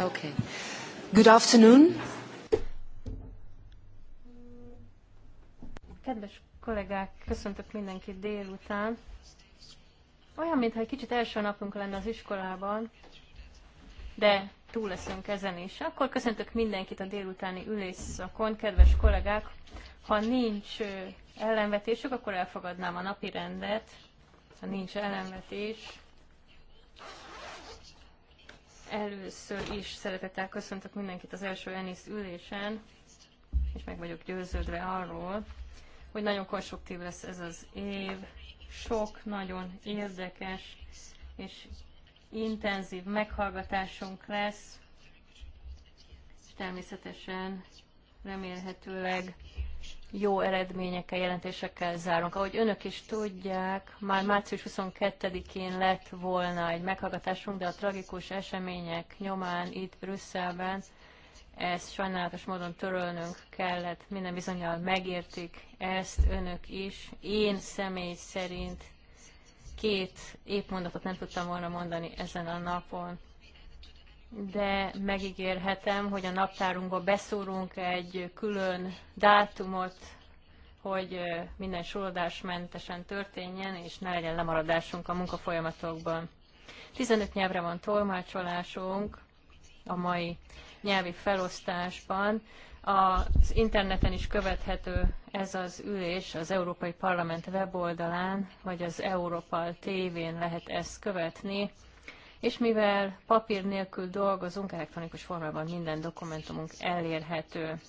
Okay. Good afternoon. Kedves kollégák, köszöntök mindenkit délután. Olyan, mintha egy kicsit első napunk lenne az iskolában, de túl leszünk ezen is. Akkor köszöntök mindenkit a délutáni ülésszakon, kedves kollégák. Ha nincs ellenvetésük, akkor elfogadnám a napi rendet. Ha nincs ellenvetés, Először is szeretettel köszöntök mindenkit az első ENISZ ülésen, és meg vagyok győződve arról, hogy nagyon konstruktív lesz ez az év, sok nagyon érdekes és intenzív meghallgatásunk lesz, és természetesen remélhetőleg jó eredményekkel, jelentésekkel zárunk. Ahogy önök is tudják, már március 22-én lett volna egy meghallgatásunk, de a tragikus események nyomán itt Brüsszelben ezt sajnálatos módon törölnünk kellett, minden bizonyal megértik ezt önök is. Én személy szerint két épp mondatot nem tudtam volna mondani ezen a napon de megígérhetem, hogy a naptárunkba beszúrunk egy külön dátumot, hogy minden mentesen történjen, és ne legyen lemaradásunk a munkafolyamatokban. 15 nyelvre van tolmácsolásunk a mai nyelvi felosztásban. Az interneten is követhető ez az ülés az Európai Parlament weboldalán, vagy az tv tévén lehet ezt követni és mivel papír nélkül dolgozunk, elektronikus formában minden dokumentumunk elérhető.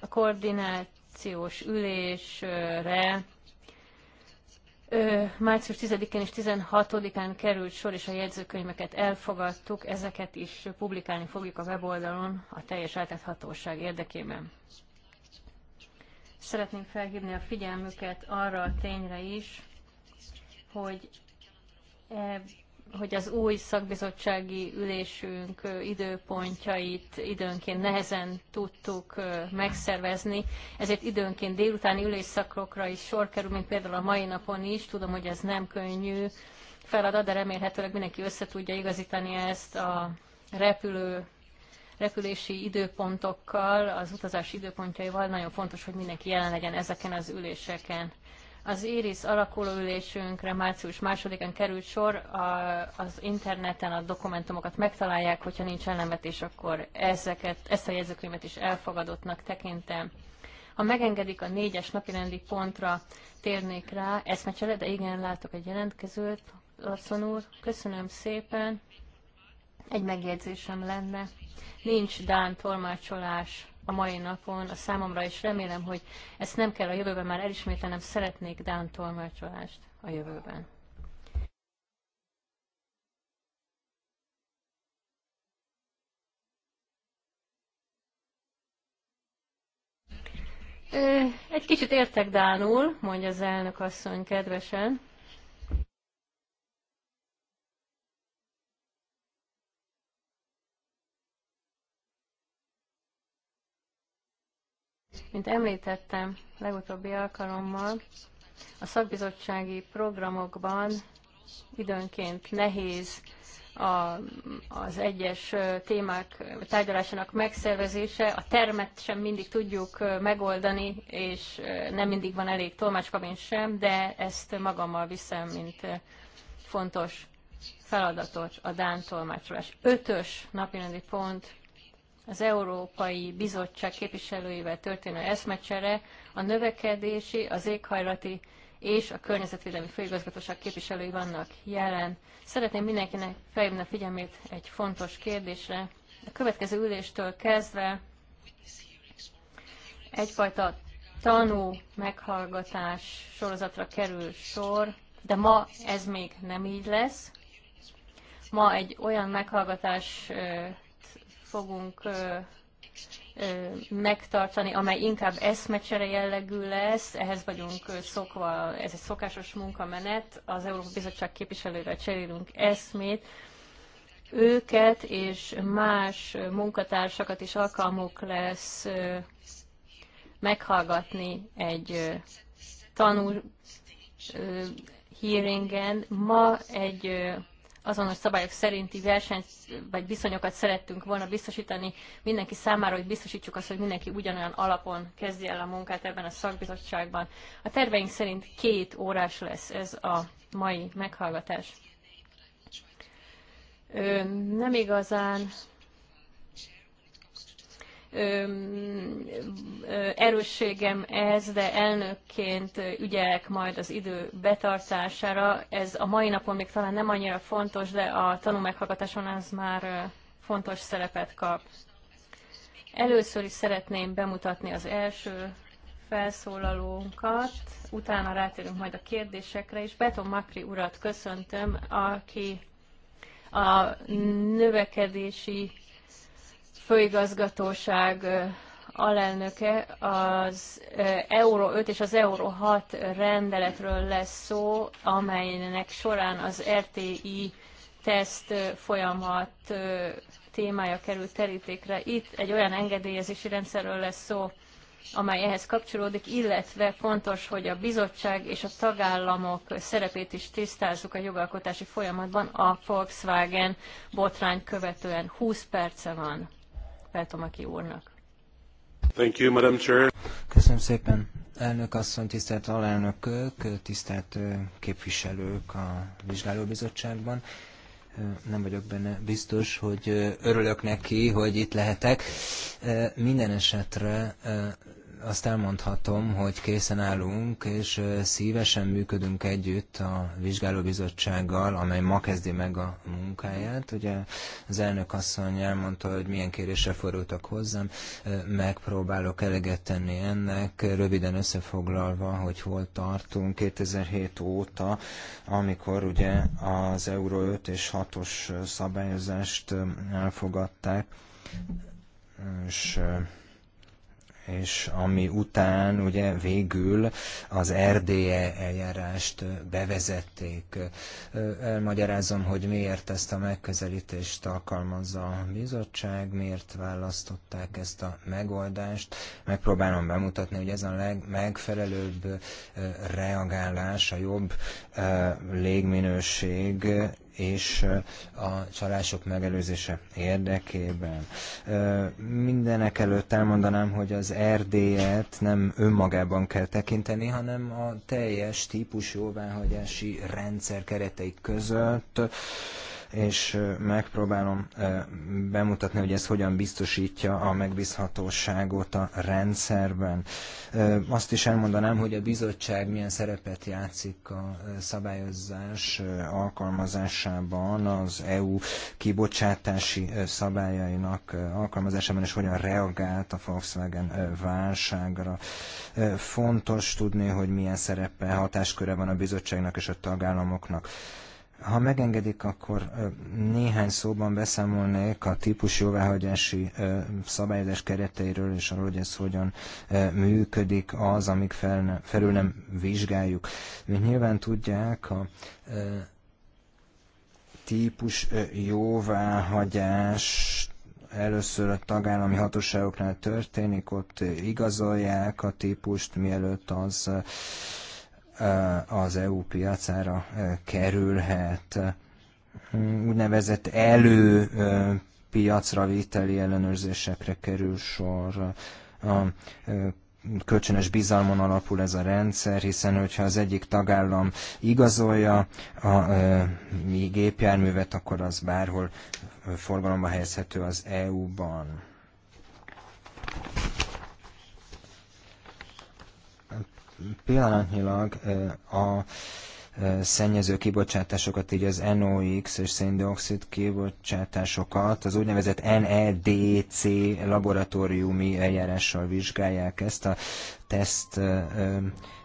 A koordinációs ülésre március 10-én és 16-án került sor, és a jegyzőkönyveket elfogadtuk, ezeket is publikálni fogjuk a weboldalon a teljes átláthatóság érdekében. Szeretném felhívni a figyelmüket arra a tényre is, hogy e- hogy az új szakbizottsági ülésünk időpontjait időnként nehezen tudtuk megszervezni, ezért időnként délutáni ülésszakokra is sor kerül, mint például a mai napon is. Tudom, hogy ez nem könnyű feladat, de remélhetőleg mindenki össze tudja igazítani ezt a repülő repülési időpontokkal, az utazási időpontjaival. Nagyon fontos, hogy mindenki jelen legyen ezeken az üléseken. Az Iris alakulóülésünkre március másodikán került sor, a, az interneten a dokumentumokat megtalálják, hogyha nincs ellenvetés, akkor ezeket, ezt a jegyzőkönyvet is elfogadottnak tekintem. Ha megengedik a négyes napirendi pontra, térnék rá, eszmecsere, de igen, látok egy jelentkezőt, Larson úr, köszönöm szépen. Egy megjegyzésem lenne. Nincs Dán tolmácsolás a mai napon a számomra, és remélem, hogy ezt nem kell a jövőben már elismételnem, szeretnék Dán tolmácsolást a jövőben. Egy kicsit értek Dánul, mondja az elnök asszony kedvesen. Mint említettem legutóbbi alkalommal, a szakbizottsági programokban időnként nehéz a, az egyes témák tárgyalásának megszervezése. A termet sem mindig tudjuk megoldani, és nem mindig van elég tolmácskabin sem, de ezt magammal viszem, mint fontos feladatot a Dán tolmácsolás. Ötös napirendi pont az Európai Bizottság képviselőivel történő eszmecsere a növekedési, az éghajlati és a környezetvédelmi főigazgatóság képviselői vannak jelen. Szeretném mindenkinek felhívni a figyelmét egy fontos kérdésre. A következő üléstől kezdve egyfajta tanú meghallgatás sorozatra kerül sor, de ma ez még nem így lesz. Ma egy olyan meghallgatás fogunk megtartani, amely inkább eszmecsere jellegű lesz, ehhez vagyunk szokva, ez egy szokásos munkamenet, az Európai Bizottság képviselővel cserélünk eszmét, őket és más munkatársakat is alkalmuk lesz meghallgatni egy tanul hearingen. Ma egy azonos szabályok szerinti versenyt vagy viszonyokat szerettünk volna biztosítani mindenki számára, hogy biztosítsuk azt, hogy mindenki ugyanolyan alapon kezdje el a munkát ebben a szakbizottságban. A terveink szerint két órás lesz ez a mai meghallgatás. Ö, nem igazán erősségem ez, de elnökként ügyelek majd az idő betartására. Ez a mai napon még talán nem annyira fontos, de a meghallgatáson az már fontos szerepet kap. Először is szeretném bemutatni az első felszólalónkat, utána rátérünk majd a kérdésekre, és Beton Makri urat köszöntöm, aki a növekedési főigazgatóság alelnöke, az Euró 5 és az Euró 6 rendeletről lesz szó, amelynek során az RTI teszt folyamat témája kerül terítékre. Itt egy olyan engedélyezési rendszerről lesz szó, amely ehhez kapcsolódik, illetve fontos, hogy a bizottság és a tagállamok szerepét is tisztázzuk a jogalkotási folyamatban a Volkswagen botrány követően. 20 perce van. Peltomaki úrnak. Thank you, Madam Chair. Köszönöm szépen, elnök asszony, tisztelt alelnökök, tisztelt képviselők a vizsgálóbizottságban nem vagyok benne biztos, hogy örülök neki, hogy itt lehetek. Minden esetre azt elmondhatom, hogy készen állunk, és szívesen működünk együtt a vizsgálóbizottsággal, amely ma kezdi meg a munkáját. Ugye az elnök asszony elmondta, hogy milyen kérésre fordultak hozzám, megpróbálok eleget tenni ennek, röviden összefoglalva, hogy hol tartunk 2007 óta, amikor ugye az Euró 5 és 6-os szabályozást elfogadták, és és ami után ugye végül az RDE eljárást bevezették. Elmagyarázom, hogy miért ezt a megközelítést alkalmazza a bizottság, miért választották ezt a megoldást. Megpróbálom bemutatni, hogy ez a legmegfelelőbb eh, reagálás a jobb eh, légminőség és a csalások megelőzése érdekében. Mindenek előtt elmondanám, hogy az Erdélyet nem önmagában kell tekinteni, hanem a teljes típus jóváhagyási rendszer keretei között és megpróbálom bemutatni, hogy ez hogyan biztosítja a megbízhatóságot a rendszerben. Azt is elmondanám, hogy a bizottság milyen szerepet játszik a szabályozás alkalmazásában, az EU kibocsátási szabályainak alkalmazásában, és hogyan reagált a Volkswagen válságra. Fontos tudni, hogy milyen szerepe, hatásköre van a bizottságnak és a tagállamoknak ha megengedik, akkor néhány szóban beszámolnék a típus jóváhagyási szabályozás kereteiről, és arról, hogy ez hogyan működik az, amik fel, felül nem vizsgáljuk. Mint nyilván tudják, a típus jóváhagyás először a tagállami hatóságoknál történik, ott igazolják a típust, mielőtt az az EU piacára kerülhet. Úgynevezett elő piacra vételi ellenőrzésekre kerül sor. A kölcsönös bizalmon alapul ez a rendszer, hiszen hogyha az egyik tagállam igazolja a mi gépjárművet, akkor az bárhol forgalomba helyezhető az EU-ban. Pillanatnyilag a szennyező kibocsátásokat, így az NOx és széndiokszid kibocsátásokat, az úgynevezett NEDC laboratóriumi eljárással vizsgálják ezt a teszt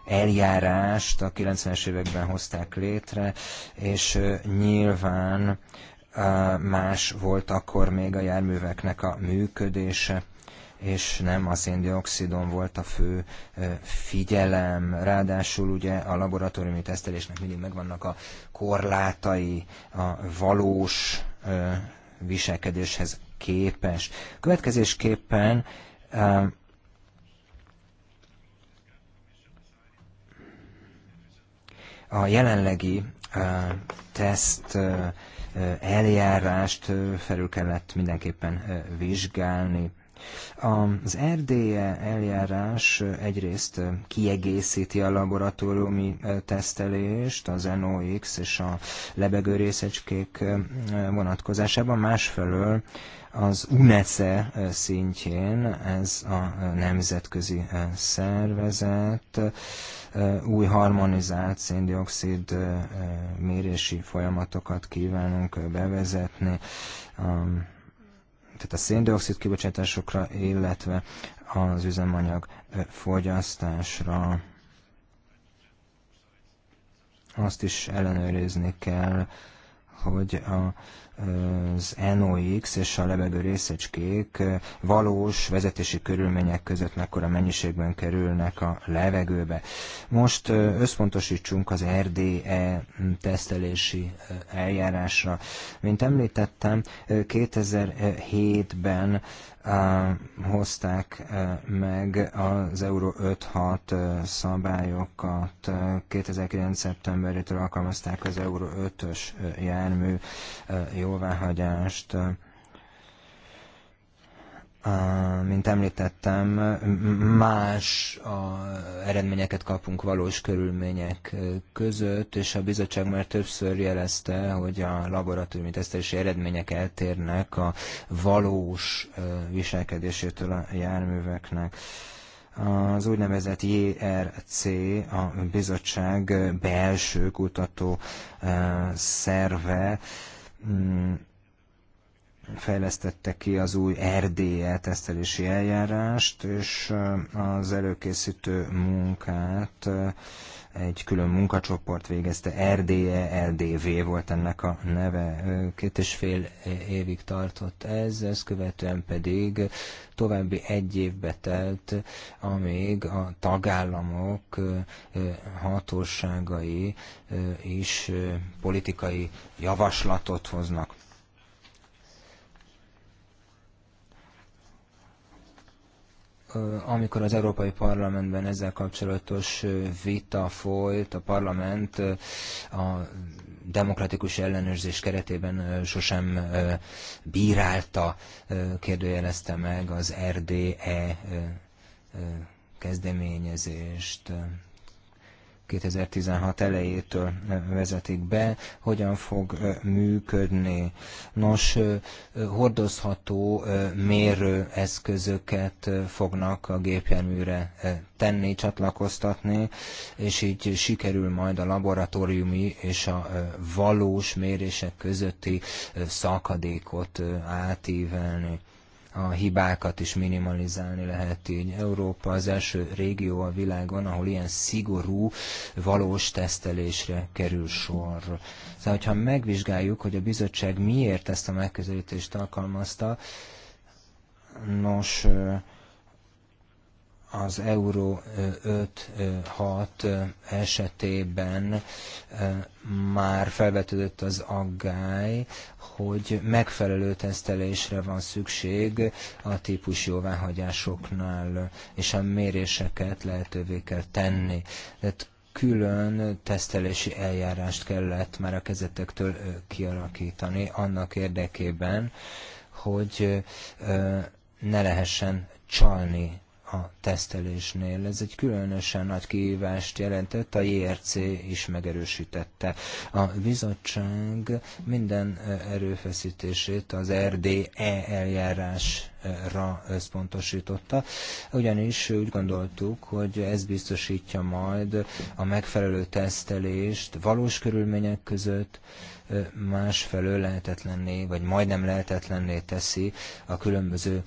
eljárást a 90-es években hozták létre, és nyilván más volt akkor még a járműveknek a működése és nem a széndiokszidon volt a fő figyelem. Ráadásul ugye a laboratóriumi tesztelésnek mindig megvannak a korlátai a valós viselkedéshez képes. Következésképpen a jelenlegi teszt eljárást felül kellett mindenképpen vizsgálni. Az RDE eljárás egyrészt kiegészíti a laboratóriumi tesztelést az NOx és a lebegő részecskék vonatkozásában, másfelől az UNECE szintjén, ez a nemzetközi szervezet, új harmonizált széndiokszid mérési folyamatokat kívánunk bevezetni tehát a széndiokszid kibocsátásokra, illetve az üzemanyag fogyasztásra. Azt is ellenőrizni kell, hogy a, az NOx és a lebegő részecskék valós vezetési körülmények között mekkora mennyiségben kerülnek a levegőbe. Most összpontosítsunk az RDE tesztelési eljárásra. Mint említettem, 2007-ben hozták e, meg az Euro 5-6 e, szabályokat. 2009. E, szeptemberétől alkalmazták az Euro 5-ös jármű jóváhagyást mint említettem, más a eredményeket kapunk valós körülmények között, és a bizottság már többször jelezte, hogy a laboratóriumi tesztelési eredmények eltérnek a valós viselkedésétől a járműveknek. Az úgynevezett JRC, a bizottság belső kutató szerve, mm, fejlesztette ki az új RDE tesztelési eljárást, és az előkészítő munkát egy külön munkacsoport végezte, RDE, LDV volt ennek a neve, két és fél évig tartott ez, ezt követően pedig további egy évbe telt, amíg a tagállamok hatóságai is politikai javaslatot hoznak amikor az Európai Parlamentben ezzel kapcsolatos vita folyt, a parlament a demokratikus ellenőrzés keretében sosem bírálta, kérdőjelezte meg az RDE kezdeményezést. 2016 elejétől vezetik be, hogyan fog működni. Nos, hordozható mérőeszközöket fognak a gépjárműre tenni, csatlakoztatni, és így sikerül majd a laboratóriumi és a valós mérések közötti szakadékot átívelni a hibákat is minimalizálni lehet így. Európa az első régió a világon, ahol ilyen szigorú, valós tesztelésre kerül sor. Szóval, hogyha megvizsgáljuk, hogy a bizottság miért ezt a megközelítést alkalmazta, nos, az euró 5-6 esetében már felvetődött az aggály, hogy megfelelő tesztelésre van szükség a típus jóváhagyásoknál, és a méréseket lehetővé kell tenni. Tehát külön tesztelési eljárást kellett már a kezetektől kialakítani annak érdekében, hogy ne lehessen csalni a tesztelésnél. Ez egy különösen nagy kihívást jelentett, a JRC is megerősítette. A bizottság minden erőfeszítését az RDE eljárásra összpontosította, ugyanis úgy gondoltuk, hogy ez biztosítja majd a megfelelő tesztelést valós körülmények között, másfelől lehetetlenné, vagy majdnem lehetetlenné teszi a különböző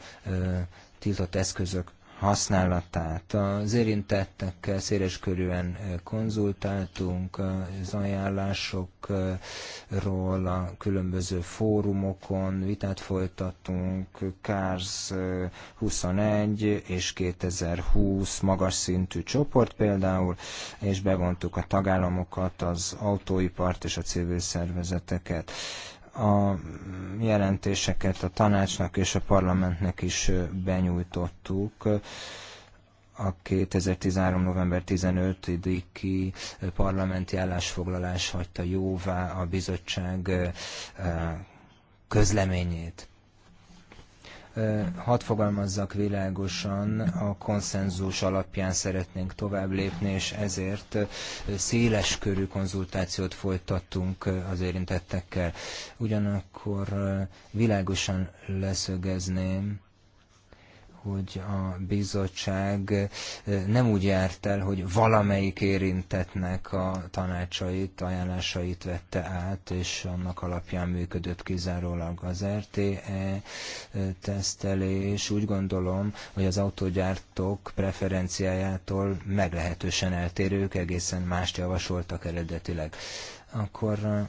tiltott eszközök használatát. Az érintettekkel széleskörűen konzultáltunk az ajánlásokról, a különböző fórumokon vitát folytattunk, KARS 21 és 2020 magas szintű csoport például, és bevontuk a tagállamokat, az autóipart és a civil szervezeteket a jelentéseket a tanácsnak és a parlamentnek is benyújtottuk a 2013. november 15-i parlamenti állásfoglalás hagyta jóvá a bizottság közleményét. Hadd fogalmazzak világosan, a konszenzus alapján szeretnénk tovább lépni, és ezért széles körű konzultációt folytattunk az érintettekkel. Ugyanakkor világosan leszögezném, hogy a bizottság eh, nem úgy járt el, hogy valamelyik érintetnek a tanácsait, ajánlásait vette át, és annak alapján működött kizárólag az RTE eh, tesztelés. Úgy gondolom, hogy az autógyártók preferenciájától meglehetősen eltérők, egészen mást javasoltak eredetileg. Akkor eh,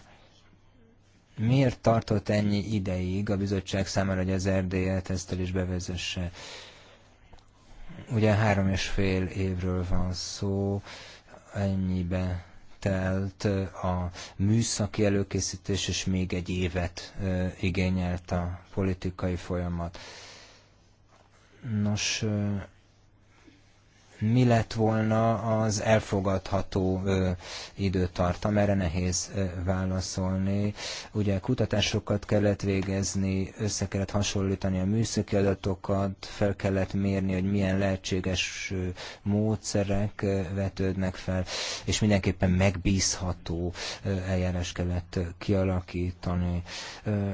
Miért tartott ennyi ideig a bizottság számára, hogy az RDL tesztel is bevezesse? Ugye három és fél évről van szó, ennyibe telt a műszaki előkészítés, és még egy évet igényelt a politikai folyamat. Nos, mi lett volna az elfogadható időtartam, erre nehéz válaszolni. Ugye kutatásokat kellett végezni, össze kellett hasonlítani a műszaki adatokat, fel kellett mérni, hogy milyen lehetséges módszerek vetődnek fel, és mindenképpen megbízható eljárás kellett kialakítani.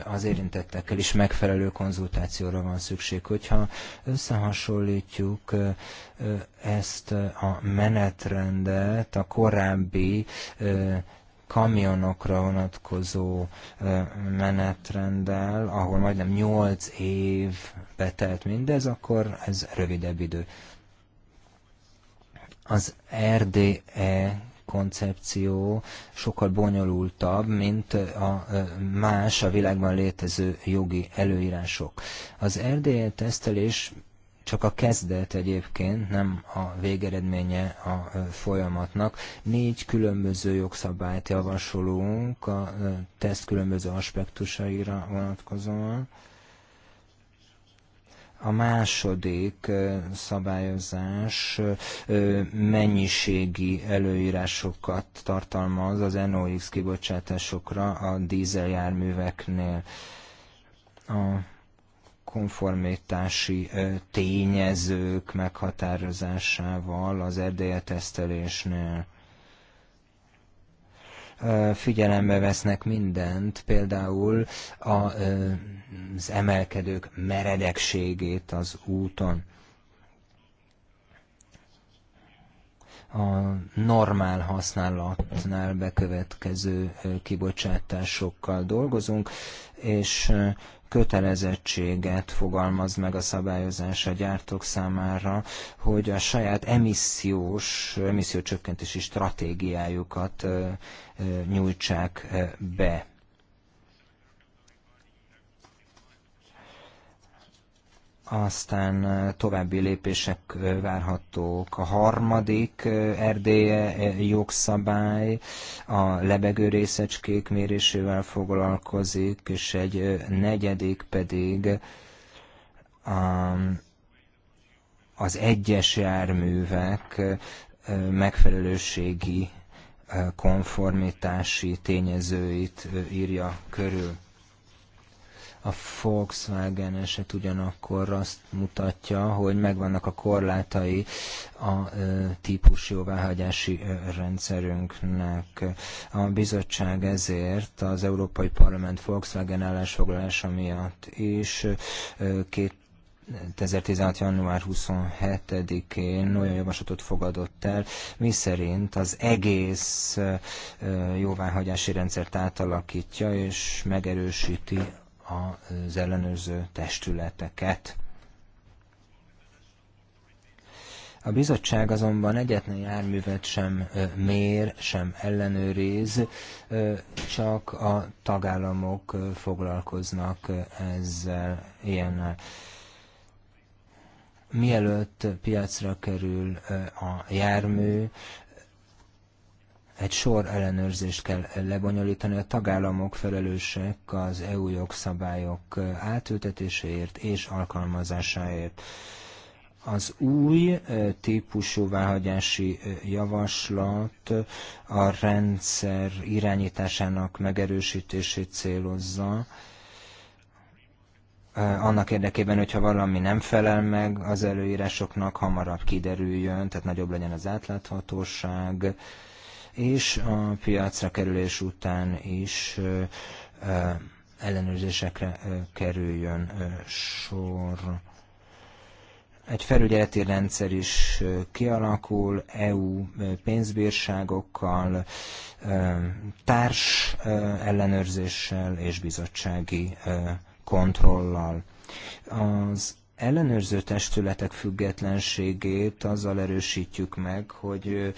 Az érintettekkel is megfelelő konzultációra van szükség. Hogyha összehasonlítjuk ezt a menetrendet a korábbi kamionokra vonatkozó menetrenddel, ahol majdnem 8 év betelt mindez, akkor ez rövidebb idő. Az RDE koncepció sokkal bonyolultabb, mint a más a világban létező jogi előírások. Az RDE tesztelés csak a kezdet egyébként, nem a végeredménye a folyamatnak. Négy különböző jogszabályt javasolunk a teszt különböző aspektusaira vonatkozóan. A második szabályozás mennyiségi előírásokat tartalmaz az NOx kibocsátásokra a dízeljárműveknél. A konformitási tényezők meghatározásával az erdélye tesztelésnél figyelembe vesznek mindent, például a, az emelkedők meredekségét az úton. a normál használatnál bekövetkező kibocsátásokkal dolgozunk, és kötelezettséget fogalmaz meg a szabályozás a gyártók számára, hogy a saját emissziós, emissziócsökkentési stratégiájukat nyújtsák be. aztán további lépések várhatók. A harmadik erdélye jogszabály a lebegő részecskék mérésével foglalkozik, és egy negyedik pedig a, az egyes járművek megfelelőségi konformitási tényezőit írja körül. A Volkswagen eset ugyanakkor azt mutatja, hogy megvannak a korlátai a típus jóváhagyási rendszerünknek. A bizottság ezért az Európai Parlament Volkswagen állásfoglalása miatt is két 2016. január 27-én olyan javaslatot fogadott el, miszerint az egész jóváhagyási rendszert átalakítja és megerősíti az ellenőrző testületeket. A bizottság azonban egyetlen járművet sem mér, sem ellenőriz, csak a tagállamok foglalkoznak ezzel ilyennel. Mielőtt piacra kerül a jármű, egy sor ellenőrzést kell lebonyolítani. A tagállamok felelősek az EU jogszabályok átültetéséért és alkalmazásáért. Az új eh, típusú válhagyási eh, javaslat a rendszer irányításának megerősítését célozza, eh, annak érdekében, hogyha valami nem felel meg az előírásoknak, hamarabb kiderüljön, tehát nagyobb legyen az átláthatóság, és a piacra kerülés után is ellenőrzésekre kerüljön sor. Egy felügyeleti rendszer is kialakul, EU pénzbírságokkal, társ ellenőrzéssel és bizottsági kontrollal. Az ellenőrző testületek függetlenségét azzal erősítjük meg, hogy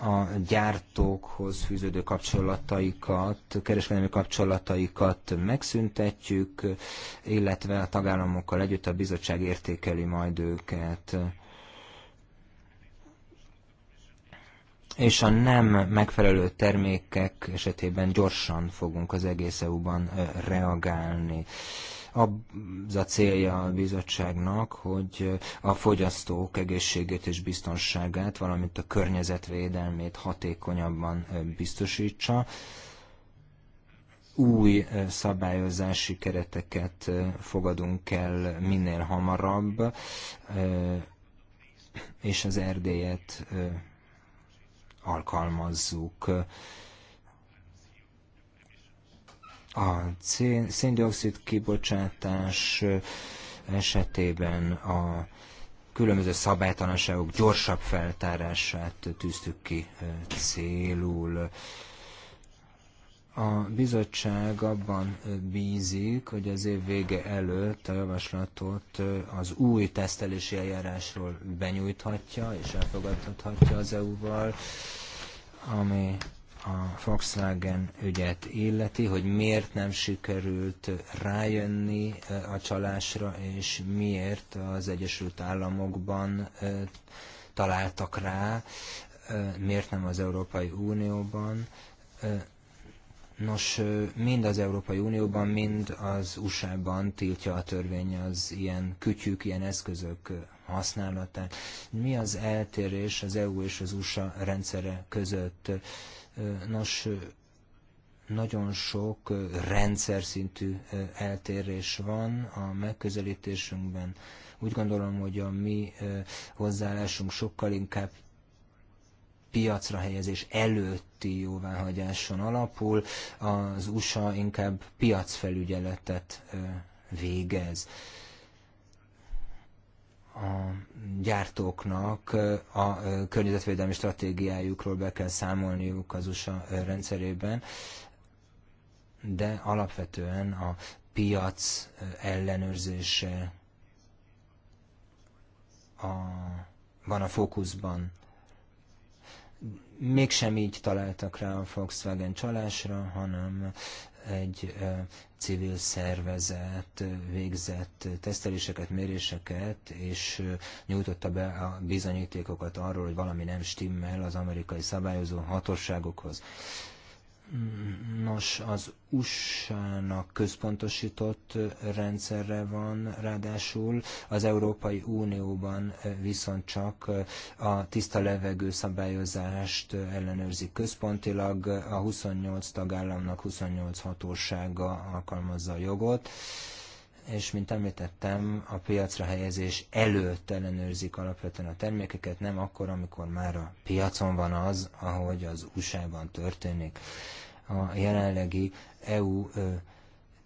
a gyártókhoz fűződő kapcsolataikat, kereskedelmi kapcsolataikat megszüntetjük, illetve a tagállamokkal együtt a bizottság értékeli majd őket. és a nem megfelelő termékek esetében gyorsan fogunk az egész EU-ban reagálni. Az a célja a bizottságnak, hogy a fogyasztók egészségét és biztonságát, valamint a környezetvédelmét hatékonyabban biztosítsa új szabályozási kereteket fogadunk el minél hamarabb, és az erdélyet alkalmazzuk a széndiokszid kibocsátás esetében a különböző szabálytalanságok gyorsabb feltárását tűztük ki célul. A bizottság abban bízik, hogy az év vége előtt a javaslatot az új tesztelési eljárásról benyújthatja és elfogadhatja az EU-val, ami a Volkswagen ügyet illeti, hogy miért nem sikerült rájönni a csalásra, és miért az Egyesült Államokban találtak rá, miért nem az Európai Unióban. Nos, mind az Európai Unióban, mind az USA-ban tiltja a törvény az ilyen kütyük, ilyen eszközök használatát. Mi az eltérés az EU és az USA rendszere között? Nos, nagyon sok rendszer szintű eltérés van a megközelítésünkben. Úgy gondolom, hogy a mi hozzáállásunk sokkal inkább piacra helyezés előtti jóváhagyáson alapul, az USA inkább piacfelügyeletet végez a gyártóknak a környezetvédelmi stratégiájukról be kell számolniuk az USA rendszerében, de alapvetően a piac ellenőrzése a, van a fókuszban. Mégsem így találtak rá a Volkswagen csalásra, hanem egy civil szervezet végzett teszteléseket, méréseket, és nyújtotta be a bizonyítékokat arról, hogy valami nem stimmel az amerikai szabályozó hatóságokhoz. Nos, az USA-nak központosított rendszerre van ráadásul, az Európai Unióban eh, viszont csak eh, a tiszta levegő szabályozást eh, ellenőrzi központilag, a 28 tagállamnak 28 hatósága alkalmazza a jogot és mint említettem, a piacra helyezés előtt ellenőrzik alapvetően a termékeket, nem akkor, amikor már a piacon van az, ahogy az USA-ban történik. A jelenlegi EU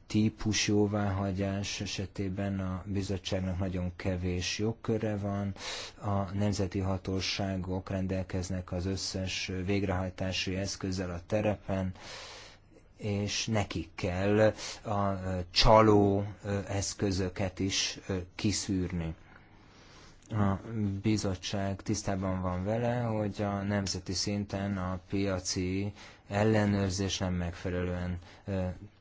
típus jóváhagyás esetében a bizottságnak nagyon kevés jogköre van, a nemzeti hatóságok rendelkeznek az összes végrehajtási eszközzel a terepen, és nekik kell a csaló eszközöket is kiszűrni a bizottság tisztában van vele, hogy a nemzeti szinten a piaci ellenőrzés nem megfelelően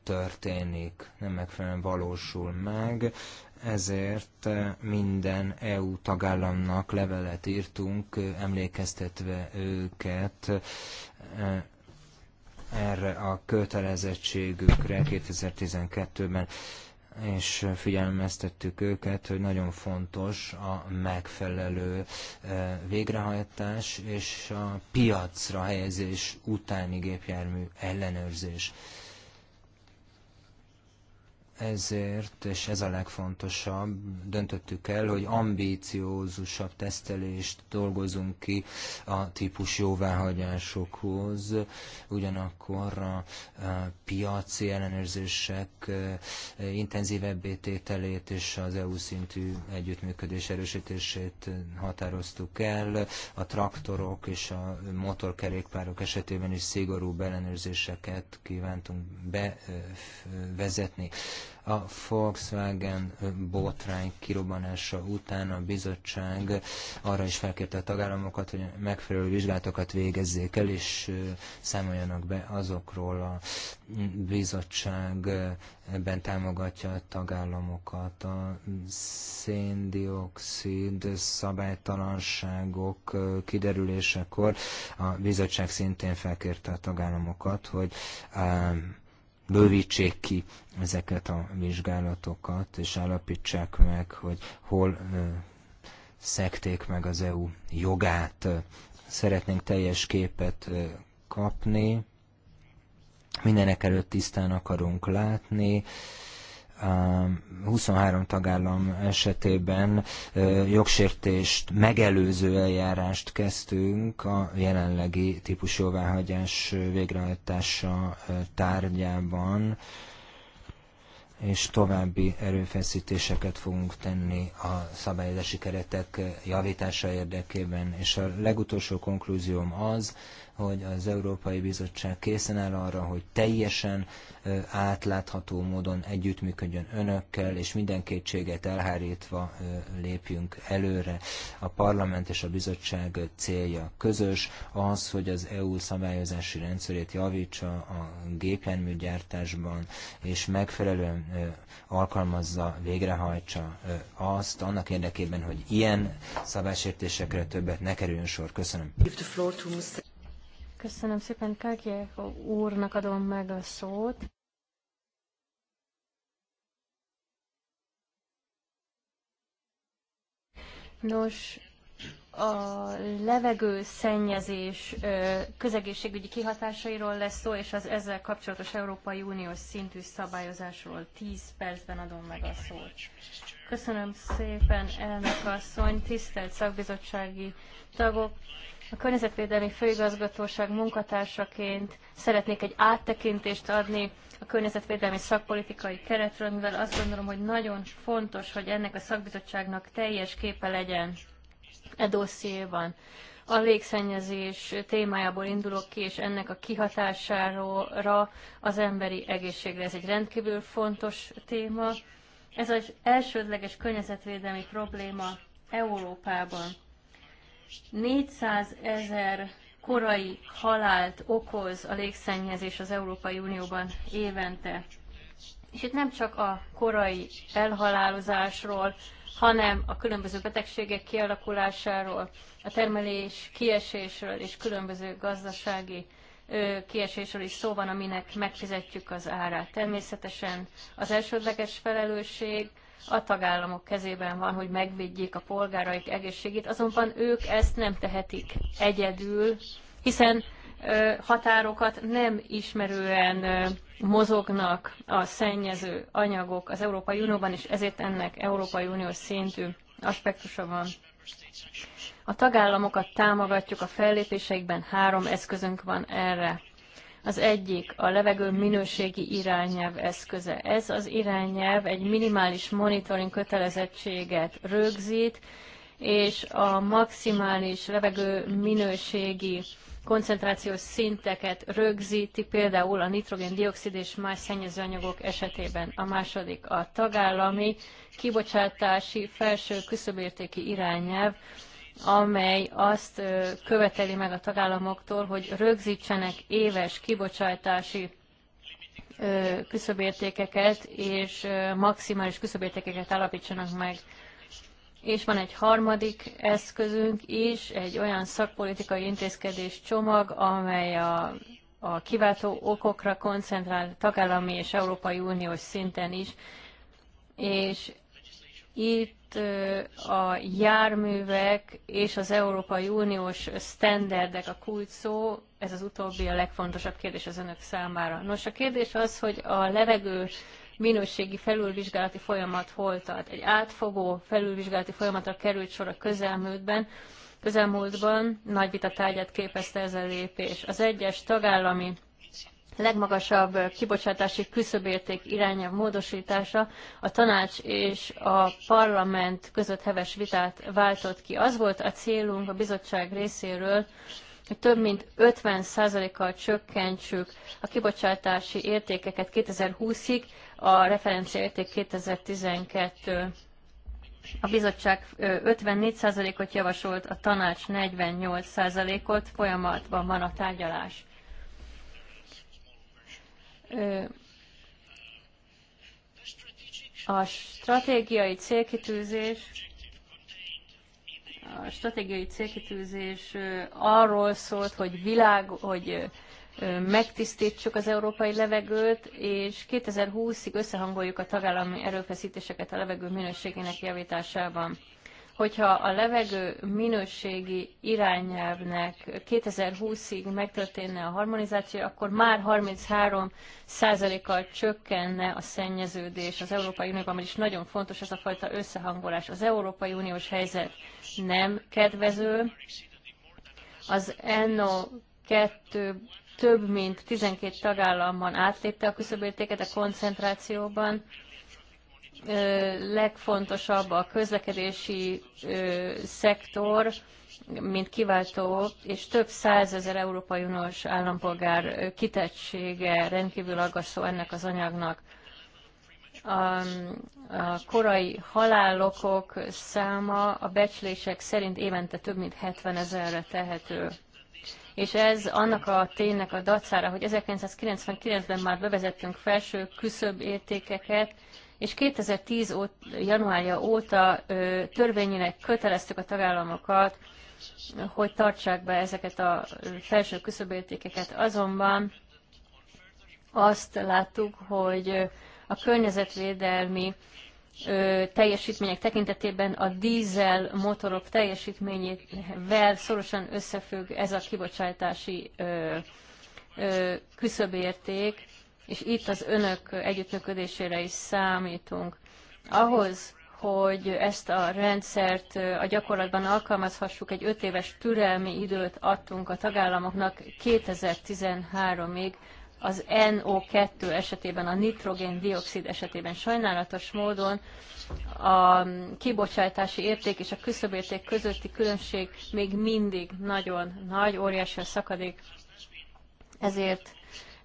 történik, nem megfelelően valósul meg, ezért minden EU tagállamnak levelet írtunk, emlékeztetve őket erre a kötelezettségükre 2012-ben, és figyelmeztettük őket, hogy nagyon fontos a megfelelő eh, végrehajtás és a piacra helyezés utáni gépjármű ellenőrzés ezért, és ez a legfontosabb, döntöttük el, hogy ambíciózusabb tesztelést dolgozunk ki a típus jóváhagyásokhoz, ugyanakkor a, piaci ellenőrzések e, intenzívebb tételét és az EU szintű együttműködés erősítését határoztuk el. A traktorok és a motorkerékpárok esetében is szigorú ellenőrzéseket kívántunk bevezetni a Volkswagen botrány kirobbanása után a bizottság arra is felkérte a tagállamokat, hogy megfelelő vizsgálatokat végezzék el, és számoljanak be azokról a bizottság ebben támogatja a tagállamokat. A széndiokszid szabálytalanságok kiderülésekor a bizottság szintén felkérte a tagállamokat, hogy bővítsék ki ezeket a vizsgálatokat, és állapítsák meg, hogy hol szekték meg az EU jogát. Szeretnénk teljes képet kapni, mindenek előtt tisztán akarunk látni, 23 tagállam esetében jogsértést megelőző eljárást kezdtünk a jelenlegi jóváhagyás végrehajtása tárgyában, és további erőfeszítéseket fogunk tenni a szabályozási keretek javítása érdekében. És a legutolsó konklúzióm az, hogy az Európai Bizottság készen áll arra, hogy teljesen átlátható módon együttműködjön önökkel, és minden kétséget elhárítva lépjünk előre. A parlament és a bizottság célja közös, az, hogy az EU szabályozási rendszerét javítsa a gépjárműgyártásban, és megfelelően alkalmazza, végrehajtsa azt annak érdekében, hogy ilyen szabálysértésekre többet ne kerüljön sor. Köszönöm. Köszönöm szépen Kákiek úrnak adom meg a szót. Nos, a levegő szennyezés közegészségügyi kihatásairól lesz szó, és az ezzel kapcsolatos Európai Uniós szintű szabályozásról 10 percben adom meg a szót. Köszönöm szépen, elnök asszony, tisztelt szakbizottsági tagok! A Környezetvédelmi Főigazgatóság munkatársaként szeretnék egy áttekintést adni a környezetvédelmi szakpolitikai keretről, mivel azt gondolom, hogy nagyon fontos, hogy ennek a szakbizottságnak teljes képe legyen e dossziéban. A légszennyezés témájából indulok ki, és ennek a kihatására az emberi egészségre. Ez egy rendkívül fontos téma. Ez az elsődleges környezetvédelmi probléma Európában. 400 ezer korai halált okoz a légszennyezés az Európai Unióban évente. És itt nem csak a korai elhalálozásról, hanem a különböző betegségek kialakulásáról, a termelés kiesésről és különböző gazdasági kiesésről is szó van, aminek megfizetjük az árát. Természetesen az elsődleges felelősség a tagállamok kezében van, hogy megvédjék a polgáraik egészségét, azonban ők ezt nem tehetik egyedül, hiszen határokat nem ismerően mozognak a szennyező anyagok az Európai Unióban, és ezért ennek Európai Uniós szintű aspektusa van. A tagállamokat támogatjuk a fellépéseikben, három eszközünk van erre. Az egyik a levegő minőségi irányelv eszköze. Ez az irányelv egy minimális monitoring kötelezettséget rögzít, és a maximális levegő minőségi koncentrációs szinteket rögzíti, például a nitrogén-dioxid és más szennyezőanyagok esetében. A második a tagállami kibocsátási felső küszöbértéki irányelv, amely azt követeli meg a tagállamoktól, hogy rögzítsenek éves kibocsátási küszöbértékeket, és maximális küszöbértékeket alapítsanak meg. És van egy harmadik eszközünk is, egy olyan szakpolitikai intézkedés csomag, amely a, a kiváltó okokra koncentrál tagállami és Európai Uniós szinten is, és itt a járművek és az Európai Uniós sztenderdek a kult szó, ez az utóbbi a legfontosabb kérdés az önök számára. Nos, a kérdés az, hogy a levegő minőségi felülvizsgálati folyamat hol tart. Egy átfogó felülvizsgálati folyamatra került sor a közelmúltban, közelmúltban nagy vita tárgyát képezte ez a lépés. Az egyes tagállami legmagasabb kibocsátási küszöbérték irányelv módosítása a tanács és a parlament között heves vitát váltott ki. Az volt a célunk a bizottság részéről, hogy több mint 50%-kal csökkentsük a kibocsátási értékeket 2020-ig, a referenciaérték 2012 a bizottság 54%-ot javasolt, a tanács 48%-ot, folyamatban van a tárgyalás a stratégiai célkitűzés a stratégiai célkitűzés arról szólt, hogy világ, hogy megtisztítsuk az európai levegőt, és 2020-ig összehangoljuk a tagállami erőfeszítéseket a levegő minőségének javításában hogyha a levegő minőségi irányelvnek 2020-ig megtörténne a harmonizáció, akkor már 33%-kal csökkenne a szennyeződés az Európai Unióban, is nagyon fontos ez a fajta összehangolás. Az Európai Uniós helyzet nem kedvező, az NO2 több mint 12 tagállamban átlépte a küszöbértéket a koncentrációban, legfontosabb a közlekedési szektor, mint kiváltó, és több százezer Európai Uniós állampolgár kitettsége rendkívül aggasztó ennek az anyagnak. A, a korai halálokok száma a becslések szerint évente több mint 70 ezerre tehető és ez annak a ténynek a dacára, hogy 1999-ben már bevezettünk felső küszöbb értékeket, és 2010 óta, januárja óta törvényileg köteleztük a tagállamokat, hogy tartsák be ezeket a felső értékeket. Azonban azt láttuk, hogy a környezetvédelmi teljesítmények tekintetében a dízel motorok teljesítményével szorosan összefügg ez a kibocsátási küszöbérték, és itt az önök együttműködésére is számítunk. Ahhoz, hogy ezt a rendszert a gyakorlatban alkalmazhassuk, egy öt éves türelmi időt adtunk a tagállamoknak 2013-ig, az NO2 esetében, a nitrogén-dioxid esetében sajnálatos módon a kibocsátási érték és a küszöbérték közötti különbség még mindig nagyon nagy, óriási a szakadék. Ezért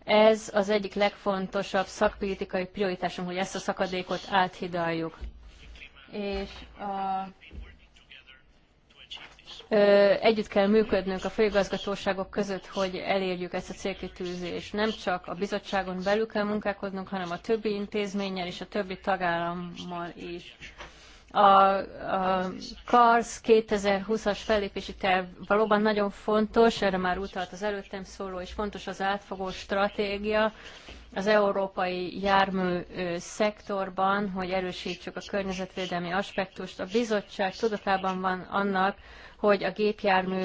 ez az egyik legfontosabb szakpolitikai prioritásunk, hogy ezt a szakadékot áthidaljuk. És a együtt kell működnünk a főigazgatóságok között, hogy elérjük ezt a célkitűzést. Nem csak a bizottságon belül kell munkálkodnunk, hanem a többi intézménnyel és a többi tagállammal is. A, a 2020-as fellépési terv valóban nagyon fontos, erre már utalt az előttem szóló, és fontos az átfogó stratégia az európai jármű szektorban, hogy erősítsük a környezetvédelmi aspektust. A bizottság tudatában van annak, hogy a gépjármű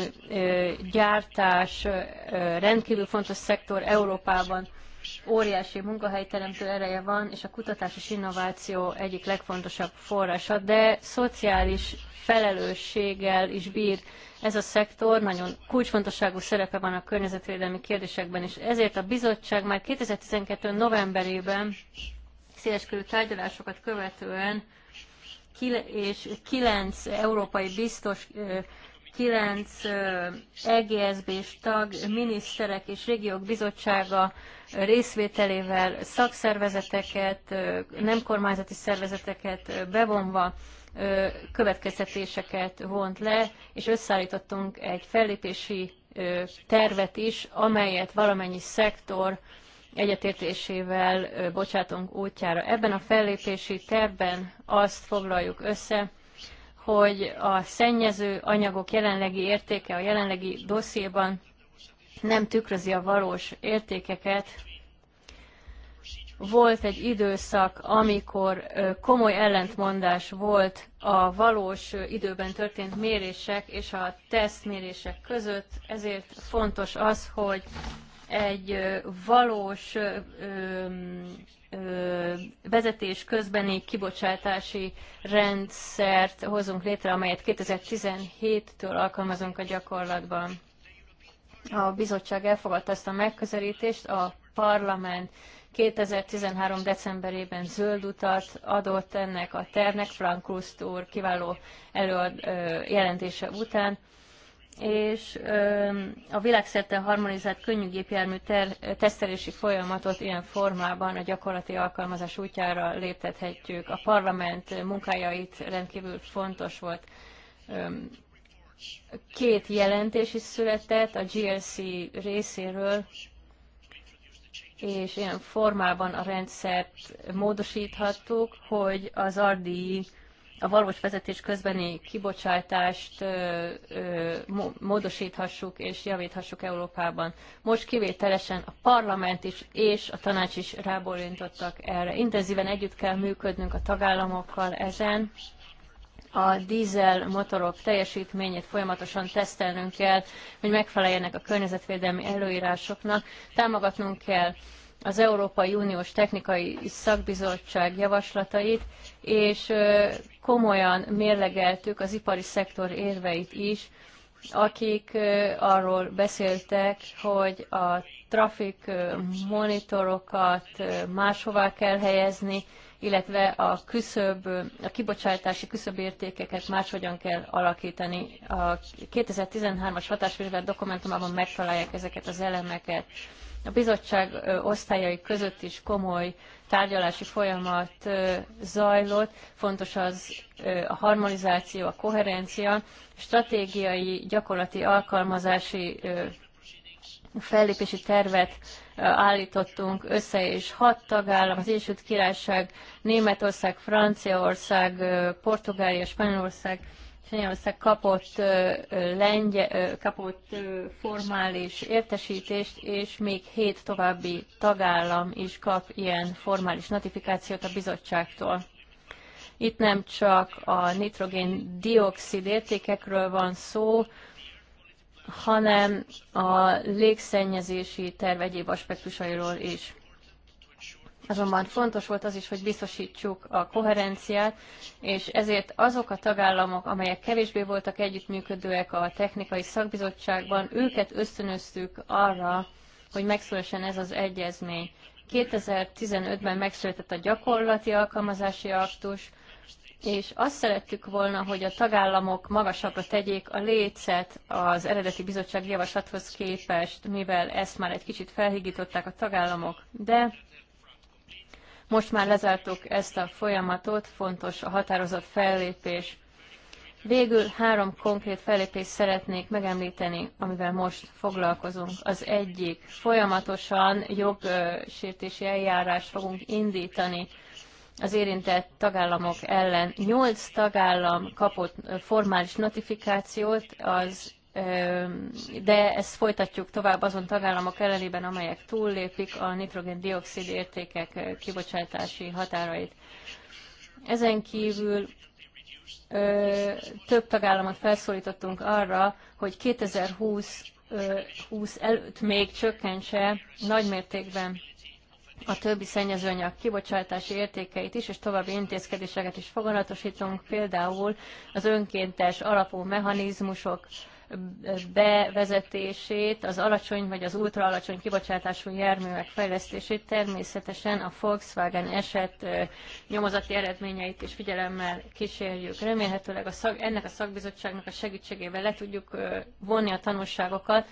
gyártás rendkívül fontos szektor Európában óriási munkahelyteremtő ereje van, és a kutatás és innováció egyik legfontosabb forrása, de szociális felelősséggel is bír ez a szektor, nagyon kulcsfontosságú szerepe van a környezetvédelmi kérdésekben, és ezért a bizottság már 2012. novemberében széleskörű tárgyalásokat követően és kilenc európai biztos kilenc EGSB-s tag, miniszterek és régiók bizottsága részvételével szakszervezeteket, nem kormányzati szervezeteket bevonva következtetéseket vont le, és összeállítottunk egy fellépési tervet is, amelyet valamennyi szektor egyetértésével bocsátunk útjára. Ebben a fellépési tervben azt foglaljuk össze, hogy a szennyező anyagok jelenlegi értéke a jelenlegi dossziéban nem tükrözi a valós értékeket. Volt egy időszak, amikor komoly ellentmondás volt a valós időben történt mérések és a tesztmérések között, ezért fontos az, hogy egy valós vezetés közbeni kibocsátási rendszert hozunk létre, amelyet 2017-től alkalmazunk a gyakorlatban. A bizottság elfogadta ezt a megközelítést, a parlament 2013. decemberében zöld utat adott ennek a tervnek, Frank Kruszt úr kiváló előad, jelentése után, és a világszerte harmonizált könnyűgépjármű ter- tesztelési folyamatot ilyen formában a gyakorlati alkalmazás útjára léptethetjük. A parlament munkájait rendkívül fontos volt. Két jelentés is született a GLC részéről, és ilyen formában a rendszert módosíthattuk, hogy az RDI a valós vezetés közbeni kibocsátást módosíthassuk és javíthassuk Európában. Most kivételesen a parlament is és a tanács is rábólintottak erre. Intenzíven együtt kell működnünk a tagállamokkal ezen. A dízel motorok teljesítményét folyamatosan tesztelnünk kell, hogy megfeleljenek a környezetvédelmi előírásoknak. Támogatnunk kell az Európai Uniós Technikai Szakbizottság javaslatait, és komolyan mérlegeltük az ipari szektor érveit is, akik arról beszéltek, hogy a trafik monitorokat máshová kell helyezni, illetve a küszöb, a kibocsátási értékeket máshogyan kell alakítani. A 2013-as hatásvizsgálat dokumentumában megtalálják ezeket az elemeket. A bizottság osztályai között is komoly tárgyalási folyamat zajlott, fontos az a harmonizáció, a koherencia, stratégiai, gyakorlati alkalmazási fellépési tervet állítottunk össze, és hat tagállam, az Egyesült Királyság, Németország, Franciaország, Portugália, Spanyolország, Spanyolország kapott, lengye, kapott formális értesítést, és még hét további tagállam is kap ilyen formális notifikációt a bizottságtól. Itt nem csak a nitrogén dioxid értékekről van szó, hanem a légszennyezési terv egyéb aspektusairól is. Azonban fontos volt az is, hogy biztosítsuk a koherenciát, és ezért azok a tagállamok, amelyek kevésbé voltak együttműködőek a technikai szakbizottságban, őket ösztönöztük arra, hogy megszülessen ez az egyezmény. 2015-ben megszületett a gyakorlati alkalmazási aktus, és azt szerettük volna, hogy a tagállamok magasabbra tegyék a lécet az eredeti bizottság javaslathoz képest, mivel ezt már egy kicsit felhigították a tagállamok, de most már lezártuk ezt a folyamatot, fontos a határozott fellépés. Végül három konkrét fellépést szeretnék megemlíteni, amivel most foglalkozunk. Az egyik, folyamatosan jogsértési eljárást fogunk indítani az érintett tagállamok ellen. Nyolc tagállam kapott formális notifikációt, az, de ezt folytatjuk tovább azon tagállamok ellenében, amelyek túllépik a nitrogén-dioxid értékek kibocsátási határait. Ezen kívül ö, több tagállamot felszólítottunk arra, hogy 2020 ö, 20 előtt még csökkentse nagymértékben a többi szennyezőanyag kibocsátási értékeit is, és további intézkedéseket is foganatosítunk, például az önkéntes alapú mechanizmusok bevezetését, az alacsony vagy az ultra alacsony kibocsátású járművek fejlesztését, természetesen a Volkswagen eset nyomozati eredményeit is figyelemmel kísérjük. Remélhetőleg a szak, ennek a szakbizottságnak a segítségével le tudjuk vonni a tanulságokat,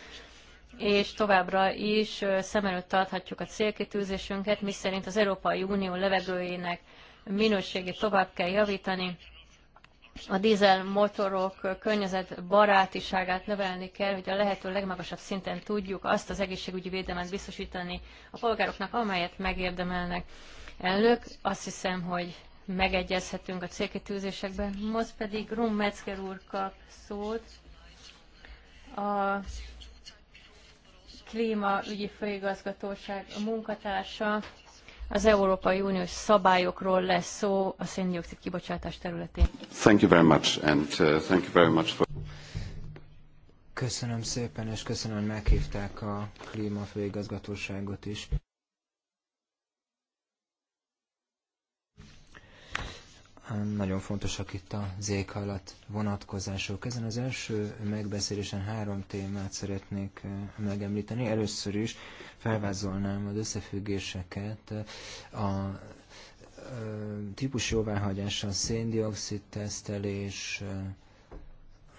és továbbra is szem előtt tarthatjuk a célkitűzésünket, miszerint az Európai Unió levegőjének minőségét tovább kell javítani, a dízel motorok környezetbarátiságát növelni kell, hogy a lehető legmagasabb szinten tudjuk azt az egészségügyi védelmet biztosítani a polgároknak, amelyet megérdemelnek. Elnök, azt hiszem, hogy megegyezhetünk a célkitűzésekben. Most pedig Rum Metzger úr kap szót. A klímaügyi főigazgatóság munkatársa. Az Európai Uniós szabályokról lesz szó a széndiokszid kibocsátás területén. Thank you very much, and uh, thank you very much for... Köszönöm szépen, és köszönöm, hogy meghívták a klímafőigazgatóságot is. Nagyon fontosak itt a zékhajlat vonatkozások. Ezen az első megbeszélésen három témát szeretnék eh, megemlíteni. Először is felvázolnám az összefüggéseket a eh, típus jóváhagyása, széndiokszid tesztelés, eh,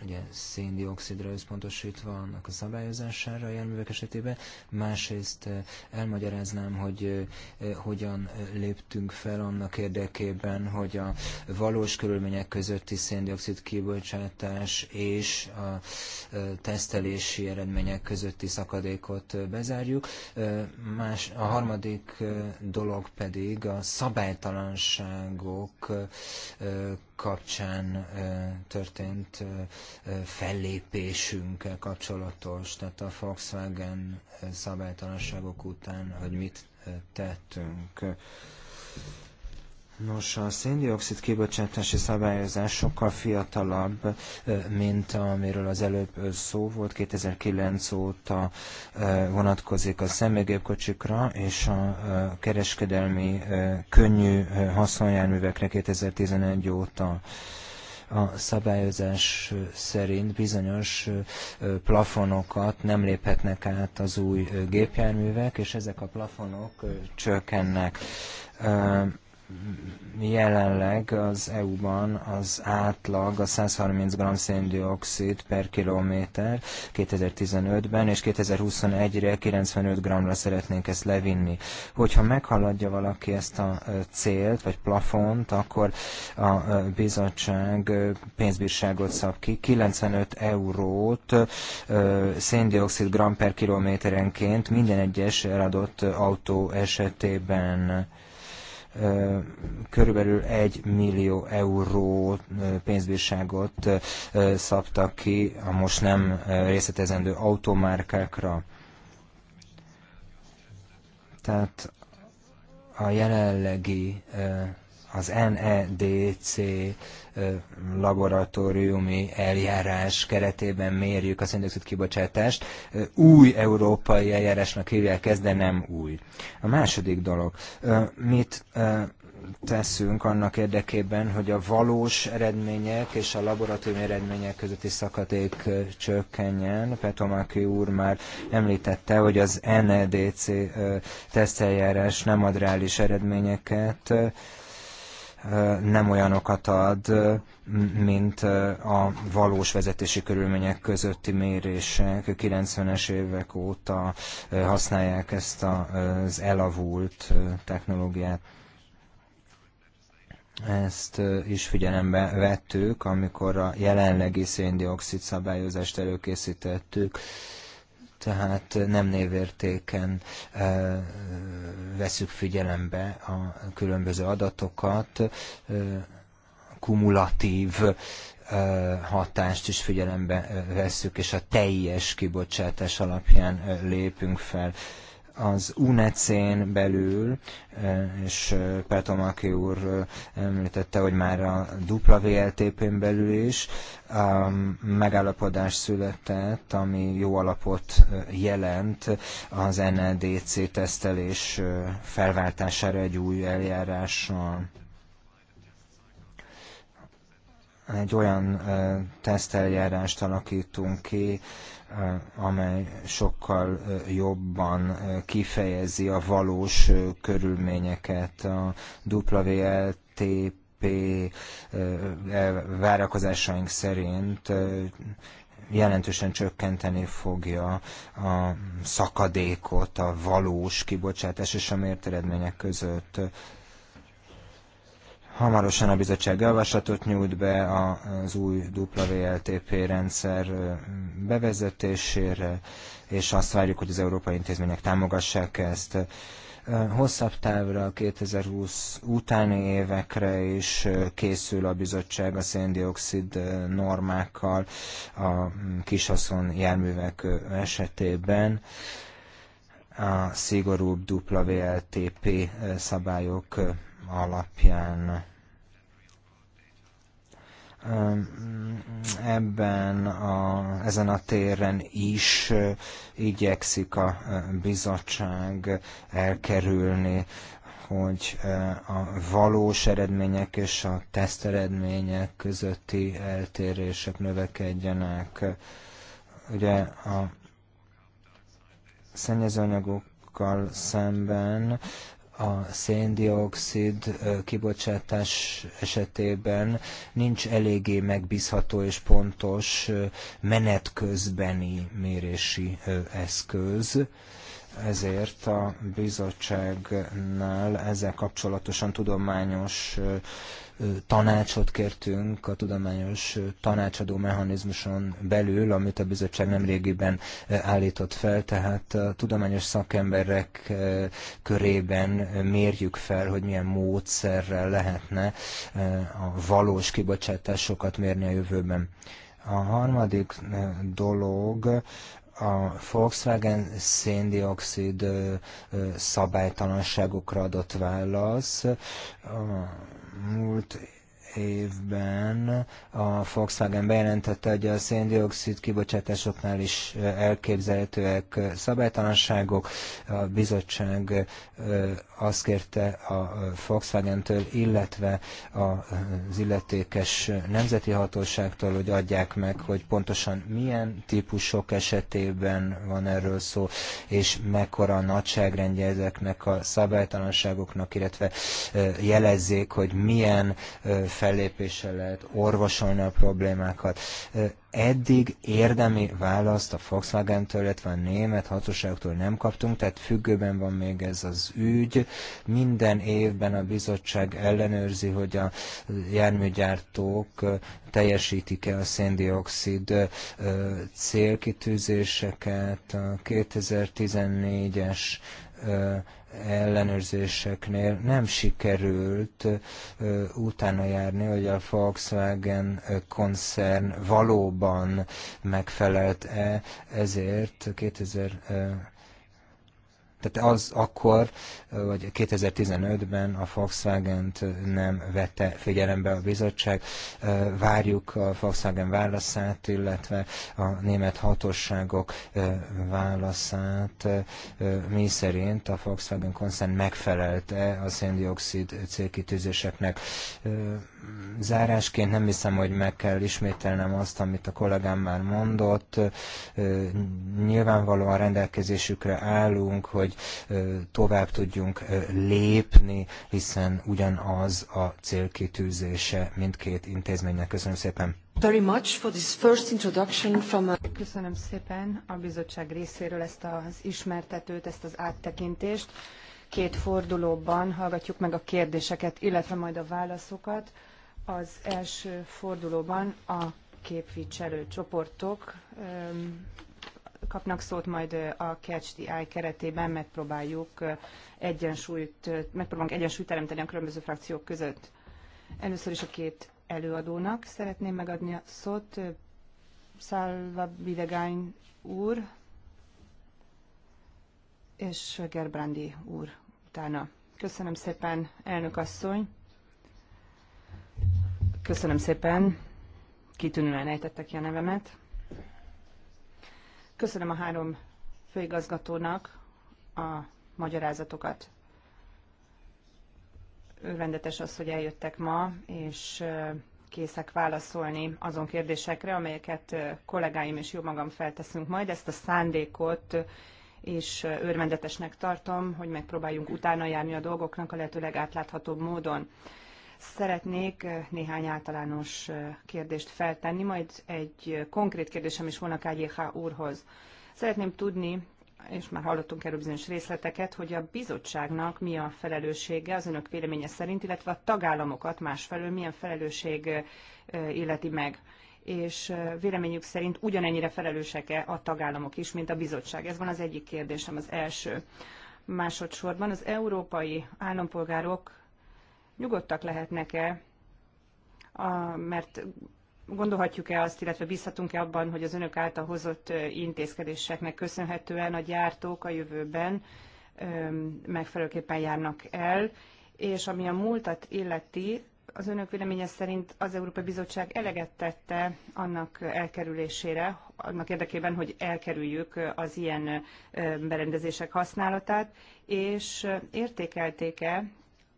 ugye széndiokszidra összpontosítva annak a szabályozására a járművek esetében, másrészt eh, elmagyaráznám, hogy eh, eh, hogyan léptünk fel annak érdekében, hogy a valós körülmények közötti széndiokszid kibocsátás és a tesztelési eredmények közötti szakadékot bezárjuk. Más, a harmadik dolog pedig a szabálytalanságok kapcsán történt fellépésünkkel kapcsolatos, tehát a Volkswagen szabálytalanságok után, hogy mit tettünk. Nos, a széndiokszid kibocsátási szabályozás sokkal fiatalabb, mint amiről az előbb szó volt. 2009 óta vonatkozik a személygépkocsikra, és a kereskedelmi könnyű haszonjárművekre 2011 óta a szabályozás szerint bizonyos plafonokat nem léphetnek át az új gépjárművek, és ezek a plafonok csökkennek jelenleg az EU-ban az átlag a 130 g széndiokszid per kilométer 2015-ben, és 2021-re 95 g-ra szeretnénk ezt levinni. Hogyha meghaladja valaki ezt a célt, vagy plafont, akkor a bizottság pénzbírságot szab ki, 95 eurót széndiokszid gram per kilométerenként minden egyes eladott autó esetében körülbelül 1 millió euró pénzbírságot szabtak ki a most nem részletezendő automárkákra. Tehát a jelenlegi az NEDC laboratóriumi eljárás keretében mérjük a széndiokszid kibocsátást. Új európai eljárásnak hívják ez, de nem új. A második dolog, mit teszünk annak érdekében, hogy a valós eredmények és a laboratóriumi eredmények közötti szakadék csökkenjen. Petomáki úr már említette, hogy az NEDC teszteljárás nem ad reális eredményeket, nem olyanokat ad, mint a valós vezetési körülmények közötti mérések. 90-es évek óta használják ezt az elavult technológiát. Ezt is figyelembe vettük, amikor a jelenlegi széndiokszid szabályozást előkészítettük tehát nem névértéken eh, veszük figyelembe a különböző adatokat, eh, kumulatív eh, hatást is figyelembe vesszük, és a teljes kibocsátás alapján lépünk fel az UNECEN belül, e, és e, Petomaki úr e, említette, hogy már a WLTP-n belül is um, megállapodás született, ami jó alapot jelent az NLDC tesztelés felváltására egy új eljárással egy olyan teszteljárást alakítunk ki, Eh, amely sokkal eh, jobban eh, kifejezi a valós körülményeket. A WLTP várakozásaink szerint jelentősen csökkenteni fogja a szakadékot a valós kibocsátás és a mért eredmények között. Hamarosan a bizottság javaslatot nyújt be az új WLTP rendszer bevezetésére, és azt várjuk, hogy az európai intézmények támogassák ezt hosszabb távra, 2020 utáni évekre is készül a bizottság a széndiokszid normákkal a kishaszon járművek esetében a szigorúbb WLTP szabályok alapján Mm, ebben a, ezen a téren is igyekszik a bizottság elkerülni, hogy a valós eredmények és a teszt eredmények közötti eltérések növekedjenek. Ugye a szennyezőanyagokkal szemben a széndiokszid kibocsátás esetében nincs eléggé megbízható és pontos menet közbeni mérési eszköz ezért a bizottságnál ezzel kapcsolatosan tudományos tanácsot kértünk a tudományos tanácsadó mechanizmuson belül, amit a bizottság nem régiben állított fel, tehát a tudományos szakemberek körében mérjük fel, hogy milyen módszerrel lehetne a valós kibocsátásokat mérni a jövőben. A harmadik dolog a Volkswagen széndiokszid szabálytalanságokra adott válasz a múlt évben a Volkswagen bejelentette, hogy a széndiokszid kibocsátásoknál is elképzelhetőek szabálytalanságok. A bizottság azt kérte a Volkswagen-től, illetve az illetékes nemzeti hatóságtól, hogy adják meg, hogy pontosan milyen típusok esetében van erről szó, és mekkora a nagyságrendje ezeknek a szabálytalanságoknak, illetve jelezzék, hogy milyen fellépéssel lehet orvosolni a problémákat. Eddig érdemi választ a Volkswagen-től, illetve a német hatóságoktól nem kaptunk, tehát függőben van még ez az ügy. Minden évben a bizottság ellenőrzi, hogy a járműgyártók teljesítik-e a széndiokszid célkitűzéseket, a 2014-es ellenőrzéseknél nem sikerült utána járni, hogy a Volkswagen koncern valóban megfelelt-e, ezért 2000 tehát az akkor, vagy 2015-ben a volkswagen nem vette figyelembe a bizottság. Várjuk a Volkswagen válaszát, illetve a német hatóságok válaszát, mi szerint a Volkswagen koncern megfelelt-e a széndiokszid célkitűzéseknek zárásként nem hiszem, hogy meg kell ismételnem azt, amit a kollégám már mondott. Nyilvánvalóan rendelkezésükre állunk, hogy tovább tudjunk lépni, hiszen ugyanaz a célkitűzése mindkét intézménynek. Köszönöm szépen! Very much for this first introduction from a... Köszönöm szépen a bizottság részéről ezt az ismertetőt, ezt az áttekintést. Két fordulóban hallgatjuk meg a kérdéseket, illetve majd a válaszokat az első fordulóban a képviselő csoportok kapnak szót majd a Catch the Eye keretében, megpróbáljuk egyensúlyt, megpróbálunk egyensúlyt teremteni a különböző frakciók között. Először is a két előadónak szeretném megadni a szót. Szálva Bidegány úr és Gerbrandi úr utána. Köszönöm szépen, elnök asszony! Köszönöm szépen. Kitűnően ejtettek ki a nevemet. Köszönöm a három főigazgatónak a magyarázatokat. Örvendetes az, hogy eljöttek ma, és készek válaszolni azon kérdésekre, amelyeket kollégáim és jó magam felteszünk majd. Ezt a szándékot és örvendetesnek tartom, hogy megpróbáljunk utána járni a dolgoknak a lehető legátláthatóbb módon. Szeretnék eh, néhány általános eh, kérdést feltenni, majd egy konkrét kérdésem is volna Kágyéha úrhoz. Szeretném tudni, és már hallottunk erről bizonyos részleteket, hogy a bizottságnak mi a felelőssége az önök véleménye szerint, illetve a tagállamokat másfelől milyen felelősség eh, illeti meg és véleményük szerint ugyanennyire felelősek-e a tagállamok is, mint a bizottság? Ez van az egyik kérdésem, az első. Másodszorban az európai állampolgárok nyugodtak lehetnek-e, mert gondolhatjuk-e azt, illetve bízhatunk-e abban, hogy az önök által hozott intézkedéseknek köszönhetően a gyártók a jövőben megfelelőképpen járnak el, és ami a múltat illeti, az önök véleménye szerint az Európai Bizottság eleget tette annak elkerülésére, annak érdekében, hogy elkerüljük az ilyen berendezések használatát, és értékelték-e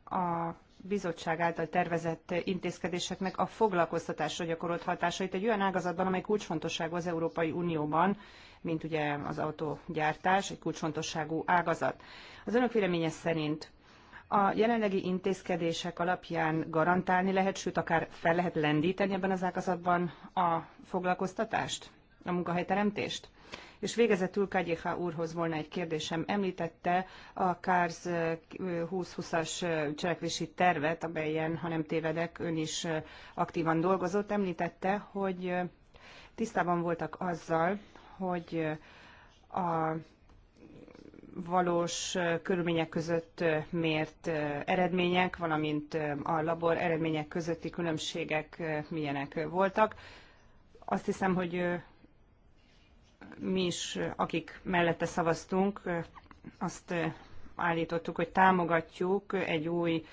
a bizottság által tervezett intézkedéseknek a foglalkoztatásra gyakorolt hatásait egy olyan ágazatban, amely kulcsfontosságú az Európai Unióban, mint ugye az autógyártás, egy kulcsfontosságú ágazat. Az önök véleménye szerint a jelenlegi intézkedések alapján garantálni lehet, sőt akár fel lehet lendíteni ebben az ágazatban a foglalkoztatást, a munkahelyteremtést? És végezetül KGH úrhoz volna egy kérdésem. Említette a KARS 2020-as eh, eh, cselekvési tervet, amelyen, ha nem tévedek, ön is eh, aktívan dolgozott. Említette, hogy tisztában voltak azzal, hogy a valós körülmények között mért eredmények, valamint a labor eredmények közötti különbségek milyenek voltak. Azt hiszem, hogy mi is, akik mellette szavaztunk, azt állítottuk, hogy támogatjuk egy új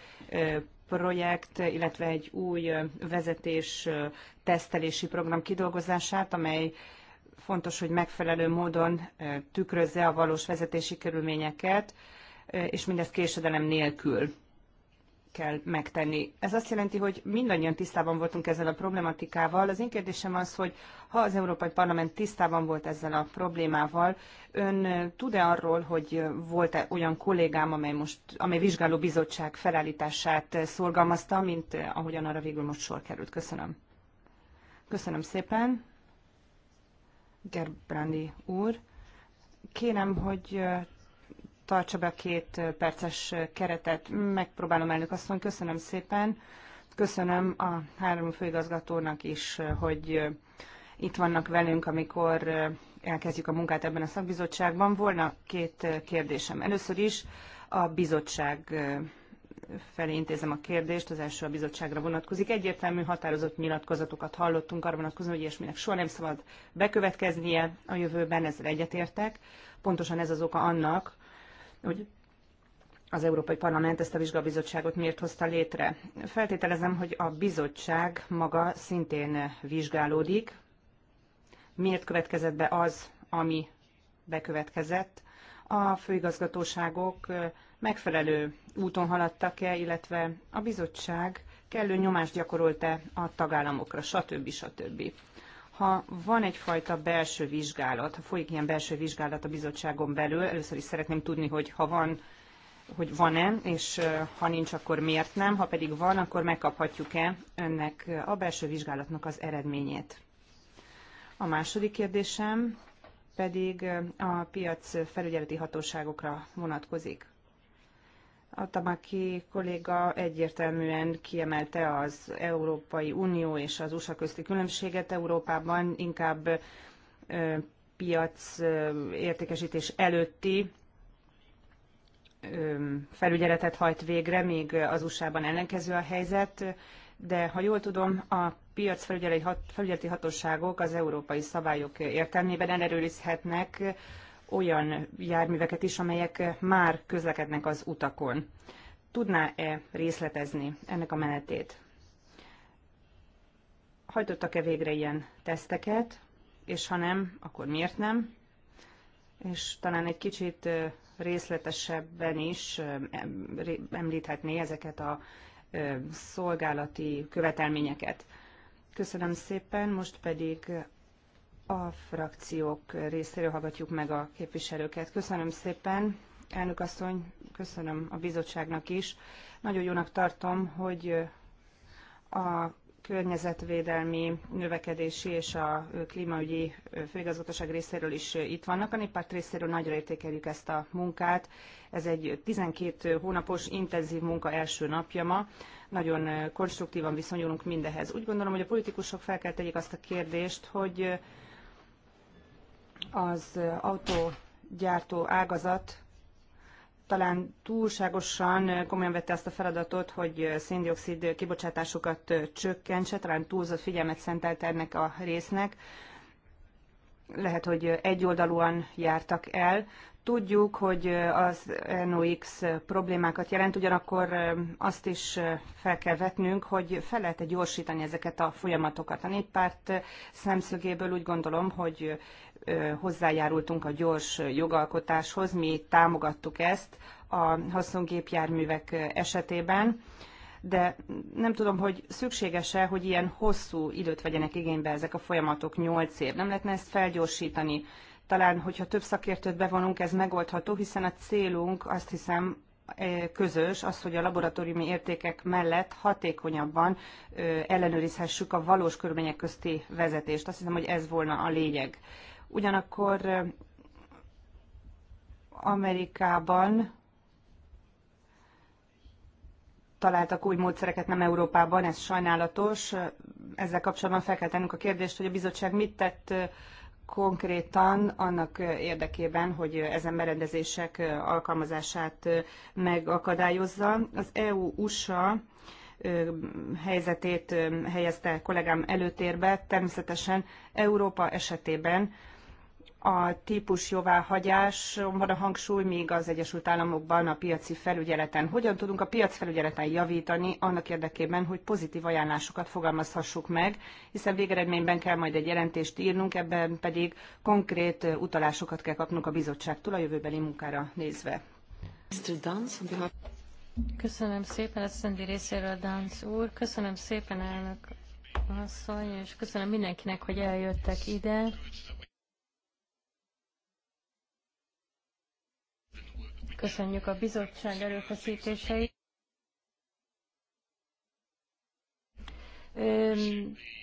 projekt, illetve egy új vezetés tesztelési program kidolgozását, amely fontos, hogy megfelelő módon tükrözze a valós vezetési körülményeket, és mindez késedelem nélkül kell megtenni. Ez azt jelenti, hogy mindannyian tisztában voltunk ezzel a problematikával. Az én kérdésem az, hogy ha az Európai Parlament tisztában volt ezzel a problémával, ön tud-e arról, hogy volt-e olyan kollégám, amely most, amely vizsgáló bizottság felállítását szorgalmazta, mint ahogyan arra végül most sor került? Köszönöm. Köszönöm szépen. Gerbrandi úr. Kérem, hogy tartsa be a két perces keretet. Megpróbálom, elnök asszony, köszönöm szépen. Köszönöm a három főigazgatónak is, hogy itt vannak velünk, amikor elkezdjük a munkát ebben a szakbizottságban. Volna két kérdésem. Először is a bizottság felé intézem a kérdést, az első a bizottságra vonatkozik. Egyértelmű határozott nyilatkozatokat hallottunk arra vonatkozóan, hogy ilyesminek soha nem szabad bekövetkeznie a jövőben, ezzel egyetértek. Pontosan ez az oka annak, hogy az Európai Parlament ezt a vizsgabizottságot miért hozta létre. Feltételezem, hogy a bizottság maga szintén vizsgálódik. Miért következett be az, ami bekövetkezett? A főigazgatóságok megfelelő úton haladtak-e, illetve a bizottság kellő nyomást gyakorolt-e a tagállamokra, stb. stb ha van egyfajta belső vizsgálat, ha folyik ilyen belső vizsgálat a bizottságon belül, először is szeretném tudni, hogy ha van, hogy van-e, és ha nincs, akkor miért nem, ha pedig van, akkor megkaphatjuk-e ennek a belső vizsgálatnak az eredményét. A második kérdésem pedig a piac felügyeleti hatóságokra vonatkozik. A Tamaki kolléga egyértelműen kiemelte az Európai Unió és az USA közti különbséget Európában, inkább ö, piac ö, értékesítés előtti ö, felügyeletet hajt végre, még az USA-ban ellenkező a helyzet, de ha jól tudom, a piac felügyeleti hatóságok az európai szabályok értelmében ellenőrizhetnek, olyan járműveket is, amelyek már közlekednek az utakon. Tudná-e részletezni ennek a menetét? Hajtottak-e végre ilyen teszteket, és ha nem, akkor miért nem? És talán egy kicsit részletesebben is említhetné ezeket a szolgálati követelményeket. Köszönöm szépen, most pedig a frakciók részéről hallgatjuk meg a képviselőket. Köszönöm szépen, elnök asszony, köszönöm a bizottságnak is. Nagyon jónak tartom, hogy a környezetvédelmi, növekedési és a klímaügyi főigazgatóság részéről is itt vannak. A néppárt részéről nagyra értékeljük ezt a munkát. Ez egy 12 hónapos intenzív munka első napja ma. Nagyon konstruktívan viszonyulunk mindehez. Úgy gondolom, hogy a politikusok fel kell tegyék azt a kérdést, hogy az autógyártó ágazat talán túlságosan komolyan vette azt a feladatot, hogy széndiokszid kibocsátásokat csökkentse, talán túlzott figyelmet szentelt ennek a résznek. Lehet, hogy egyoldalúan jártak el, Tudjuk, hogy az NOx problémákat jelent, ugyanakkor azt is fel kell vetnünk, hogy fel lehet -e gyorsítani ezeket a folyamatokat. A néppárt szemszögéből úgy gondolom, hogy hozzájárultunk a gyors jogalkotáshoz, mi támogattuk ezt a haszongépjárművek esetében, de nem tudom, hogy szükséges-e, hogy ilyen hosszú időt vegyenek igénybe ezek a folyamatok, 8 év. Nem lehetne ezt felgyorsítani? talán, hogyha több szakértőt bevonunk, ez megoldható, hiszen a célunk azt hiszem e, közös, az, hogy a laboratóriumi értékek mellett hatékonyabban ellenőrizhessük a valós körülmények közti vezetést. Azt hiszem, hogy ez volna a lényeg. Ugyanakkor Amerikában találtak új módszereket nem Európában, ez sajnálatos. Ezzel kapcsolatban fel kell tennünk a kérdést, hogy a bizottság mit tett konkrétan annak érdekében, hogy ezen berendezések alkalmazását megakadályozza. Az EU-USA helyzetét helyezte kollégám előtérbe. Természetesen Európa esetében a típus jóváhagyáson van a hangsúly, még az Egyesült Államokban a piaci felügyeleten. Hogyan tudunk a piac felügyeleten javítani annak érdekében, hogy pozitív ajánlásokat fogalmazhassuk meg, hiszen végeredményben kell majd egy jelentést írnunk, ebben pedig konkrét utalásokat kell kapnunk a bizottságtól a jövőbeli munkára nézve. Köszönöm szépen, a Szendi részéről, Dánc úr. Köszönöm szépen, elnök asszony, és köszönöm mindenkinek, hogy eljöttek ide. Köszönjük a bizottság erőfeszítéseit.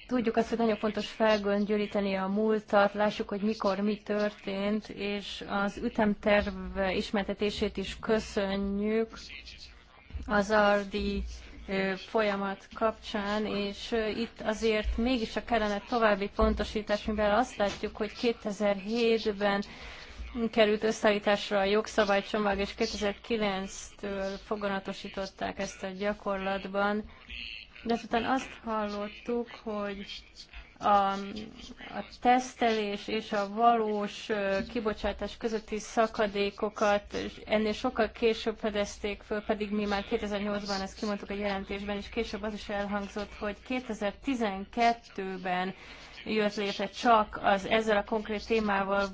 Tudjuk azt, hogy nagyon fontos felgöngyölíteni a múltat, lássuk, hogy mikor mi történt, és az ütemterv ismertetését is köszönjük az ardi folyamat kapcsán, és itt azért mégis a kellene további pontosítás, mivel azt látjuk, hogy 2007-ben került összeállításra a jogszabálycsomag, és 2009-től foganatosították ezt a gyakorlatban. De azután azt hallottuk, hogy a, a tesztelés és a valós kibocsátás közötti szakadékokat ennél sokkal később fedezték föl, pedig mi már 2008-ban ezt kimondtuk a jelentésben, és később az is elhangzott, hogy 2012-ben jött létre csak az ezzel a konkrét témával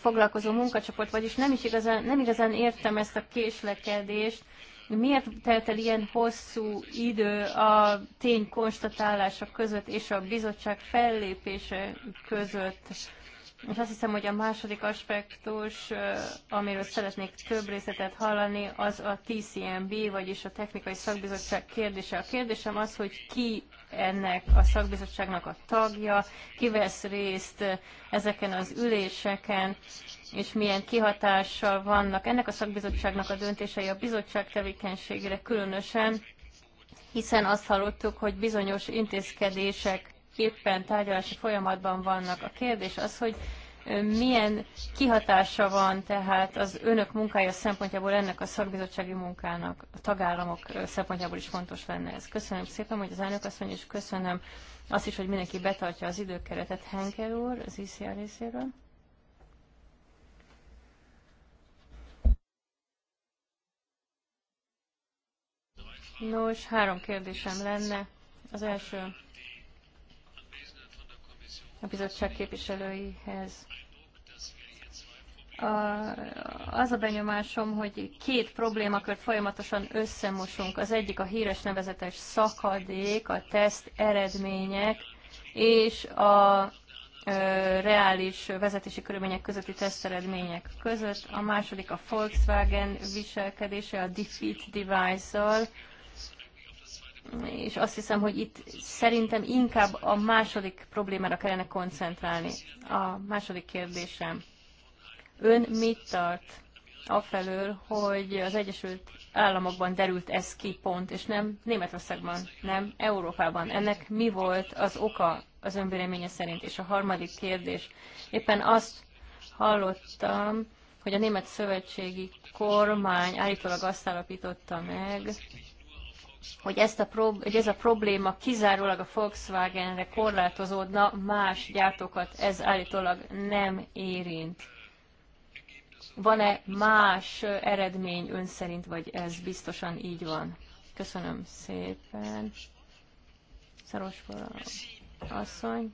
foglalkozó munkacsoport, vagyis nem is igazán, nem igazán értem ezt a késlekedést, miért telt el ilyen hosszú idő a tény konstatálása között és a bizottság fellépése között és azt hiszem, hogy a második aspektus, amiről szeretnék több részletet hallani, az a TCMB, vagyis a Technikai Szakbizottság kérdése. A kérdésem az, hogy ki ennek a szakbizottságnak a tagja, ki vesz részt ezeken az üléseken, és milyen kihatással vannak ennek a szakbizottságnak a döntései a bizottság tevékenységére különösen, hiszen azt hallottuk, hogy bizonyos intézkedések éppen tárgyalási folyamatban vannak. A kérdés az, hogy milyen kihatása van tehát az önök munkája szempontjából ennek a szakbizottsági munkának, a tagállamok szempontjából is fontos lenne ez. Köszönöm szépen, hogy az elnök asszony és köszönöm azt is, hogy mindenki betartja az időkeretet. Henkel úr, az ICR részéről. Nos, három kérdésem lenne. Az első, a bizottság képviselőihez. A, az a benyomásom, hogy két problémakört folyamatosan összemosunk. Az egyik a híres nevezetes szakadék, a teszt eredmények és a ö, reális vezetési körülmények közötti eredmények között. A második a Volkswagen viselkedése a defeat device-zal, és azt hiszem, hogy itt szerintem inkább a második problémára kellene koncentrálni. A második kérdésem. Ön mit tart afelől, hogy az Egyesült Államokban derült ez ki pont, és nem Németországban, nem Európában. Ennek mi volt az oka az önvéleménye szerint? És a harmadik kérdés. Éppen azt hallottam, hogy a német szövetségi kormány állítólag azt állapította meg, hogy, ezt a hogy ez a probléma kizárólag a Volkswagenre korlátozódna, más gyártókat ez állítólag nem érint. Van-e más eredmény ön szerint, vagy ez biztosan így van? Köszönöm szépen. Szaros asszony.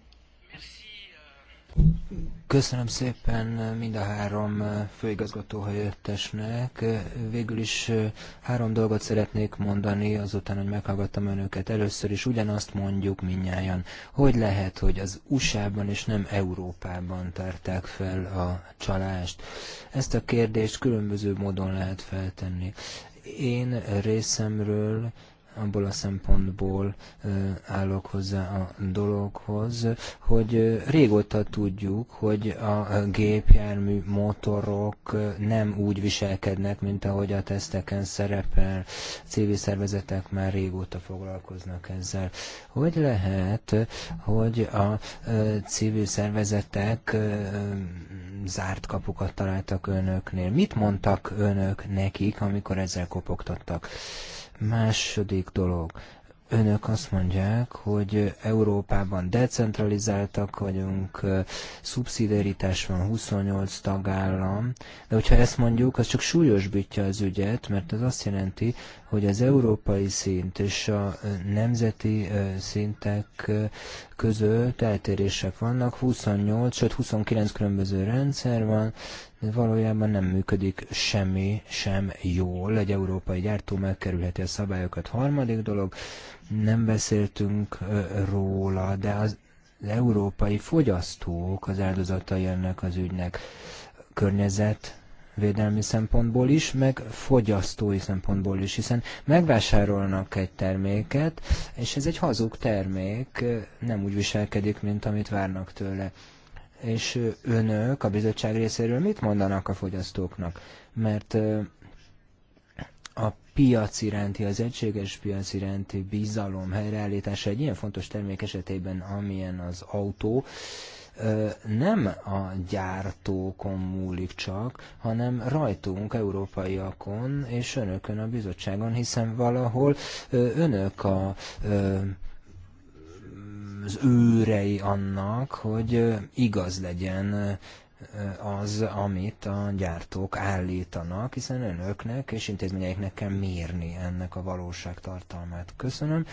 Köszönöm szépen mind a három főigazgató helyettesnek. Végül is három dolgot szeretnék mondani, azután, hogy meghallgattam önöket. Először is ugyanazt mondjuk minnyáján, hogy lehet, hogy az USA-ban és nem Európában tárták fel a csalást. Ezt a kérdést különböző módon lehet feltenni. Én részemről abból a szempontból állok hozzá a dologhoz, hogy régóta tudjuk, hogy a gépjármű motorok nem úgy viselkednek, mint ahogy a teszteken szerepel. A civil szervezetek már régóta foglalkoznak ezzel. Hogy lehet, hogy a civil szervezetek zárt kapukat találtak önöknél? Mit mondtak önök nekik, amikor ezzel kopogtattak? Második dolog, önök azt mondják, hogy Európában decentralizáltak vagyunk, szubszidiaritás van 28 tagállam, de hogyha ezt mondjuk, az csak súlyosbítja az ügyet, mert ez azt jelenti, hogy az európai szint és a nemzeti szintek között eltérések vannak, 28, sőt 29 különböző rendszer van, de valójában nem működik semmi sem jól. Egy európai gyártó megkerülheti a szabályokat. Harmadik dolog, nem beszéltünk róla, de az európai fogyasztók az áldozatai ennek az ügynek környezet védelmi szempontból is, meg fogyasztói szempontból is, hiszen megvásárolnak egy terméket, és ez egy hazug termék, nem úgy viselkedik, mint amit várnak tőle. És önök a bizottság részéről mit mondanak a fogyasztóknak? Mert a piac iránti, az egységes piac iránti bizalom helyreállítása egy ilyen fontos termék esetében, amilyen az autó, nem a gyártókon múlik csak, hanem rajtunk, európaiakon és önökön a bizottságon, hiszen valahol önök a az őrei annak, hogy igaz legyen az, amit a gyártók állítanak, hiszen önöknek és intézményeiknek kell mérni ennek a valóság tartalmát. Köszönöm.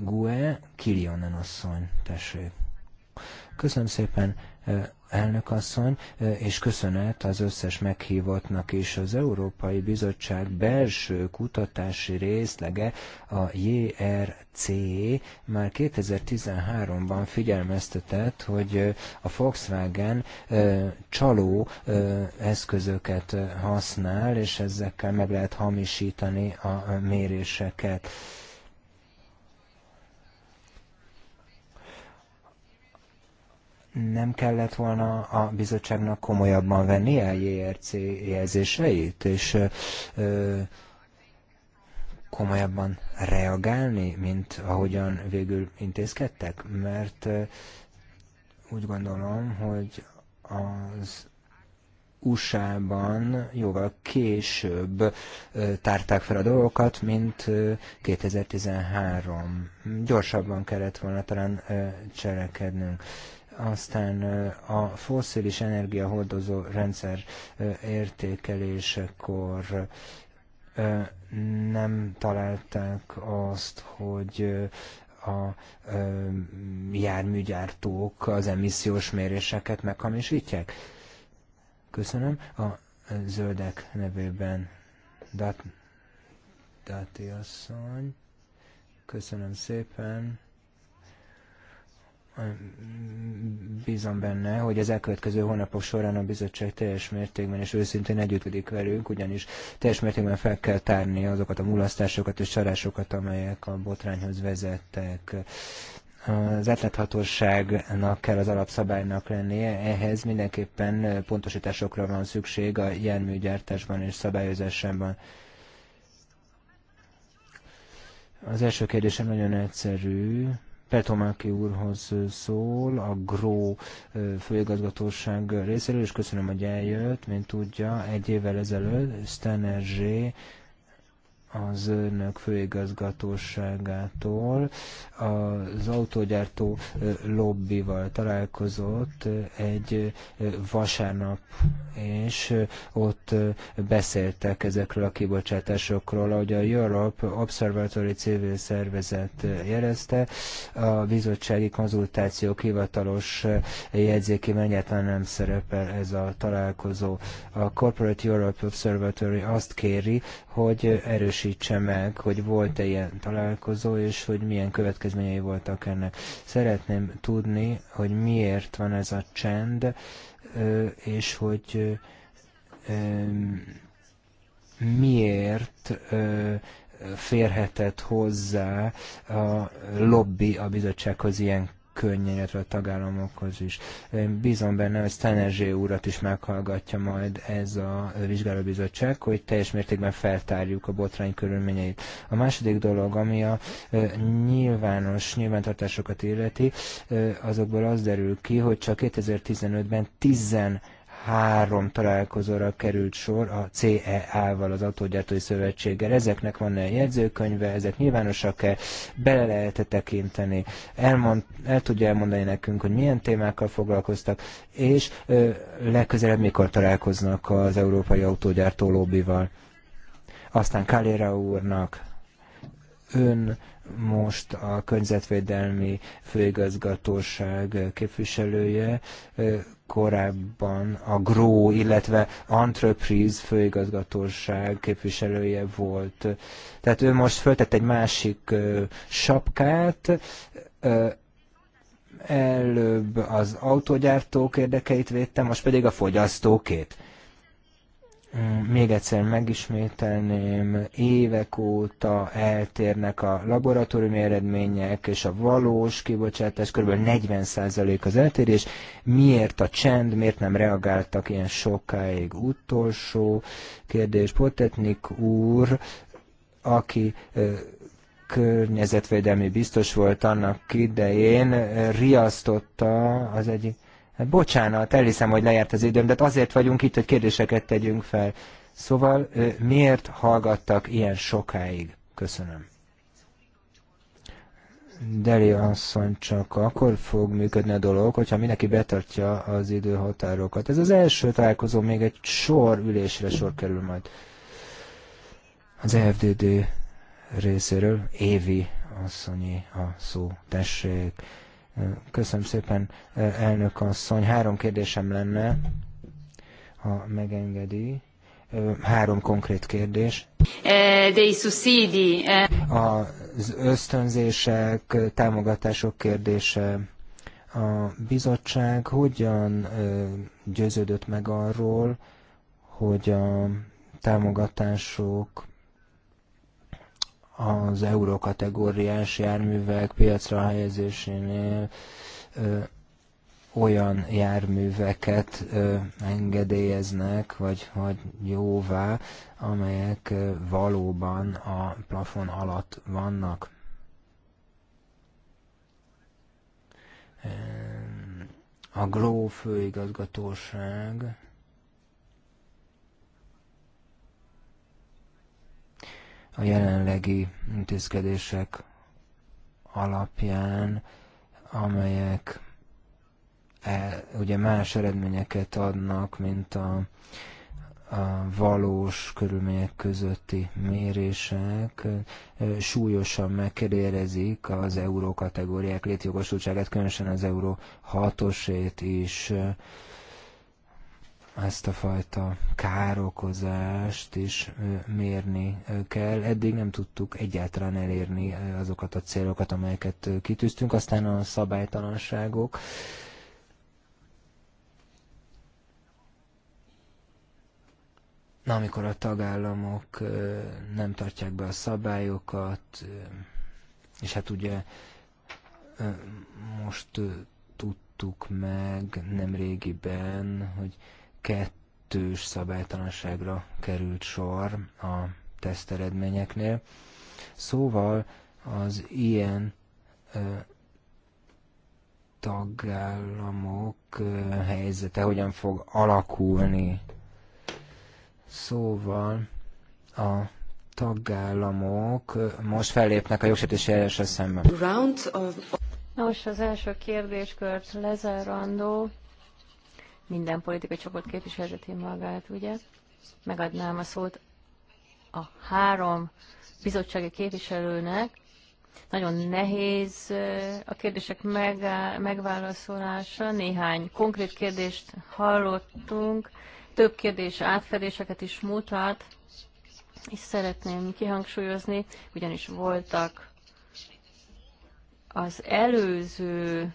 Gue Kilionen asszony, tessék. Köszönöm szépen, elnök asszony, és köszönet az összes meghívottnak is. Az Európai Bizottság belső kutatási részlege, a JRC már 2013-ban figyelmeztetett, hogy a Volkswagen csaló eszközöket használ, és ezekkel meg lehet hamisítani a méréseket. nem kellett volna a bizottságnak komolyabban venni a JRC jelzéseit, és ö, komolyabban reagálni, mint ahogyan végül intézkedtek? Mert ö, úgy gondolom, hogy az USA-ban jóval később tárták fel a dolgokat, mint 2013. Gyorsabban kellett volna talán cselekednünk aztán a foszilis energiahordozó rendszer értékelésekor nem találták azt, hogy a járműgyártók az emissziós méréseket meghamisítják. Köszönöm. A zöldek nevében Dati asszony. Köszönöm szépen bízom benne, hogy az elkövetkező hónapok során a bizottság teljes mértékben és őszintén együttködik velünk, ugyanis teljes mértékben fel kell tárni azokat a mulasztásokat és csalásokat, amelyek a botrányhoz vezettek. Az átláthatóságnak kell az alapszabálynak lennie, ehhez mindenképpen pontosításokra van szükség a járműgyártásban és szabályozásában. Az első kérdésem nagyon egyszerű Petomáki úrhoz szól, a GRÓ főigazgatóság részéről, és köszönöm, hogy eljött, mint tudja, egy évvel ezelőtt Stenergy az önök főigazgatóságától az autógyártó lobbival találkozott egy vasárnap, és ott beszéltek ezekről a kibocsátásokról. Ahogy a Europe Observatory civil szervezet jelezte, a bizottsági konzultációk hivatalos jegyzéki mennyetlen nem szerepel ez a találkozó. A Corporate Europe Observatory azt kéri, hogy erős erősítse meg, hogy volt-e ilyen találkozó, és hogy milyen következményei voltak ennek. Szeretném tudni, hogy miért van ez a csend, és hogy miért férhetett hozzá a lobby a bizottsághoz ilyen könnyen, illetve a tagállamokhoz is. Én bízom benne, hogy Sztenerzsé úrat is meghallgatja majd ez a vizsgálóbizottság, hogy teljes mértékben feltárjuk a botrány körülményeit. A második dolog, ami a nyilvános nyilvántartásokat illeti, azokból az derül ki, hogy csak 2015-ben 10 három találkozóra került sor a CEA-val, az Autógyártói Szövetséggel. Ezeknek van egy jegyzőkönyve, ezek nyilvánosak-e, bele lehet -e tekinteni, elmond, el tudja elmondani nekünk, hogy milyen témákkal foglalkoztak, és ö, legközelebb mikor találkoznak az Európai Autógyártó Lobbival. Aztán Kalera úrnak ön most a környezetvédelmi főigazgatóság képviselője, korábban a GRO, illetve Entreprise főigazgatóság képviselője volt. Tehát ő most föltett egy másik sapkát, előbb az autógyártók érdekeit védtem, most pedig a fogyasztókét még egyszer megismételném, évek óta eltérnek a laboratóriumi eredmények és a valós kibocsátás, kb. 40% az eltérés. Miért a csend, miért nem reagáltak ilyen sokáig? Utolsó kérdés, Potetnik úr, aki környezetvédelmi biztos volt annak idején, riasztotta az egyik Hát bocsánat, elhiszem, hogy lejárt az időm, de hát azért vagyunk itt, hogy kérdéseket tegyünk fel. Szóval miért hallgattak ilyen sokáig? Köszönöm. Deli asszony csak akkor fog működni a dolog, hogyha mindenki betartja az időhatárokat. Ez az első találkozó, még egy sor ülésre sor kerül majd. Az FDD részéről Évi asszonyi a szó. Tessék. Köszönöm szépen, elnök asszony. Három kérdésem lenne, ha megengedi. Három konkrét kérdés. Az ösztönzések, támogatások kérdése. A bizottság hogyan győződött meg arról, hogy a támogatások az eurokategóriás járművek piacra helyezésénél olyan járműveket ö, engedélyeznek, vagy, vagy jóvá, amelyek ö, valóban a plafon alatt vannak. A Gló főigazgatóság a jelenlegi intézkedések alapján, amelyek e, ugye más eredményeket adnak, mint a, a valós körülmények közötti mérések súlyosan megkérdezik az euró kategóriák létjogosultságát, különösen az euró hatosét is ezt a fajta károkozást is mérni kell. Eddig nem tudtuk egyáltalán elérni azokat a célokat, amelyeket kitűztünk. Aztán a szabálytalanságok. Na, amikor a tagállamok nem tartják be a szabályokat, és hát ugye most tudtuk meg nem régiben, hogy kettős szabálytalanságra került sor a teszteredményeknél. Szóval az ilyen tagállamok helyzete hogyan fog alakulni. Szóval a tagállamok most fellépnek a jogsértési eljárásra szemben. Na most az első kérdéskört lezárandó minden politikai csoport képviselheti magát, ugye? Megadnám a szót a három bizottsági képviselőnek. Nagyon nehéz a kérdések megválaszolása. Néhány konkrét kérdést hallottunk, több kérdés átfedéseket is mutat, és szeretném kihangsúlyozni, ugyanis voltak az előző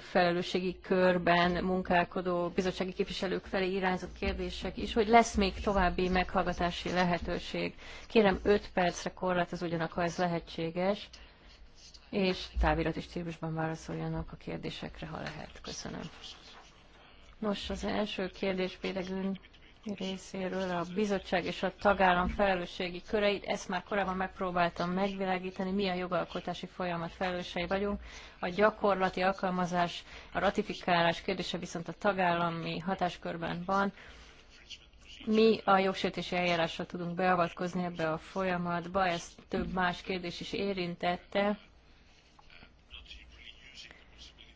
felelősségi körben munkálkodó bizottsági képviselők felé irányzott kérdések is, hogy lesz még további meghallgatási lehetőség. Kérem 5 percre korlátozódjanak, ha ez lehetséges, és távirat és stílusban válaszoljanak a kérdésekre, ha lehet. Köszönöm. Nos, az első kérdés például részéről a bizottság és a tagállam felelősségi köreit. Ezt már korábban megpróbáltam megvilágítani, mi a jogalkotási folyamat felelősei vagyunk. A gyakorlati alkalmazás, a ratifikálás kérdése viszont a tagállami hatáskörben van. Mi a jogsértési eljárásra tudunk beavatkozni ebbe a folyamatba, ezt több más kérdés is érintette.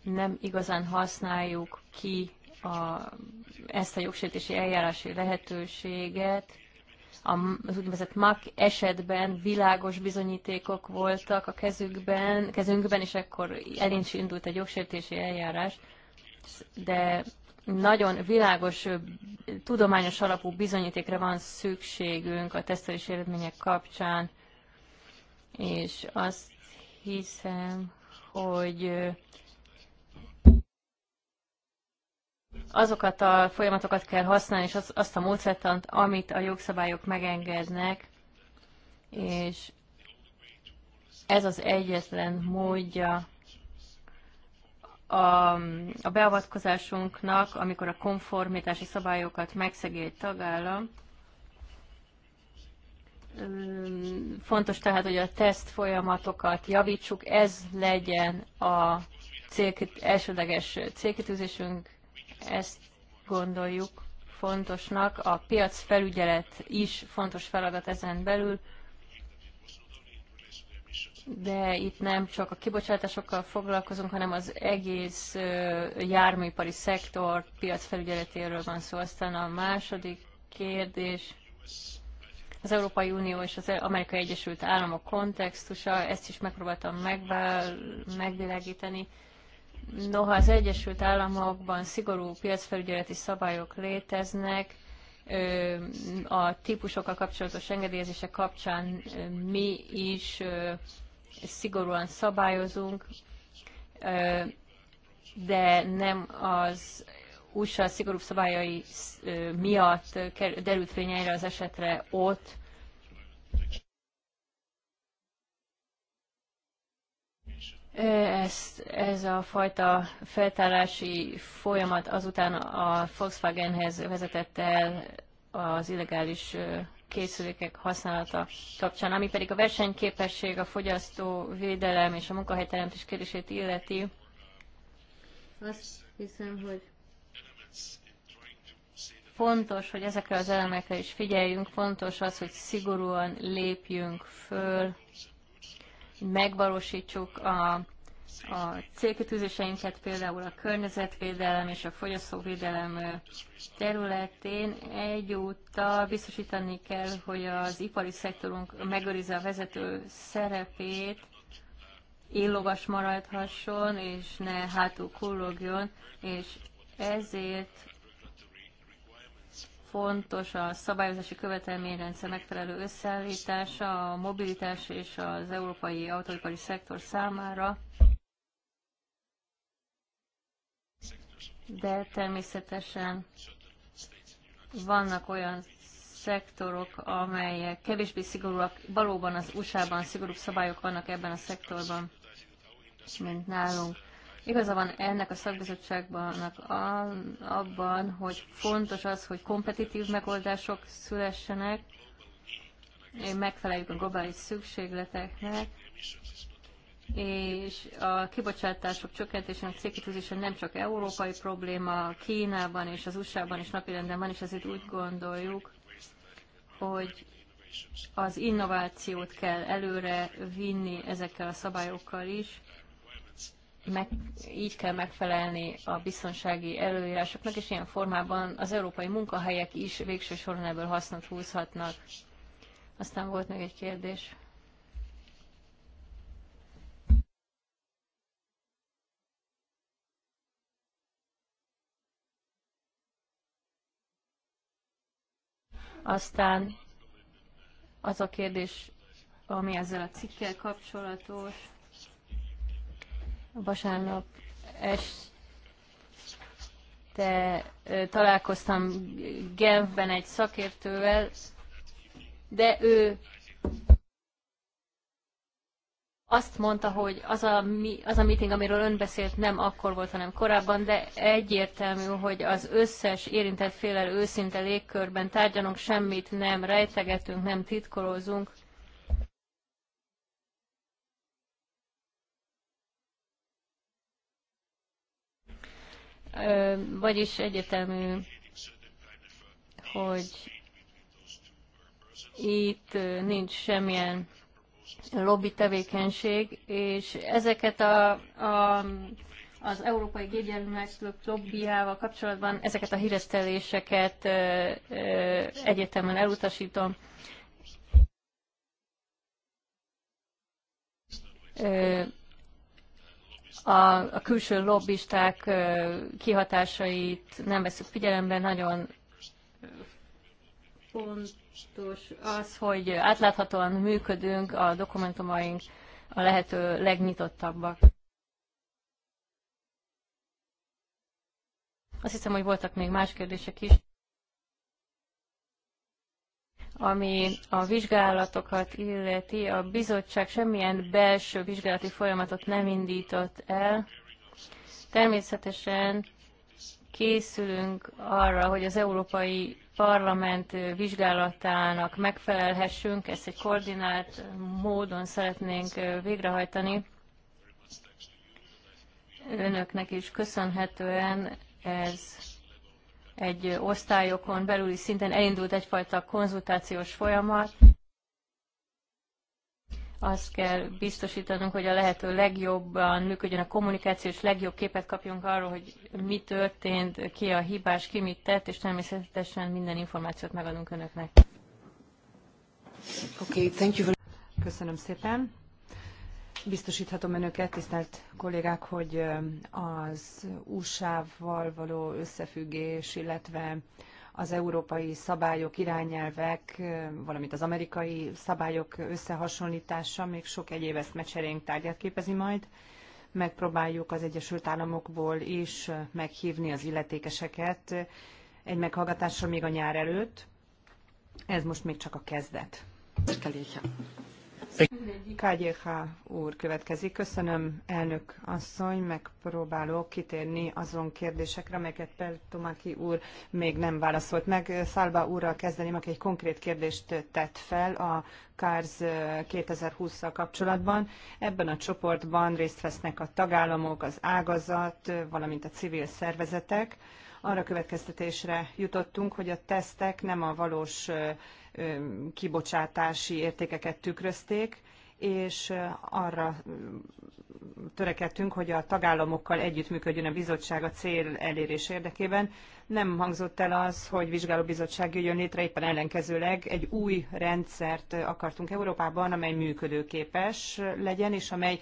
Nem igazán használjuk ki a, ezt a jogsértési eljárási lehetőséget az úgynevezett MAC esetben világos bizonyítékok voltak a kezükben, kezünkben, és ekkor elincs indult egy jogsértési eljárás, de nagyon világos, tudományos alapú bizonyítékre van szükségünk a tesztelési eredmények kapcsán, és azt hiszem, hogy azokat a folyamatokat kell használni, és az, azt a módszertant, amit a jogszabályok megengednek, és ez az egyetlen módja a, a beavatkozásunknak, amikor a konformitási szabályokat megszegi egy tagállam. Fontos tehát, hogy a teszt folyamatokat javítsuk, ez legyen a cél, elsődleges célkitűzésünk, ezt gondoljuk fontosnak. A piac felügyelet is fontos feladat ezen belül, de itt nem csak a kibocsátásokkal foglalkozunk, hanem az egész járműipari szektor piacfelügyeletéről van szó. Aztán a második kérdés az Európai Unió és az Amerikai Egyesült Államok kontextusa, ezt is megpróbáltam megvál, megvilágítani. Noha az Egyesült Államokban szigorú piacfelügyeleti szabályok léteznek, a típusokkal kapcsolatos engedélyezések kapcsán mi is szigorúan szabályozunk, de nem az USA szigorúbb szabályai miatt derült fényeire az esetre ott, ezt, ez a fajta feltárási folyamat azután a Volkswagenhez vezetett el az illegális készülékek használata kapcsán, ami pedig a versenyképesség, a fogyasztó védelem és a munkahelyteremtés kérdését illeti. Azt hiszem, hogy fontos, hogy ezekre az elemekre is figyeljünk, fontos az, hogy szigorúan lépjünk föl megvalósítsuk a, a célkitűzéseinket, például a környezetvédelem és a fogyasztóvédelem területén. Egyúttal biztosítani kell, hogy az ipari szektorunk megőrizze a vezető szerepét, illogas maradhasson, és ne hátul kullogjon, és ezért fontos a szabályozási követelményrendszer megfelelő összeállítása a mobilitás és az európai autóipari szektor számára, de természetesen vannak olyan szektorok, amelyek kevésbé szigorúak, valóban az USA-ban szigorúbb szabályok vannak ebben a szektorban, mint nálunk. Igaza van ennek a szakbizottságnak abban, hogy fontos az, hogy kompetitív megoldások szülessenek, megfeleljük a globális szükségleteknek, és a kibocsátások csökkentésének célkitűzése nem csak európai probléma, Kínában és az USA-ban is napirenden van, és ezért úgy gondoljuk, hogy az innovációt kell előre vinni ezekkel a szabályokkal is, meg, így kell megfelelni a biztonsági előírásoknak, és ilyen formában az európai munkahelyek is végső soron ebből hasznot húzhatnak. Aztán volt még egy kérdés. Aztán az a kérdés, ami ezzel a cikkel kapcsolatos. Vasárnap este találkoztam Genfben egy szakértővel, de ő azt mondta, hogy az a, az a meeting, amiről ön beszélt, nem akkor volt, hanem korábban, de egyértelmű, hogy az összes érintett félel őszinte légkörben tárgyalunk, semmit nem rejtegetünk, nem titkolózunk, Vagyis egyetemű, hogy itt nincs semmilyen lobby tevékenység, és ezeket a, a az európai gépjárművek lobbyával kapcsolatban ezeket a híreszteléseket egyetemen elutasítom. Ö, a, a külső lobbisták kihatásait nem veszük figyelembe, nagyon fontos az, hogy átláthatóan működünk, a dokumentumaink a lehető legnyitottabbak. Azt hiszem, hogy voltak még más kérdések is. Ami a vizsgálatokat illeti, a bizottság semmilyen belső vizsgálati folyamatot nem indított el. Természetesen készülünk arra, hogy az Európai Parlament vizsgálatának megfelelhessünk, ezt egy koordinált módon szeretnénk végrehajtani. Önöknek is köszönhetően ez egy osztályokon belüli szinten elindult egyfajta konzultációs folyamat. Azt kell biztosítanunk, hogy a lehető legjobban működjön a kommunikáció, és legjobb képet kapjunk arról, hogy mi történt, ki a hibás, ki mit tett, és természetesen minden információt megadunk önöknek. Okay, thank you. Köszönöm szépen biztosíthatom önöket, tisztelt kollégák, hogy az USA-val való összefüggés, illetve az európai szabályok, irányelvek, valamint az amerikai szabályok összehasonlítása még sok egyéb eszmecserénk tárgyát képezi majd. Megpróbáljuk az Egyesült Államokból is meghívni az illetékeseket egy meghallgatásra még a nyár előtt. Ez most még csak a kezdet. Köszönöm. KGH úr következik. Köszönöm, elnök asszony, megpróbálok kitérni azon kérdésekre, amelyeket Peltomaki úr még nem válaszolt meg. Szálba úrral kezdeném, aki egy konkrét kérdést tett fel a CARS 2020-szal eh, kapcsolatban. Ebben a csoportban részt vesznek a tagállamok, az ágazat, valamint a civil szervezetek. Arra következtetésre jutottunk, hogy a tesztek nem a valós eh, kibocsátási értékeket tükrözték, és arra törekedtünk, hogy a tagállamokkal együttműködjön a bizottság a cél elérés érdekében. Nem hangzott el az, hogy vizsgálóbizottság jöjjön létre, éppen ellenkezőleg egy új rendszert akartunk Európában, amely működőképes legyen, és amely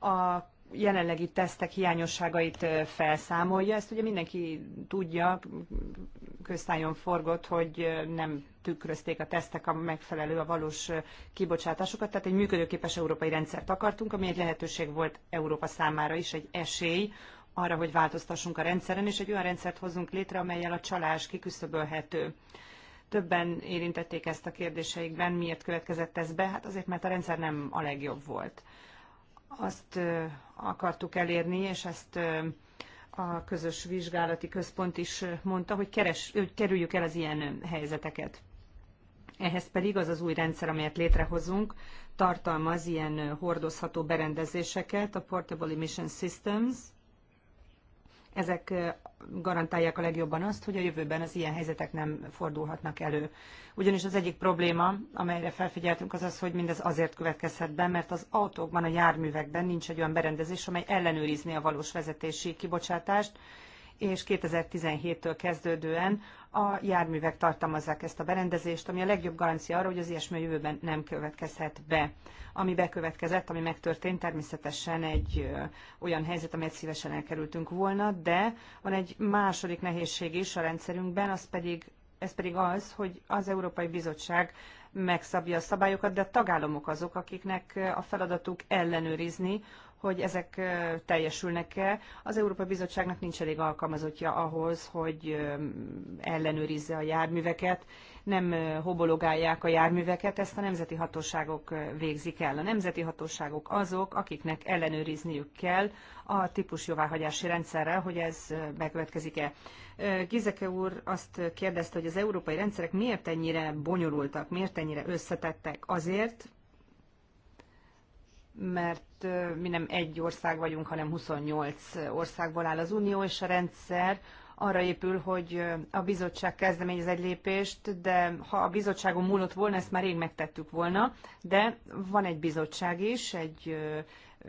a jelenlegi tesztek hiányosságait felszámolja. Ezt ugye mindenki tudja, köztájon forgott, hogy nem tükrözték a tesztek a megfelelő, a valós kibocsátásokat. Tehát egy működőképes európai rendszert akartunk, ami egy lehetőség volt Európa számára is, egy esély arra, hogy változtassunk a rendszeren, és egy olyan rendszert hozzunk létre, amelyel a csalás kiküszöbölhető. Többen érintették ezt a kérdéseikben, miért következett ez be? Hát azért, mert a rendszer nem a legjobb volt azt akartuk elérni, és ezt a közös vizsgálati központ is mondta, hogy, keres, hogy kerüljük el az ilyen helyzeteket. Ehhez pedig az az új rendszer, amelyet létrehozunk, tartalmaz ilyen hordozható berendezéseket, a Portable Emission Systems, ezek garantálják a legjobban azt, hogy a jövőben az ilyen helyzetek nem fordulhatnak elő. Ugyanis az egyik probléma, amelyre felfigyeltünk, az az, hogy mindez azért következhet be, mert az autókban, a járművekben nincs egy olyan berendezés, amely ellenőrizné a valós vezetési kibocsátást, és 2017-től kezdődően a járművek tartalmazzák ezt a berendezést, ami a legjobb garancia arra, hogy az ilyesmi a jövőben nem következhet be. Ami bekövetkezett, ami megtörtént, természetesen egy olyan helyzet, amelyet szívesen elkerültünk volna, de van egy második nehézség is a rendszerünkben, az pedig, ez pedig az, hogy az Európai Bizottság megszabja a szabályokat, de a tagállamok azok, akiknek a feladatuk ellenőrizni, hogy ezek teljesülnek-e. Az Európai Bizottságnak nincs elég alkalmazottja ahhoz, hogy ellenőrizze a járműveket, nem hobologálják a járműveket, ezt a nemzeti hatóságok végzik el. A nemzeti hatóságok azok, akiknek ellenőrizniük kell a típus jóváhagyási rendszerrel, hogy ez bekövetkezik-e. Gizeke úr azt kérdezte, hogy az európai rendszerek miért ennyire bonyolultak, miért ennyire összetettek. Azért, mert mi nem egy ország vagyunk, hanem 28 országból áll az Unió, és a rendszer arra épül, hogy a bizottság kezdeményez egy lépést, de ha a bizottságon múlott volna, ezt már rég megtettük volna, de van egy bizottság is, egy ö,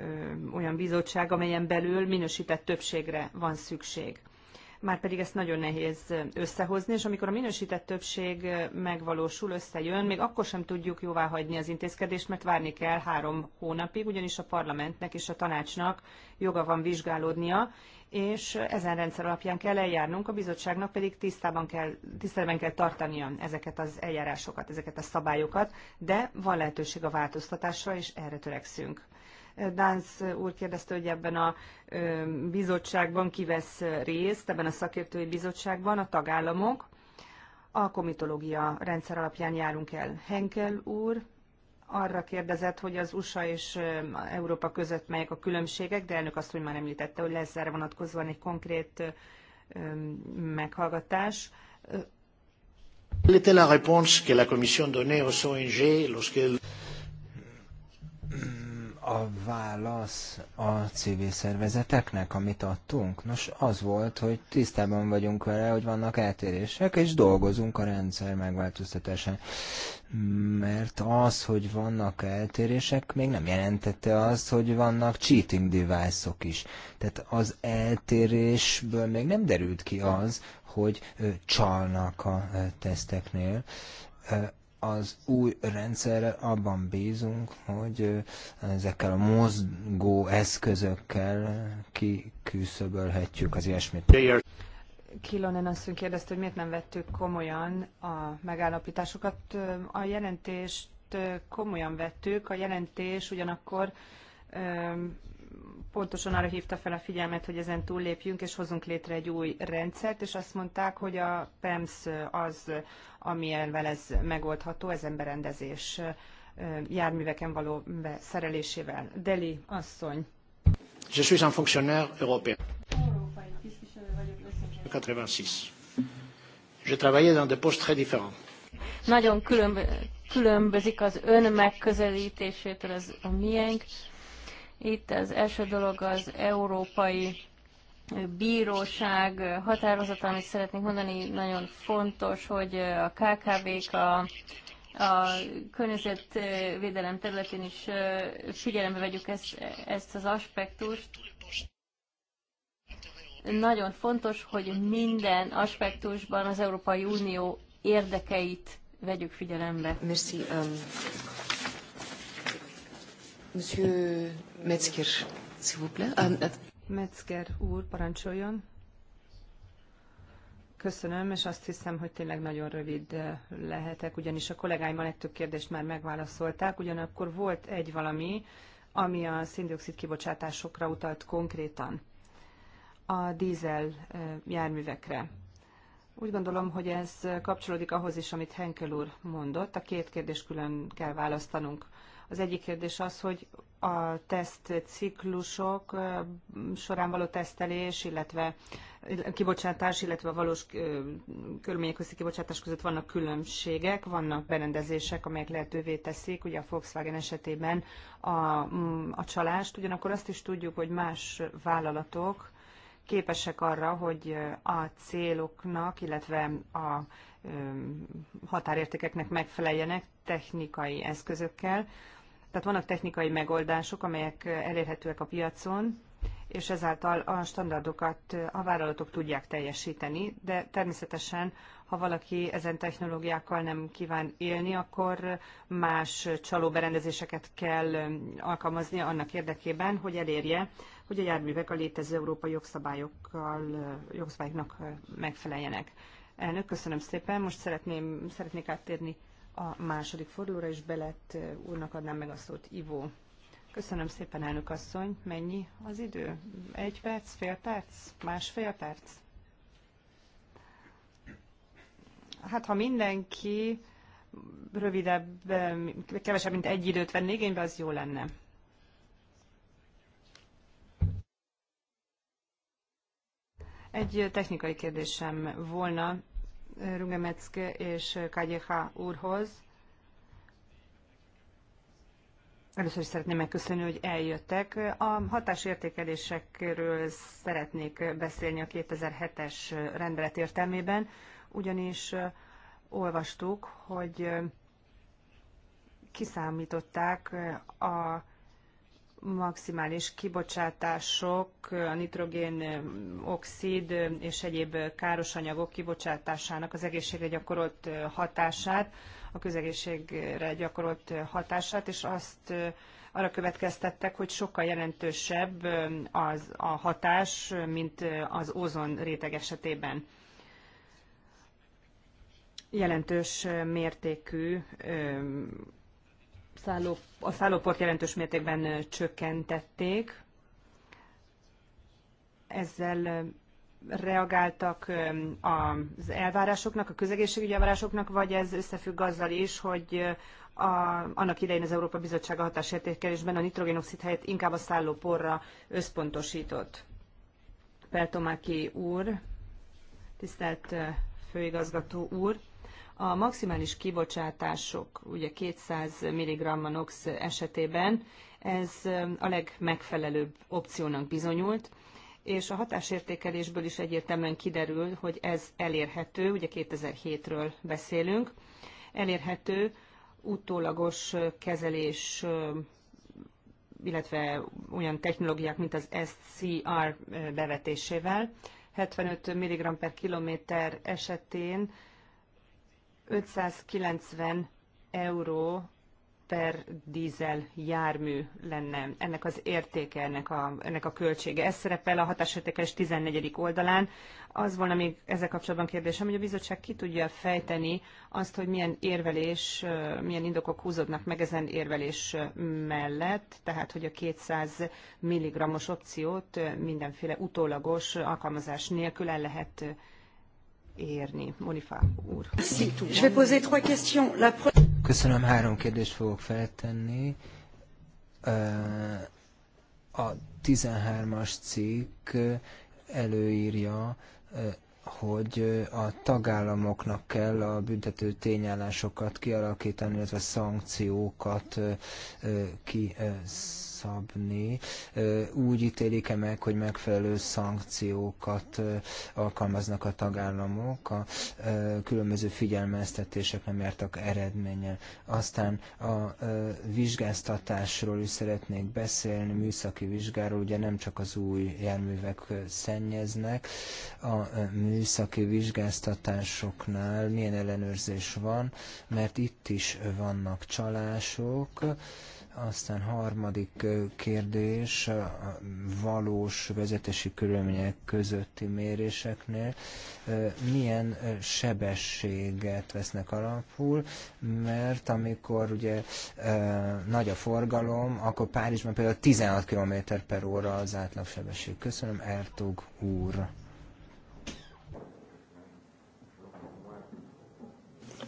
ö, olyan bizottság, amelyen belül minősített többségre van szükség már pedig ezt nagyon nehéz összehozni, és amikor a minősített többség megvalósul, összejön, még akkor sem tudjuk jóvá hagyni az intézkedést, mert várni kell három hónapig, ugyanis a parlamentnek és a tanácsnak joga van vizsgálódnia, és ezen rendszer alapján kell eljárnunk, a bizottságnak pedig tisztában kell, tisztában kell tartania ezeket az eljárásokat, ezeket a szabályokat, de van lehetőség a változtatásra, és erre törekszünk. Dánsz úr kérdezte, hogy ebben a bizottságban kivesz részt, ebben a szakértői bizottságban a tagállamok. A komitológia rendszer alapján járunk el. Henkel úr arra kérdezett, hogy az USA és Európa között melyek a különbségek, de elnök azt, hogy már említette, hogy lesz erre vonatkozóan egy konkrét meghallgatás. Quelle était la réponse que la Commission donnait aux ONG lorsque a válasz a civil szervezeteknek, amit adtunk? Nos, az volt, hogy tisztában vagyunk vele, hogy vannak eltérések, és dolgozunk a rendszer megváltoztatásán. Mert az, hogy vannak eltérések, még nem jelentette azt, hogy vannak cheating device -ok is. Tehát az eltérésből még nem derült ki az, hogy csalnak a teszteknél az új rendszerrel abban bízunk, hogy ezekkel a mozgó eszközökkel kiküszöbölhetjük az ilyesmit. Kilonen asszony kérdezte, hogy miért nem vettük komolyan a megállapításokat. A jelentést komolyan vettük, a jelentés ugyanakkor pontosan arra hívta fel a figyelmet, hogy ezen túllépjünk, és hozunk létre egy új rendszert, és azt mondták, hogy a PEMS az, amivel ez megoldható, ezen berendezés járműveken való beszerelésével. Deli asszony. Je suis un fonctionnaire européen. 86. Je travaillais dans des postes très différents. Nagyon különb különbözik az ön megközelítésétől az a miénk itt az első dolog az európai bíróság határozata, amit szeretnék mondani, nagyon fontos, hogy a KKV-k a, a környezetvédelem területén is figyelembe vegyük ezt, ezt az aspektust. Nagyon fontos, hogy minden aspektusban az Európai Unió érdekeit vegyük figyelembe. Merci. Um, monsieur Metzger, s'il vous plaît. Um, uh, Metzger úr, parancsoljon. Köszönöm, és azt hiszem, hogy tényleg nagyon rövid uh, lehetek, ugyanis a kollégáim a legtöbb kérdést már megválaszolták, ugyanakkor volt egy valami, ami a szén-dioxid kibocsátásokra utalt konkrétan, a dízel uh, járművekre. Úgy gondolom, hogy ez kapcsolódik ahhoz is, amit Henkel úr mondott. A két kérdést külön kell választanunk. Az egyik kérdés az, hogy a tesztciklusok során való tesztelés, illetve kibocsátás, illetve a valós körülmények közti kibocsátás között vannak különbségek, vannak berendezések, amelyek lehetővé teszik, ugye a Volkswagen esetében a, mm, a csalást, ugyanakkor azt is tudjuk, hogy más vállalatok képesek arra, hogy a céloknak, illetve a határértékeknek megfeleljenek technikai eszközökkel, tehát vannak technikai megoldások, amelyek elérhetőek a piacon, és ezáltal a standardokat a vállalatok tudják teljesíteni, de természetesen, ha valaki ezen technológiákkal nem kíván élni, akkor más csalóberendezéseket kell alkalmazni annak érdekében, hogy elérje, hogy a járművek a létező európai jogszabályokkal, jogszabályoknak megfeleljenek. Elnök, köszönöm szépen. Most szeretném, szeretnék áttérni a második fordulóra, és Belett eh, úrnak adnám meg a szót Ivó. Köszönöm szépen, elnök asszony. Mennyi az idő? Egy perc, fél perc, másfél perc? Hát ha mindenki rövidebb, eh, kevesebb, mint egy időt venni igénybe, az jó lenne. Egy eh, technikai kérdésem volna Rungemecke és Kagyeha úrhoz. Először is szeretném megköszönni, hogy eljöttek. A hatásértékelésekről szeretnék beszélni a 2007-es rendelet értelmében, ugyanis olvastuk, hogy kiszámították a maximális kibocsátások, a nitrogén oxid és egyéb káros anyagok kibocsátásának az egészségre gyakorolt hatását, a közegészségre gyakorolt hatását, és azt arra következtettek, hogy sokkal jelentősebb az a hatás, mint az ózon réteg esetében. Jelentős mértékű szálló, a szállóport jelentős mértékben csökkentették. Ezzel reagáltak az elvárásoknak, a közegészségügyi elvárásoknak, vagy ez összefügg azzal is, hogy a, annak idején az Európa Bizottsága hatásértékelésben a nitrogénoxid helyett inkább a szállóporra összpontosított. Peltomáki úr, tisztelt főigazgató úr, a maximális kibocsátások, ugye 200 mg NOx esetében, ez um, a legmegfelelőbb opciónak bizonyult, és a hatásértékelésből is egyértelműen kiderül, hogy ez elérhető, ugye 2007-ről beszélünk, elérhető utólagos kezelés um, illetve olyan technológiák, mint az SCR uh, bevetésével. 75 mg per kilométer esetén 590 euró per dízel jármű lenne ennek az értéke, ennek a, ennek a költsége. Ez szerepel a hatásértékes 14. oldalán. Az volna még ezzel kapcsolatban kérdésem, hogy a bizottság ki tudja fejteni azt, hogy milyen érvelés, milyen indokok húzódnak meg ezen érvelés mellett, tehát hogy a 200 mg-os opciót mindenféle utólagos alkalmazás nélkül el lehet érni. Monifá úr. Köszönöm, három kérdést fogok feltenni. A 13-as cikk előírja, hogy a tagállamoknak kell a büntető tényállásokat kialakítani, illetve szankciókat ki szabni, úgy ítélik-e meg, hogy megfelelő szankciókat alkalmaznak a tagállamok, a különböző figyelmeztetések nem értek eredménye. Aztán a vizsgáztatásról is szeretnék beszélni, műszaki vizsgáról, ugye nem csak az új járművek szennyeznek, a műszaki vizsgáztatásoknál milyen ellenőrzés van, mert itt is vannak csalások, aztán harmadik kérdés, a valós vezetési körülmények közötti méréseknél milyen sebességet vesznek alapul, mert amikor ugye nagy a forgalom, akkor Párizsban például 16 km per óra az átlagsebesség. Köszönöm, Ertug úr.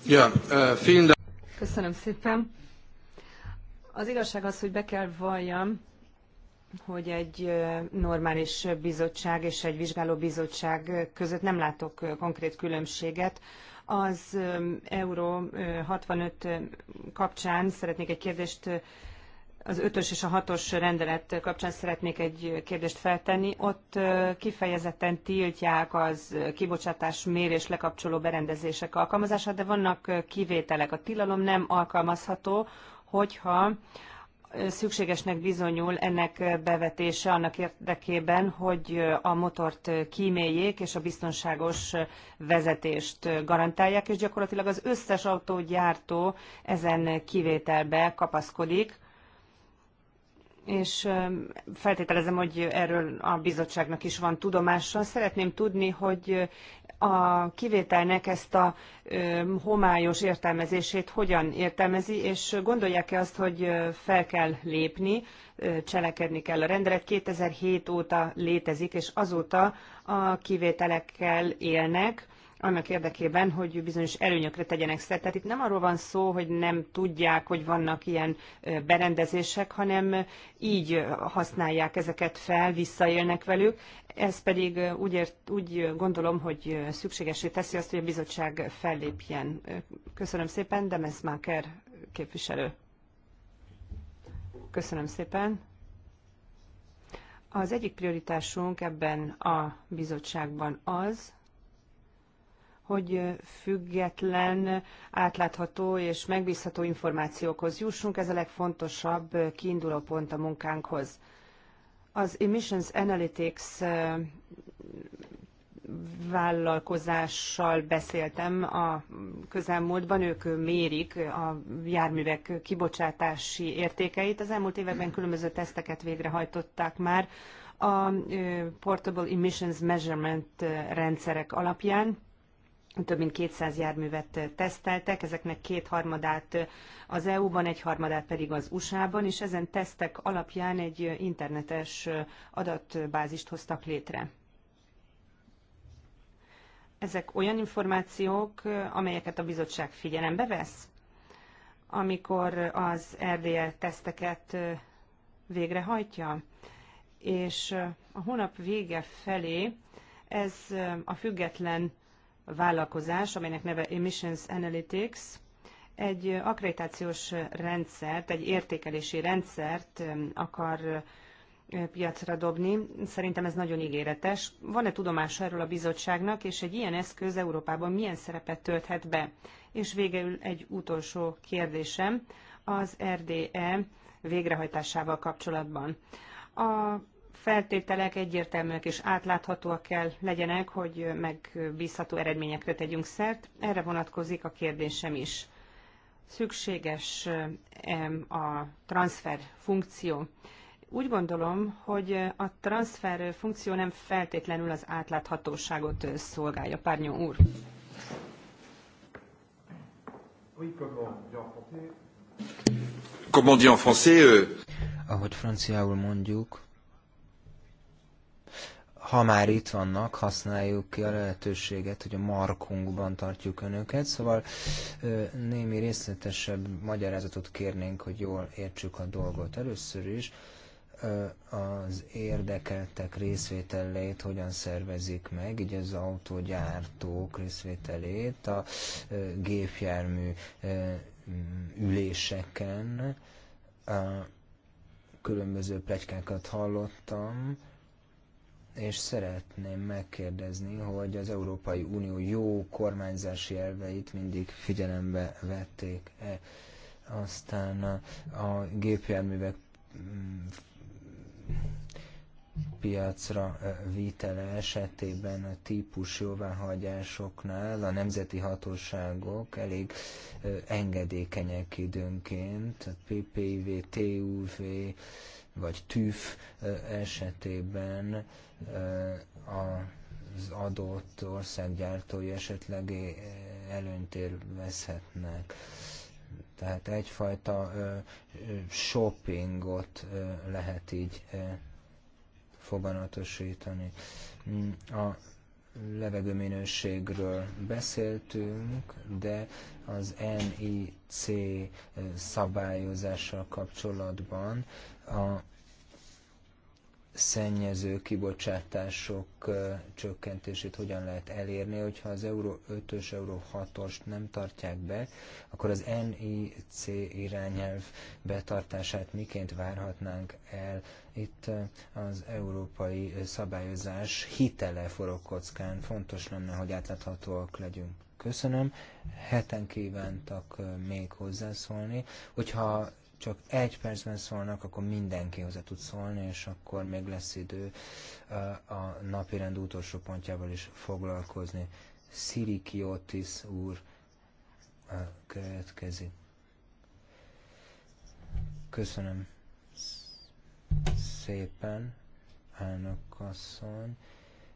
Ja, uh, Köszönöm szépen. Az igazság az, hogy be kell valljam, hogy egy normális bizottság és egy vizsgáló bizottság között nem látok konkrét különbséget. Az Euró 65 kapcsán szeretnék egy kérdést az ötös és a hatos rendelet kapcsán szeretnék egy kérdést feltenni. Ott kifejezetten tiltják az kibocsátás mérés lekapcsoló berendezések alkalmazását, de vannak kivételek. A tilalom nem alkalmazható hogyha szükségesnek bizonyul ennek bevetése annak érdekében, hogy a motort kíméljék és a biztonságos vezetést garantálják, és gyakorlatilag az összes autógyártó ezen kivételbe kapaszkodik, és feltételezem, hogy erről a bizottságnak is van tudomása. Szeretném tudni, hogy a kivételnek ezt a homályos értelmezését hogyan értelmezi, és gondolják-e azt, hogy fel kell lépni, cselekedni kell a rendelet. 2007 óta létezik, és azóta a kivételekkel élnek annak érdekében, hogy bizonyos előnyökre tegyenek szert. Tehát itt nem arról van szó, hogy nem tudják, hogy vannak ilyen berendezések, hanem így használják ezeket fel, visszaélnek velük. Ez pedig úgy, ért, úgy gondolom, hogy szükségesé teszi azt, hogy a bizottság fellépjen. Köszönöm szépen, Máker képviselő. Köszönöm szépen. Az egyik prioritásunk ebben a bizottságban az, hogy független, átlátható és megbízható információkhoz jussunk. Ez a legfontosabb kiinduló pont a munkánkhoz. Az Emissions Analytics vállalkozással beszéltem a közelmúltban, ők mérik a járművek kibocsátási értékeit. Az elmúlt években különböző teszteket végrehajtották már a Portable Emissions Measurement rendszerek alapján több mint 200 járművet teszteltek, ezeknek kétharmadát az EU-ban, egyharmadát pedig az USA-ban, és ezen tesztek alapján egy internetes adatbázist hoztak létre. Ezek olyan információk, amelyeket a bizottság figyelembe vesz, amikor az RDL teszteket végrehajtja, és a hónap vége felé ez a független vállalkozás, amelynek neve Emissions Analytics, egy akkreditációs rendszert, egy értékelési rendszert um, akar uh, piacra dobni. Szerintem ez nagyon ígéretes. Van-e tudomása erről a bizottságnak, és egy ilyen eszköz Európában milyen szerepet tölthet be? És végül egy utolsó kérdésem az RDE végrehajtásával kapcsolatban. A feltételek egyértelműek és átláthatóak kell legyenek, hogy megbízható eredményekre tegyünk szert. Erre vonatkozik a kérdésem is. Szükséges a transfer funkció. Úgy gondolom, hogy a transfer funkció nem feltétlenül az átláthatóságot szolgálja. Párnyó úr. Euh? Ahogy franciául mondjuk, ha már itt vannak, használjuk ki a lehetőséget, hogy a markunkban tartjuk önöket, szóval némi részletesebb magyarázatot kérnénk, hogy jól értsük a dolgot. Először is az érdekeltek részvételét hogyan szervezik meg, így az autógyártók részvételét a gépjármű üléseken, különböző plegykákat hallottam, és szeretném megkérdezni, hogy az Európai Unió jó kormányzási elveit mindig figyelembe vették-e. Aztán a, a gépjárművek mm, piacra vitele esetében a típus jóváhagyásoknál a nemzeti hatóságok elég engedékenyek időnként, a PPIV, TUV vagy TÜV esetében az adott országgyártói esetleg előntér veszhetnek. Tehát egyfajta shoppingot lehet így foganatosítani. Mm, a levegőminőségről beszéltünk, de az NIC szabályozással kapcsolatban a szennyező kibocsátások csökkentését hogyan lehet elérni, hogyha az Euró 5-ös, Euró 6-ost nem tartják be, akkor az NIC irányelv betartását miként várhatnánk el. Itt az európai szabályozás hitele forog kockán. Fontos lenne, hogy átláthatóak legyünk. Köszönöm. Heten kívántak még hozzászólni. Hogyha csak egy percben szólnak, akkor mindenki hozzá tud szólni, és akkor még lesz idő a napi rend utolsó pontjával is foglalkozni. Siri Kiotis úr következik. Köszönöm szépen, elnök asszony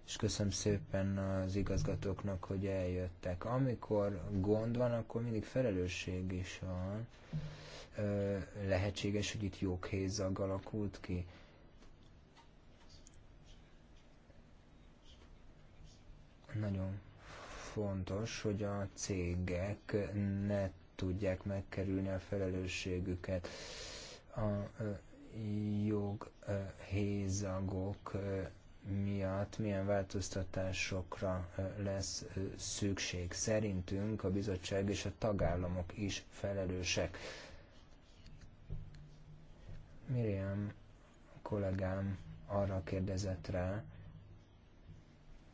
és köszönöm szépen az igazgatóknak, hogy eljöttek. Amikor gond van, akkor mindig felelősség is van, lehetséges, hogy itt joghézag alakult ki. Nagyon fontos, hogy a cégek ne tudják megkerülni a felelősségüket. A joghézagok miatt milyen változtatásokra lesz szükség. Szerintünk a bizottság és a tagállamok is felelősek. Miriam kollégám arra kérdezett rá,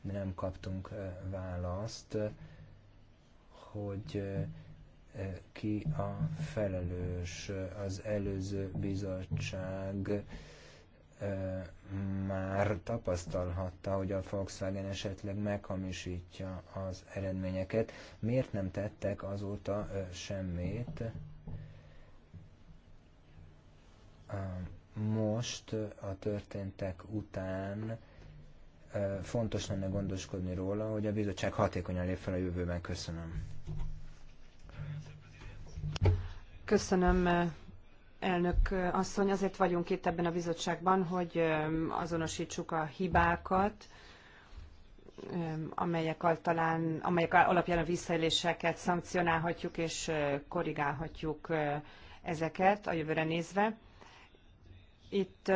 nem kaptunk választ, hogy ki a felelős, az előző bizottság már tapasztalhatta, hogy a Volkswagen esetleg meghamisítja az eredményeket. Miért nem tettek azóta semmit? most a történtek után fontos lenne gondoskodni róla, hogy a bizottság hatékonyan lép fel a jövőben. Köszönöm. Köszönöm, elnök asszony. Azért vagyunk itt ebben a bizottságban, hogy azonosítsuk a hibákat, amelyek, altalán, amelyek alapján a visszaéléseket szankcionálhatjuk és korrigálhatjuk ezeket a jövőre nézve itt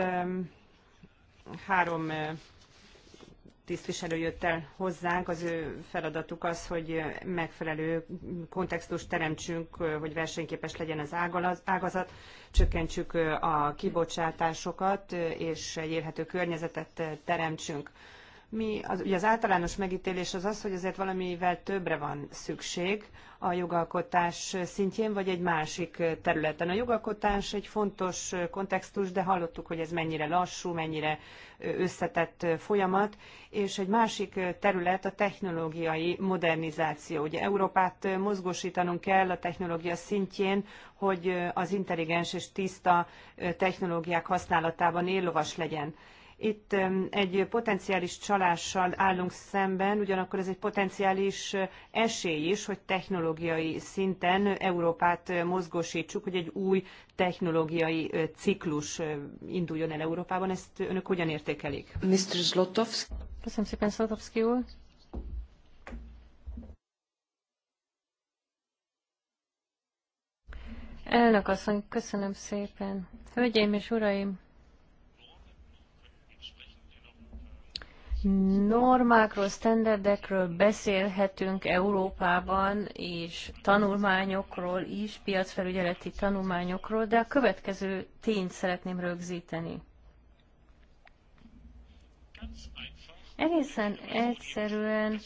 három tisztviselő jött el hozzánk, az ő feladatuk az, hogy megfelelő kontextust teremtsünk, hogy versenyképes legyen az ágazat, csökkentsük a kibocsátásokat, és egy élhető környezetet teremtsünk. Mi, az, ugye az általános megítélés az az, hogy azért valamivel többre van szükség a jogalkotás szintjén, vagy egy másik területen. A jogalkotás egy fontos kontextus, de hallottuk, hogy ez mennyire lassú, mennyire összetett folyamat, és egy másik terület a technológiai modernizáció. Ugye Európát mozgósítanunk kell a technológia szintjén, hogy az intelligens és tiszta technológiák használatában éllovas legyen itt egy potenciális csalással állunk szemben, ugyanakkor ez egy potenciális esély is, hogy technológiai szinten Európát mozgósítsuk, hogy egy új technológiai ciklus induljon el Európában. Ezt önök hogyan értékelik? Mr. Zlotowski. Köszönöm szépen, Zlotowski úr. Elnök asszony, köszönöm szépen. Hölgyeim és uraim, normákról, standardekről beszélhetünk Európában, és tanulmányokról is, piacfelügyeleti tanulmányokról, de a következő tényt szeretném rögzíteni. Egészen egyszerűen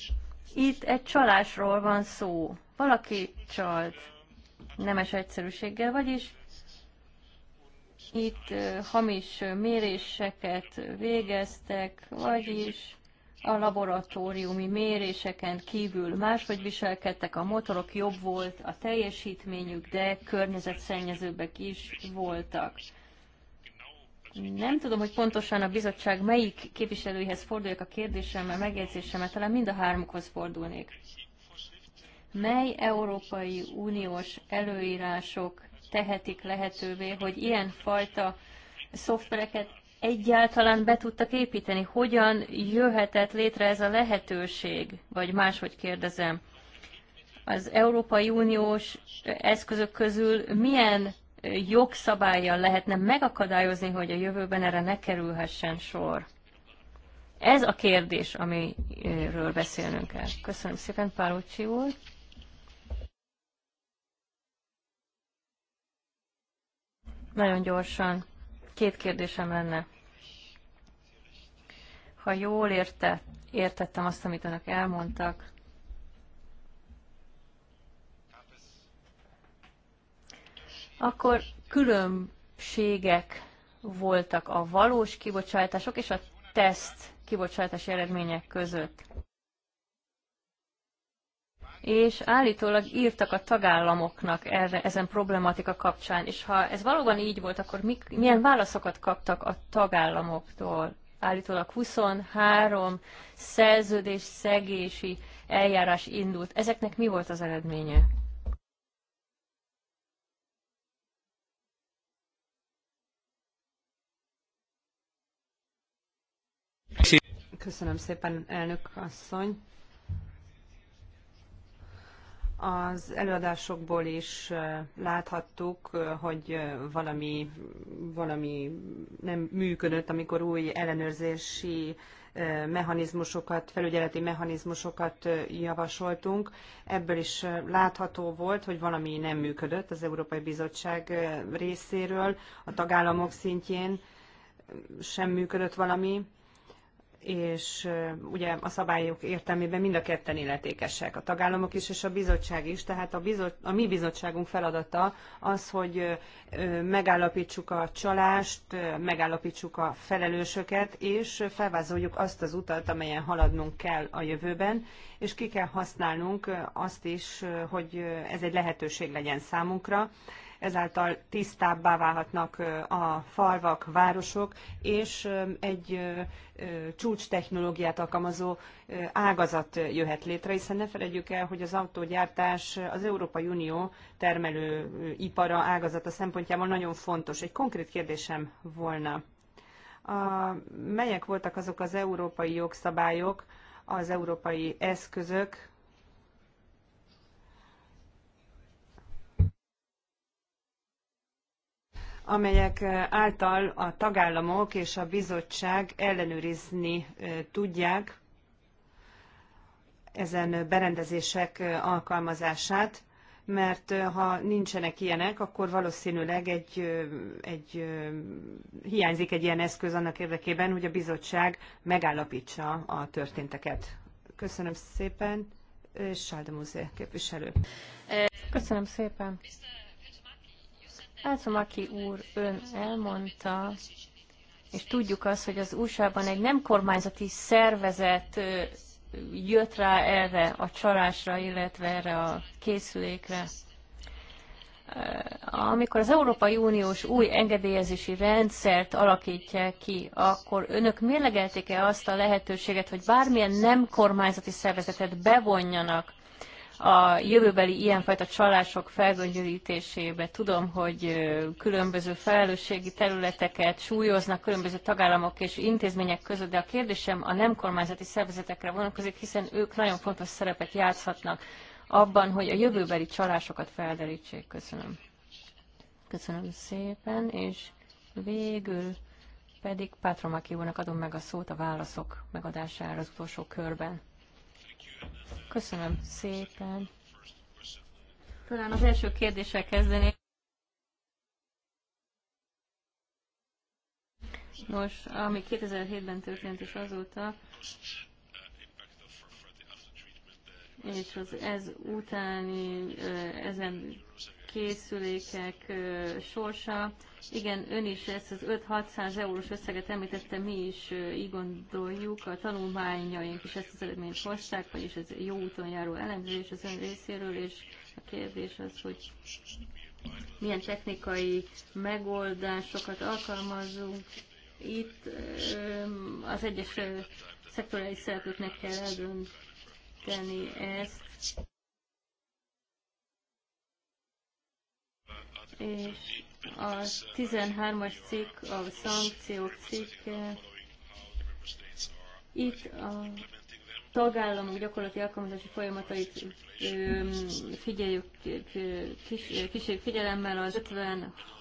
itt egy csalásról van szó. Valaki csalt nemes egyszerűséggel, vagyis itt hamis méréseket végeztek, vagyis a laboratóriumi méréseken kívül máshogy viselkedtek, a motorok jobb volt a teljesítményük, de környezetszennyezőbbek is voltak. Nem tudom, hogy pontosan a bizottság melyik képviselőihez forduljak a kérdésemmel, megjegyzésemmel, talán mind a hármukhoz fordulnék. Mely Európai Uniós előírások tehetik lehetővé, hogy ilyen fajta szoftvereket egyáltalán be tudtak építeni? Hogyan jöhetett létre ez a lehetőség? Vagy máshogy kérdezem. Az Európai Uniós eszközök közül milyen jogszabályjal lehetne megakadályozni, hogy a jövőben erre ne kerülhessen sor? Ez a kérdés, amiről beszélnünk kell. Köszönöm szépen, Pálocsi úr. Nagyon gyorsan. Két kérdésem lenne. Ha jól érte, értettem azt, amit önök elmondtak, akkor különbségek voltak a valós kibocsátások és a teszt kibocsátási eredmények között és állítólag írtak a tagállamoknak erre, ezen problematika kapcsán, és ha ez valóban így volt, akkor mik, milyen válaszokat kaptak a tagállamoktól? Állítólag 23 szerződés szegési eljárás indult. Ezeknek mi volt az eredménye? Köszönöm szépen, elnök asszony. Az előadásokból is láthattuk, hogy valami, valami nem működött, amikor új ellenőrzési mechanizmusokat, felügyeleti mechanizmusokat javasoltunk. Ebből is látható volt, hogy valami nem működött az Európai Bizottság részéről, a tagállamok szintjén sem működött valami és ugye a szabályok értelmében mind a ketten illetékesek, a tagállamok is és a bizottság is, tehát a, bizot, a mi bizottságunk feladata az, hogy megállapítsuk a csalást, megállapítsuk a felelősöket, és felvázoljuk azt az utat, amelyen haladnunk kell a jövőben, és ki kell használnunk azt is, hogy ez egy lehetőség legyen számunkra, ezáltal tisztábbá válhatnak a falvak, városok, és egy csúcs technológiát alkalmazó ágazat jöhet létre, hiszen ne felejtjük el, hogy az autógyártás az Európai Unió termelő ipara ágazata szempontjából nagyon fontos. Egy konkrét kérdésem volna. A, melyek voltak azok az európai jogszabályok, az európai eszközök, amelyek által a tagállamok és a bizottság ellenőrizni tudják ezen berendezések alkalmazását, mert ha nincsenek ilyenek, akkor valószínűleg egy, egy, hiányzik egy ilyen eszköz annak érdekében, hogy a bizottság megállapítsa a történteket. Köszönöm szépen, és Sáldemuzé képviselő. Köszönöm szépen aki úr ön elmondta, és tudjuk azt, hogy az USA-ban egy nem kormányzati szervezet jött rá erre a csalásra, illetve erre a készülékre. Amikor az Európai Uniós új engedélyezési rendszert alakítja ki, akkor önök mérlegelték-e azt a lehetőséget, hogy bármilyen nem kormányzati szervezetet bevonjanak a jövőbeli ilyenfajta csalások felgöngyölítésébe. Tudom, hogy különböző felelősségi területeket súlyoznak különböző tagállamok és intézmények között, de a kérdésem a nem kormányzati szervezetekre vonatkozik, hiszen ők nagyon fontos szerepet játszhatnak abban, hogy a jövőbeli csalásokat felderítsék. Köszönöm. Köszönöm szépen, és végül pedig Pátromákiónak adom meg a szót a válaszok megadására az utolsó körben. Köszönöm szépen. Talán az első kérdéssel kezdenék. Nos, ami 2007-ben történt és azóta, és az ez utáni ezen készülékek sorsa. Igen, ön is ezt az 5-600 eurós összeget említette, mi is így gondoljuk, a tanulmányaink is ezt az eredményt hozták, vagyis ez jó úton járó elemzés az ön részéről, és a kérdés az, hogy milyen technikai megoldásokat alkalmazunk. Itt az egyes szektorális szereplőknek kell eldönteni ezt. és a 13-as cikk, a szankciók cikke, itt a tagállamok gyakorlati alkalmazási folyamatait figyeljük figyelemmel az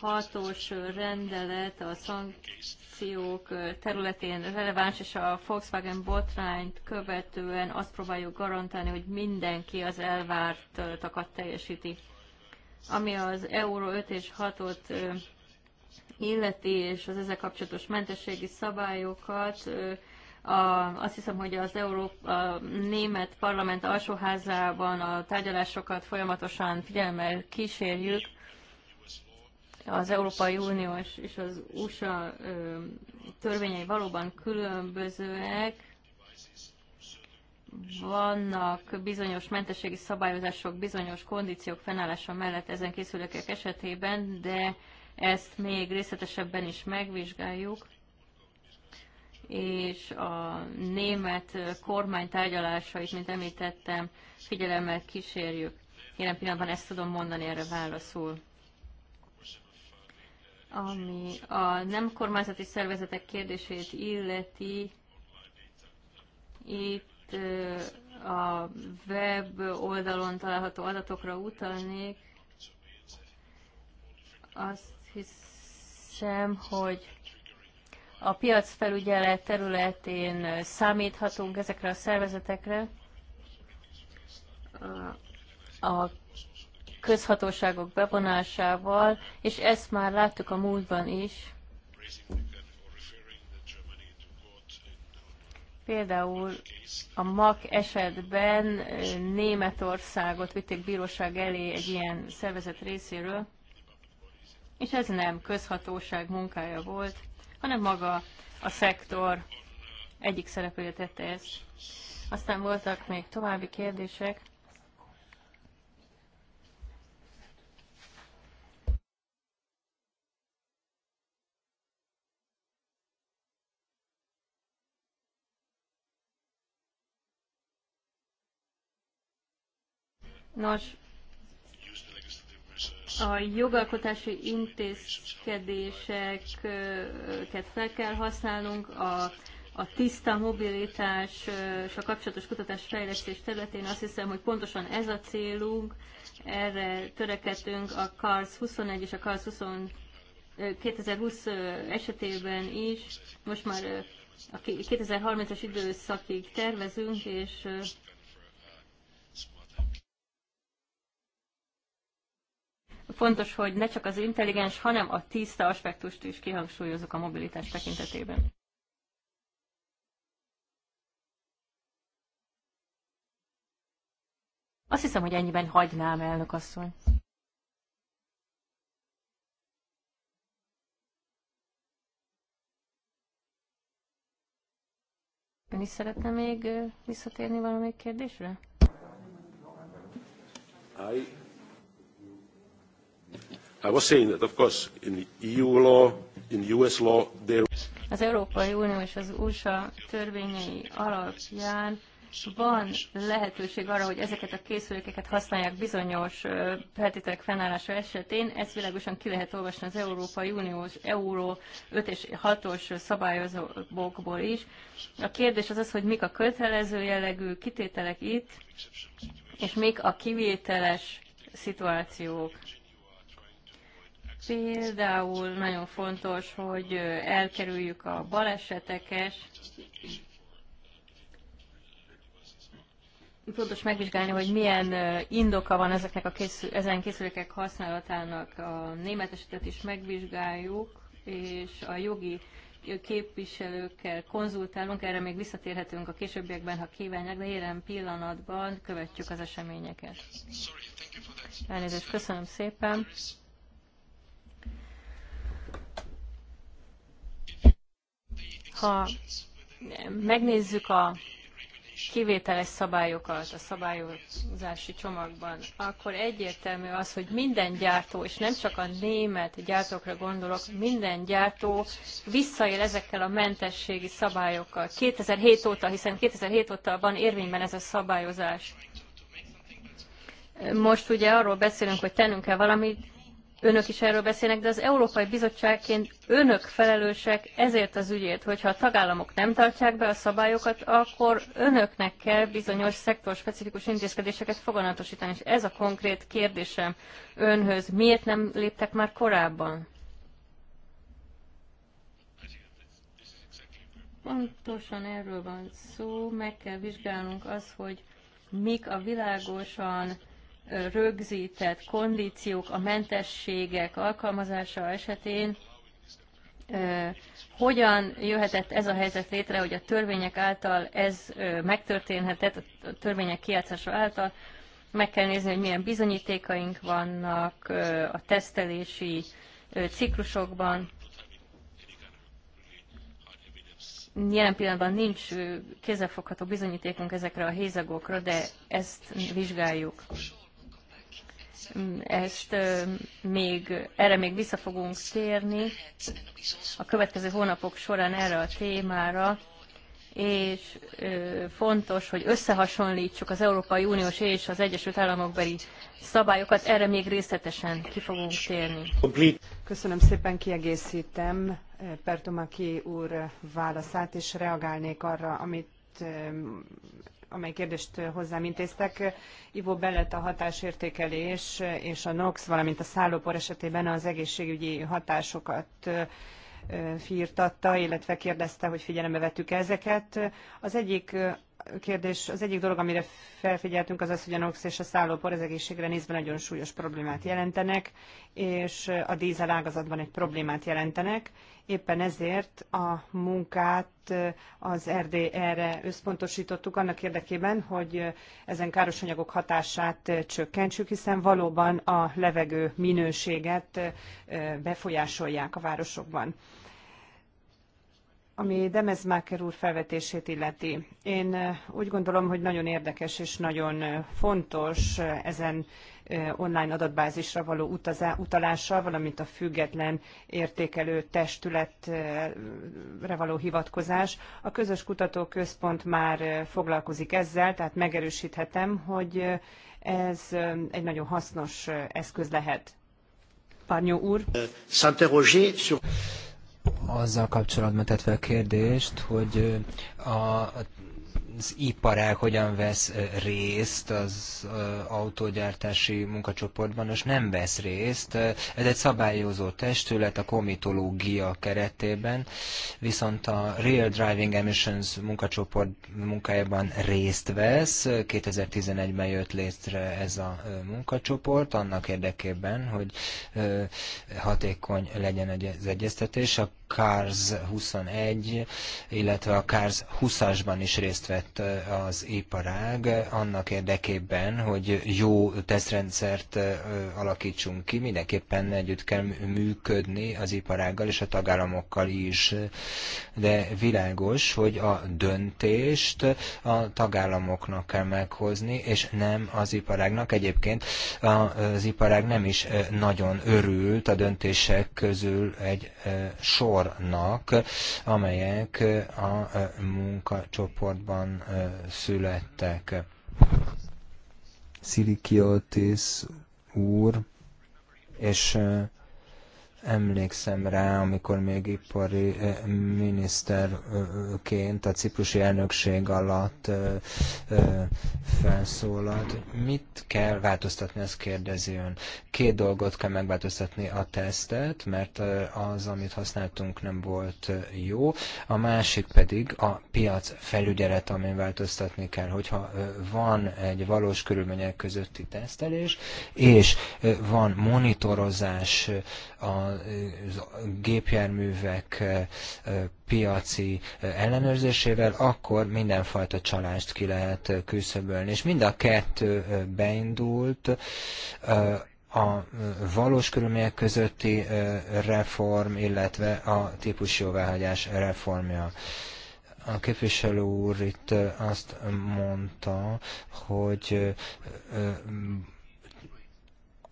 56-os rendelet a szankciók területén releváns, és a Volkswagen botrányt követően azt próbáljuk garantálni, hogy mindenki az elvártakat teljesíti ami az euró 5 és 6-ot illeti, és az ezzel kapcsolatos mentességi szabályokat, a, azt hiszem, hogy az Európa német parlament alsóházában a tárgyalásokat folyamatosan figyelemmel kísérjük. Az Európai Uniós és az USA törvényei valóban különbözőek, vannak bizonyos mentességi szabályozások, bizonyos kondíciók fennállása mellett ezen készülékek esetében, de ezt még részletesebben is megvizsgáljuk és a német kormány tárgyalásait, mint említettem, figyelemmel kísérjük. Jelen pillanatban ezt tudom mondani erre válaszul. Ami a nem kormányzati szervezetek kérdését illeti, itt a web oldalon található adatokra utalnék, azt hiszem, hogy a piacfelügyelet területén számíthatunk ezekre a szervezetekre. A közhatóságok bevonásával, és ezt már láttuk a múltban is, Például a MAK esetben Németországot vitték bíróság elé egy ilyen szervezet részéről, és ez nem közhatóság munkája volt, hanem maga a szektor egyik szereplője tette ezt. Aztán voltak még további kérdések. Nos, a jogalkotási intézkedéseket fel kell használnunk, a, a tiszta mobilitás és a kapcsolatos kutatás fejlesztés területén azt hiszem, hogy pontosan ez a célunk, erre törekedtünk a CARS 21 és a CARS 20, 2020 esetében is. Most már a 2030-as időszakig tervezünk, és Fontos, hogy ne csak az intelligens, hanem a tiszta aspektust is kihangsúlyozzuk a mobilitás tekintetében. Azt hiszem, hogy ennyiben hagynám, elnök asszony. Ön is szeretne még visszatérni valamelyik kérdésre? I I was saying that, of course, in EU law, in US law, there... Az Európai Unió és az USA törvényei alapján van lehetőség arra, hogy ezeket a készülékeket használják bizonyos feltételek fennállása esetén. Ezt világosan ki lehet olvasni az Európai Uniós Euró 5 és 6-os szabályozókból is. A kérdés az az, hogy mik a kötelező jellegű kitételek itt, és mik a kivételes szituációk. Például nagyon fontos, hogy elkerüljük a baleseteket, fontos megvizsgálni, hogy milyen indoka van ezeknek a készül, ezen készülékek használatának. A német esetet is megvizsgáljuk, és a jogi képviselőkkel konzultálunk, erre még visszatérhetünk a későbbiekben, ha kívánják, de jelen pillanatban követjük az eseményeket. Elnézést, köszönöm szépen. Ha megnézzük a kivételes szabályokat a szabályozási csomagban, akkor egyértelmű az, hogy minden gyártó, és nem csak a német gyártókra gondolok, minden gyártó visszaél ezekkel a mentességi szabályokkal. 2007 óta, hiszen 2007 óta van érvényben ez a szabályozás. Most ugye arról beszélünk, hogy tennünk kell valamit, önök is erről beszélnek, de az Európai Bizottságként önök felelősek ezért az ügyért, hogyha a tagállamok nem tartják be a szabályokat, akkor önöknek kell bizonyos szektorspecifikus intézkedéseket foganatosítani. És ez a konkrét kérdésem önhöz. Miért nem léptek már korábban? Pontosan erről van szó, meg kell vizsgálnunk az, hogy mik a világosan rögzített kondíciók, a mentességek alkalmazása esetén hogyan jöhetett ez a helyzet létre, hogy a törvények által ez megtörténhetett, a törvények kiátszása által, meg kell nézni, hogy milyen bizonyítékaink vannak a tesztelési ciklusokban. Jelen pillanatban nincs kézzelfogható bizonyítékunk ezekre a hézagokra, de ezt vizsgáljuk ezt még, erre még vissza fogunk térni a következő hónapok során erre a témára, és fontos, hogy összehasonlítsuk az Európai Uniós és az Egyesült Államokbeli szabályokat, erre még részletesen ki fogunk térni. Köszönöm szépen, kiegészítem Pertomaki úr válaszát, és reagálnék arra, amit amely kérdést hozzám intéztek. Ivo Bellet a hatásértékelés és a NOx, valamint a szállópor esetében az egészségügyi hatásokat firtatta, illetve kérdezte, hogy figyelembe vettük ezeket. Az egyik kérdés, az egyik dolog, amire felfigyeltünk, az az, hogy a NOx és a szállópor az egészségre nézve nagyon súlyos problémát jelentenek, és a dízel ágazatban egy problémát jelentenek. Éppen ezért a munkát az RDR-re összpontosítottuk annak érdekében, hogy ezen káros anyagok hatását csökkentsük, hiszen valóban a levegő minőséget befolyásolják a városokban ami Demezmáker úr felvetését illeti. Én úgy gondolom, hogy nagyon érdekes és nagyon fontos ezen online adatbázisra való utalással, valamint a független értékelő testületre való hivatkozás. A közös kutatóközpont már foglalkozik ezzel, tehát megerősíthetem, hogy ez egy nagyon hasznos eszköz lehet. Parnyó úr azzal kapcsolatban tett fel kérdést, hogy a az iparág hogyan vesz részt az autógyártási munkacsoportban, most nem vesz részt. Ez egy szabályozó testület a komitológia keretében, viszont a Real Driving Emissions munkacsoport munkájában részt vesz. 2011-ben jött létre ez a munkacsoport, annak érdekében, hogy hatékony legyen az egyeztetés. A CARS 21, illetve a CARS 20-asban is részt vett az iparág annak érdekében, hogy jó tesztrendszert alakítsunk ki. Mindenképpen együtt kell működni az iparággal és a tagállamokkal is. De világos, hogy a döntést a tagállamoknak kell meghozni, és nem az iparágnak. Egyébként az iparág nem is nagyon örült a döntések közül egy sor sornak, amelyek a munkacsoportban születtek. Szilikiotis úr, és emlékszem rá, amikor még ipari eh, miniszterként a ciprusi elnökség alatt eh, eh, felszólalt. Mit kell változtatni, ezt kérdezi ön. Két dolgot kell megváltoztatni a tesztet, mert az, amit használtunk nem volt jó. A másik pedig a piac felügyelet, amin változtatni kell, hogyha van egy valós körülmények közötti tesztelés, és van monitorozás, a gépjárművek piaci ellenőrzésével, akkor mindenfajta csalást ki lehet küszöbölni. És mind a kettő beindult, a valós körülmények közötti reform, illetve a típusjóváhagyás reformja. A képviselő úr itt azt mondta, hogy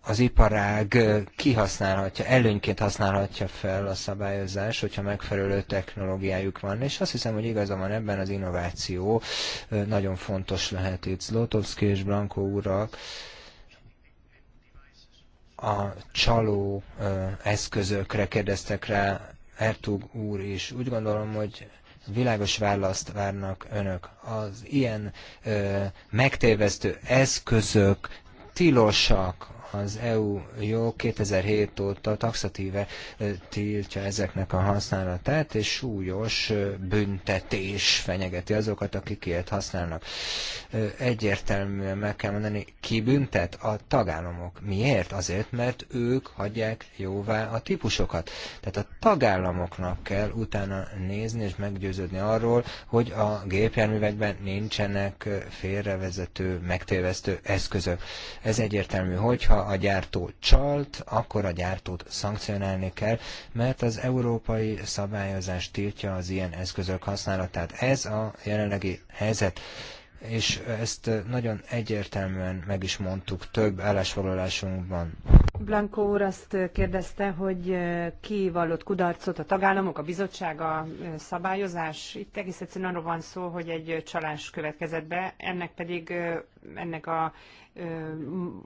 az iparág kihasználhatja, előnyként használhatja fel a szabályozás, hogyha megfelelő technológiájuk van, és azt hiszem, hogy igaza van ebben az innováció nagyon fontos lehet itt. Zlotowski és Blanco urak a csaló eszközökre kérdeztek rá, Ertug úr is. Úgy gondolom, hogy világos választ várnak önök. Az ilyen megtévesztő eszközök tilosak az EU jog 2007 óta taxatíve tiltja ezeknek a használatát, és súlyos büntetés fenyegeti azokat, akik ilyet használnak. Egyértelműen meg kell mondani, ki büntet? A tagállamok. Miért? Azért, mert ők hagyják jóvá a típusokat. Tehát a tagállamoknak kell utána nézni és meggyőződni arról, hogy a gépjárművekben nincsenek félrevezető, megtévesztő eszközök. Ez egyértelmű, hogyha a gyártó csalt, akkor a gyártót szankcionálni kell, mert az európai szabályozás tiltja az ilyen eszközök használatát. Ez a jelenlegi helyzet és ezt nagyon egyértelműen meg is mondtuk több állásfoglalásunkban. Blanco úr azt kérdezte, hogy ki vallott kudarcot, a tagállamok, a bizottság, a szabályozás. Itt egész egyszerűen arról van szó, hogy egy csalás következett be, ennek pedig ennek a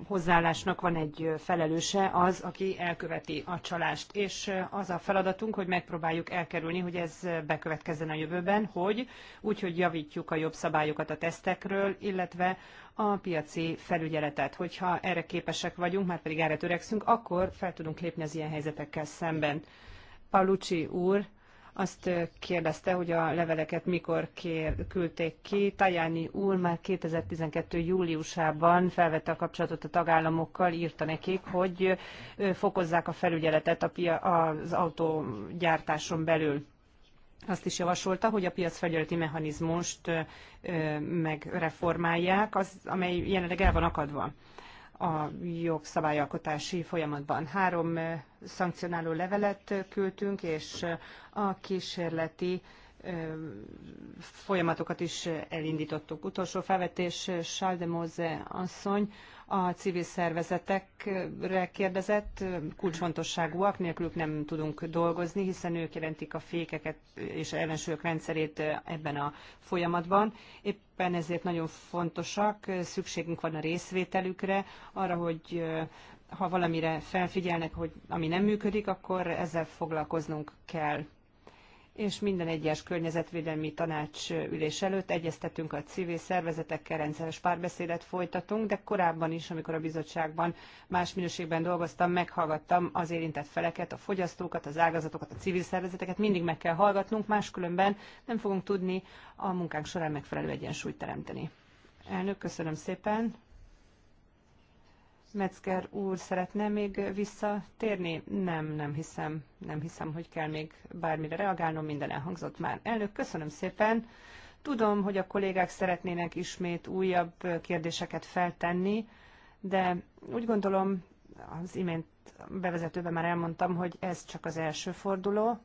hozzáállásnak van egy felelőse az, aki elköveti a csalást. És az a feladatunk, hogy megpróbáljuk elkerülni, hogy ez bekövetkezzen a jövőben, hogy úgyhogy javítjuk a jobb szabályokat a tesztekről, illetve a piaci felügyeletet. Hogyha erre képesek vagyunk, már pedig erre törekszünk, akkor fel tudunk lépni az ilyen helyzetekkel szemben. Palucci úr, azt kérdezte, hogy a leveleket mikor kér, küldték ki. Tajáni úr már 2012. júliusában felvette a kapcsolatot a tagállamokkal, írta nekik, hogy fokozzák a felügyeletet a pia, az autógyártáson belül. Azt is javasolta, hogy a piac felügyeleti mechanizmust megreformálják, az, amely jelenleg el van akadva a jogszabályalkotási folyamatban. Három szankcionáló levelet küldtünk, és a kísérleti folyamatokat is elindítottuk. Utolsó felvetés Saldemose asszony a civil szervezetekre kérdezett, kulcsfontosságúak, nélkülük nem tudunk dolgozni, hiszen ők jelentik a fékeket és ellensúlyok rendszerét ebben a folyamatban. Éppen ezért nagyon fontosak, szükségünk van a részvételükre, arra, hogy ha valamire felfigyelnek, hogy ami nem működik, akkor ezzel foglalkoznunk kell és minden egyes környezetvédelmi tanács ülés előtt egyeztetünk a civil szervezetekkel, rendszeres párbeszédet folytatunk, de korábban is, amikor a bizottságban más minőségben dolgoztam, meghallgattam az érintett feleket, a fogyasztókat, az ágazatokat, a civil szervezeteket, mindig meg kell hallgatnunk, máskülönben nem fogunk tudni a munkánk során megfelelő egyensúlyt teremteni. Elnök, köszönöm szépen. Metzger úr szeretne még visszatérni? Nem, nem hiszem. Nem hiszem, hogy kell még bármire reagálnom, minden elhangzott már. Elnök, köszönöm szépen. Tudom, hogy a kollégák szeretnének ismét újabb kérdéseket feltenni, de úgy gondolom, az imént bevezetőben már elmondtam, hogy ez csak az első forduló.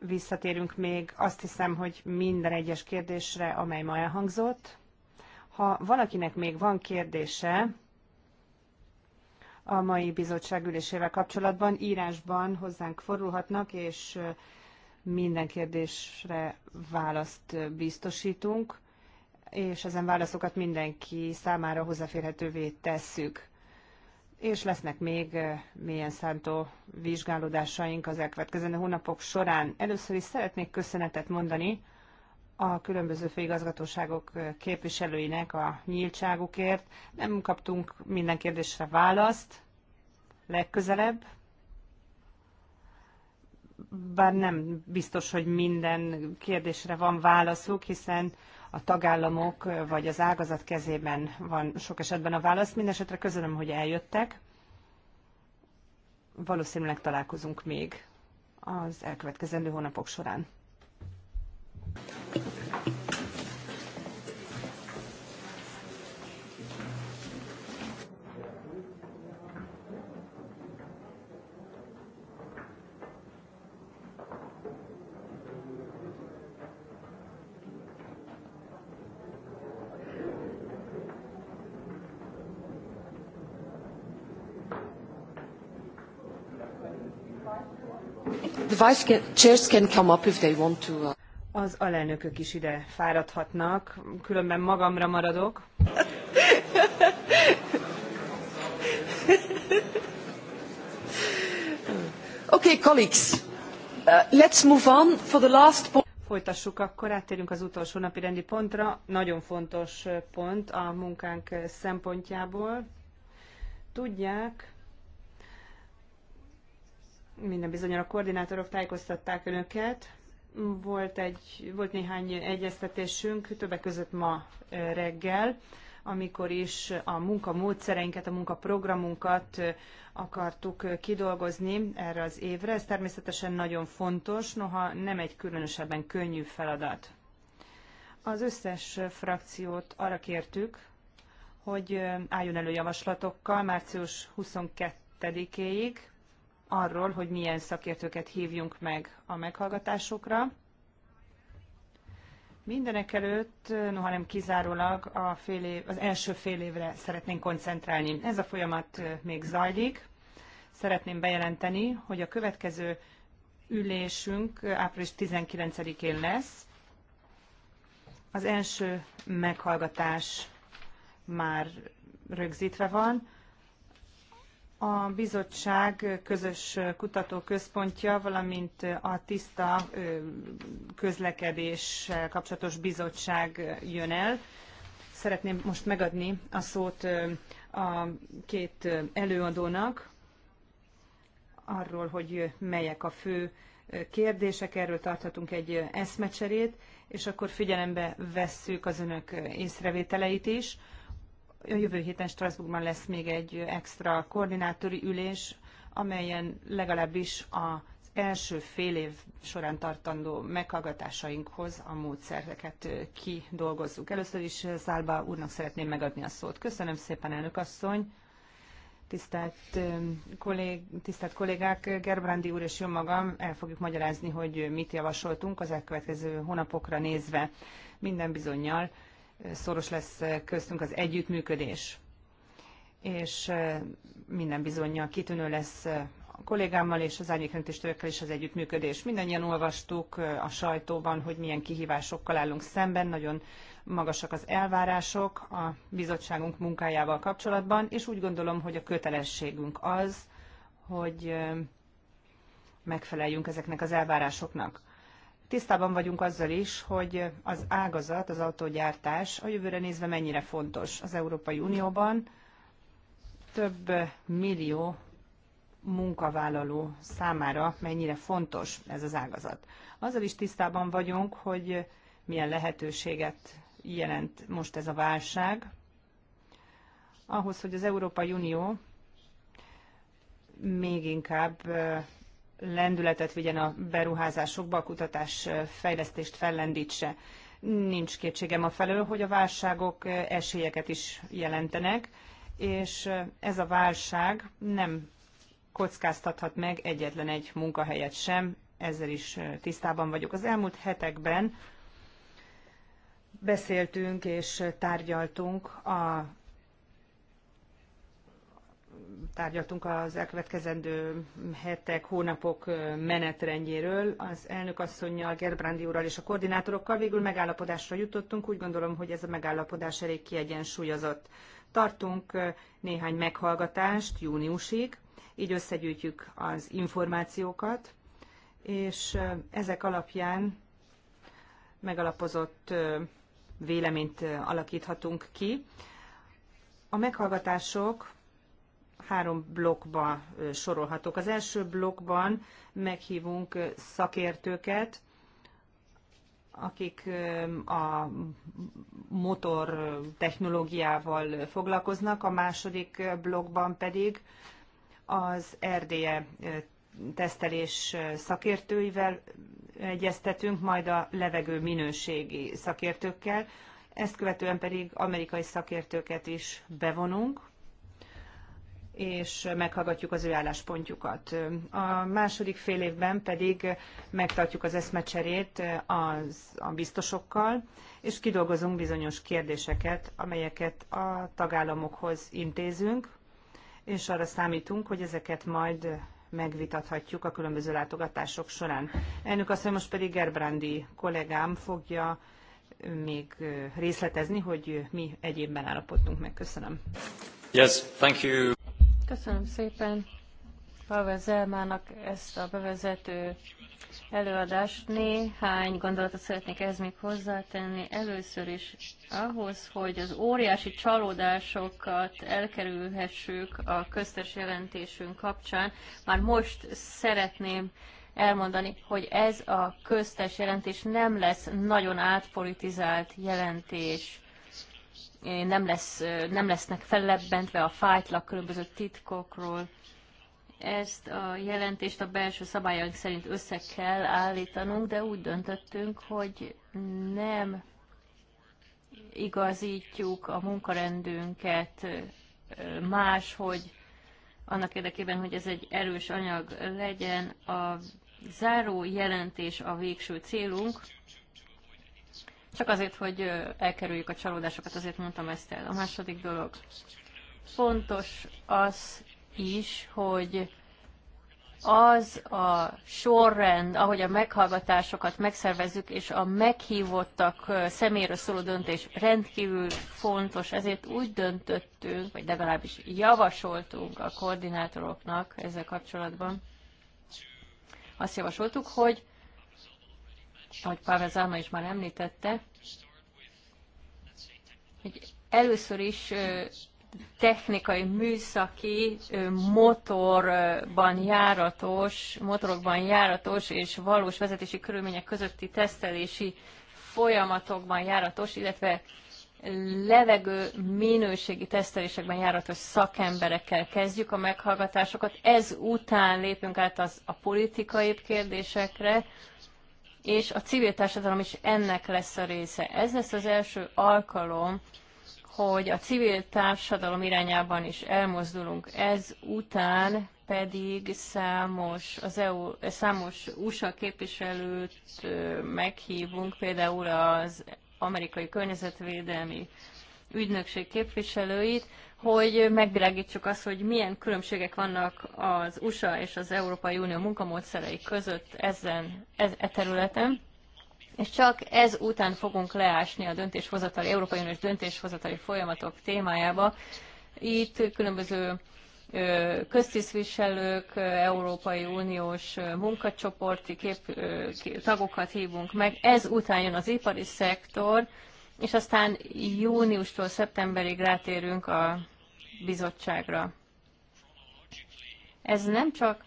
Visszatérünk még azt hiszem, hogy minden egyes kérdésre, amely ma elhangzott ha valakinek még van kérdése a mai bizottság ülésével kapcsolatban, írásban hozzánk fordulhatnak, és minden kérdésre választ biztosítunk, és ezen válaszokat mindenki számára hozzáférhetővé tesszük és lesznek még mélyen szántó vizsgálódásaink az elkövetkező hónapok során. Először is szeretnék köszönetet mondani a különböző főigazgatóságok képviselőinek a nyíltságukért. Nem kaptunk minden kérdésre választ. Legközelebb bár nem biztos, hogy minden kérdésre van válaszuk, hiszen a tagállamok vagy az ágazat kezében van sok esetben a válasz. Mindenesetre köszönöm, hogy eljöttek. Valószínűleg találkozunk még az elkövetkezendő hónapok során the vice chairs can come up if they want to. Uh, az alelnökök is ide fáradhatnak, különben magamra maradok. okay, colleagues, uh, let's move on for the last point. Folytassuk, akkor áttérünk az utolsó napi rendi pontra. Nagyon fontos uh, pont a munkánk uh, szempontjából. Tudják, minden bizonyal a koordinátorok tájékoztatták önöket, volt, egy, volt néhány egyeztetésünk, többek között ma reggel, amikor is a munkamódszereinket, a munkaprogramunkat akartuk kidolgozni erre az évre. Ez természetesen nagyon fontos, noha nem egy különösebben könnyű feladat. Az összes frakciót arra kértük, hogy álljon elő javaslatokkal március 22-éig, arról, hogy milyen szakértőket hívjunk meg a meghallgatásokra. Mindenek előtt, noha nem kizárólag a fél év, az első fél évre szeretnénk koncentrálni. Ez a folyamat még zajlik. Szeretném bejelenteni, hogy a következő ülésünk április 19-én lesz. Az első meghallgatás már rögzítve van a bizottság közös kutatóközpontja, valamint a tiszta közlekedés kapcsolatos bizottság jön el. Szeretném most megadni a szót a két előadónak arról, hogy melyek a fő kérdések, erről tarthatunk egy eszmecserét, és akkor figyelembe vesszük az önök észrevételeit is a jövő héten Strasbourgban lesz még egy extra koordinátori ülés, amelyen legalábbis az első fél év során tartandó meghallgatásainkhoz a módszereket kidolgozzuk. Először is Szálba úrnak szeretném megadni a szót. Köszönöm szépen, elnök asszony! Tisztelt, kollég, tisztelt kollégák, Gerbrandi úr és jó magam, el fogjuk magyarázni, hogy mit javasoltunk az elkövetkező hónapokra nézve minden bizonyal szoros lesz köztünk az együttműködés. És minden bizonyja kitűnő lesz a kollégámmal és az árnyékrendtistőkkel is az együttműködés. Mindannyian olvastuk a sajtóban, hogy milyen kihívásokkal állunk szemben, nagyon magasak az elvárások a bizottságunk munkájával kapcsolatban, és úgy gondolom, hogy a kötelességünk az, hogy megfeleljünk ezeknek az elvárásoknak. Tisztában vagyunk azzal is, hogy az ágazat, az autógyártás a jövőre nézve mennyire fontos az Európai Unióban. Több millió munkavállaló számára mennyire fontos ez az ágazat. Azzal is tisztában vagyunk, hogy milyen lehetőséget jelent most ez a válság, ahhoz, hogy az Európai Unió még inkább lendületet vigyen a beruházásokba, a kutatás fejlesztést fellendítse. Nincs kétségem a felől, hogy a válságok esélyeket is jelentenek, és ez a válság nem kockáztathat meg egyetlen egy munkahelyet sem, ezzel is tisztában vagyok. Az elmúlt hetekben beszéltünk és tárgyaltunk a tárgyaltunk az elkövetkezendő hetek, hónapok menetrendjéről. Az elnök asszonynal, Gerbrandi úrral és a koordinátorokkal végül megállapodásra jutottunk. Úgy gondolom, hogy ez a megállapodás elég kiegyensúlyozott. Tartunk néhány meghallgatást júniusig, így összegyűjtjük az információkat, és ezek alapján megalapozott véleményt alakíthatunk ki. A meghallgatások három blokkba sorolhatók. Az első blokkban meghívunk szakértőket, akik a motor technológiával foglalkoznak, a második blokkban pedig az RDE tesztelés szakértőivel egyeztetünk, majd a levegő minőségi szakértőkkel, ezt követően pedig amerikai szakértőket is bevonunk, és meghallgatjuk az ő álláspontjukat. A második fél évben pedig megtartjuk az eszmecserét az, a biztosokkal, és kidolgozunk bizonyos kérdéseket, amelyeket a tagállamokhoz intézünk, és arra számítunk, hogy ezeket majd megvitathatjuk a különböző látogatások során. Elnök asszony, most pedig Gerbrandi kollégám fogja még részletezni, hogy mi egyébben állapodtunk meg. Köszönöm. Yes, thank you. Köszönöm szépen Pavel Zelmának ezt a bevezető előadást. Néhány gondolatot szeretnék ez még hozzátenni. Először is ahhoz, hogy az óriási csalódásokat elkerülhessük a köztes jelentésünk kapcsán, már most szeretném elmondani, hogy ez a köztes jelentés nem lesz nagyon átpolitizált jelentés nem, lesz, nem lesznek fellebbentve a fájtlak különböző titkokról. Ezt a jelentést a belső szabályaink szerint össze kell állítanunk, de úgy döntöttünk, hogy nem igazítjuk a munkarendünket más, hogy annak érdekében, hogy ez egy erős anyag legyen, a záró jelentés a végső célunk, csak azért, hogy elkerüljük a csalódásokat, azért mondtam ezt el. A második dolog. Fontos az is, hogy az a sorrend, ahogy a meghallgatásokat megszervezzük, és a meghívottak személyről szóló döntés rendkívül fontos, ezért úgy döntöttünk, vagy legalábbis javasoltunk a koordinátoroknak ezzel kapcsolatban, azt javasoltuk, hogy ahogy Pavel Zalma is már említette, hogy először is technikai, műszaki, motorban járatos, motorokban járatos és valós vezetési körülmények közötti tesztelési folyamatokban járatos, illetve levegő minőségi tesztelésekben járatos szakemberekkel kezdjük a meghallgatásokat. Ez után lépünk át az, a politikai kérdésekre, és a civil társadalom is ennek lesz a része. Ez lesz az első alkalom, hogy a civil társadalom irányában is elmozdulunk. Ez után pedig számos, az EU, számos USA képviselőt meghívunk, például az amerikai környezetvédelmi ügynökség képviselőit, hogy megvilágítsuk azt, hogy milyen különbségek vannak az USA és az Európai Unió munkamódszerei között ezen, ez, e területen, és csak ez után fogunk leásni a döntéshozatali, Európai Uniós döntéshozatali folyamatok témájába. Itt különböző köztisztviselők, Európai Uniós munkacsoporti kép, tagokat hívunk meg. Ez után jön az ipari szektor, és aztán júniustól szeptemberig rátérünk a bizottságra. Ez nem csak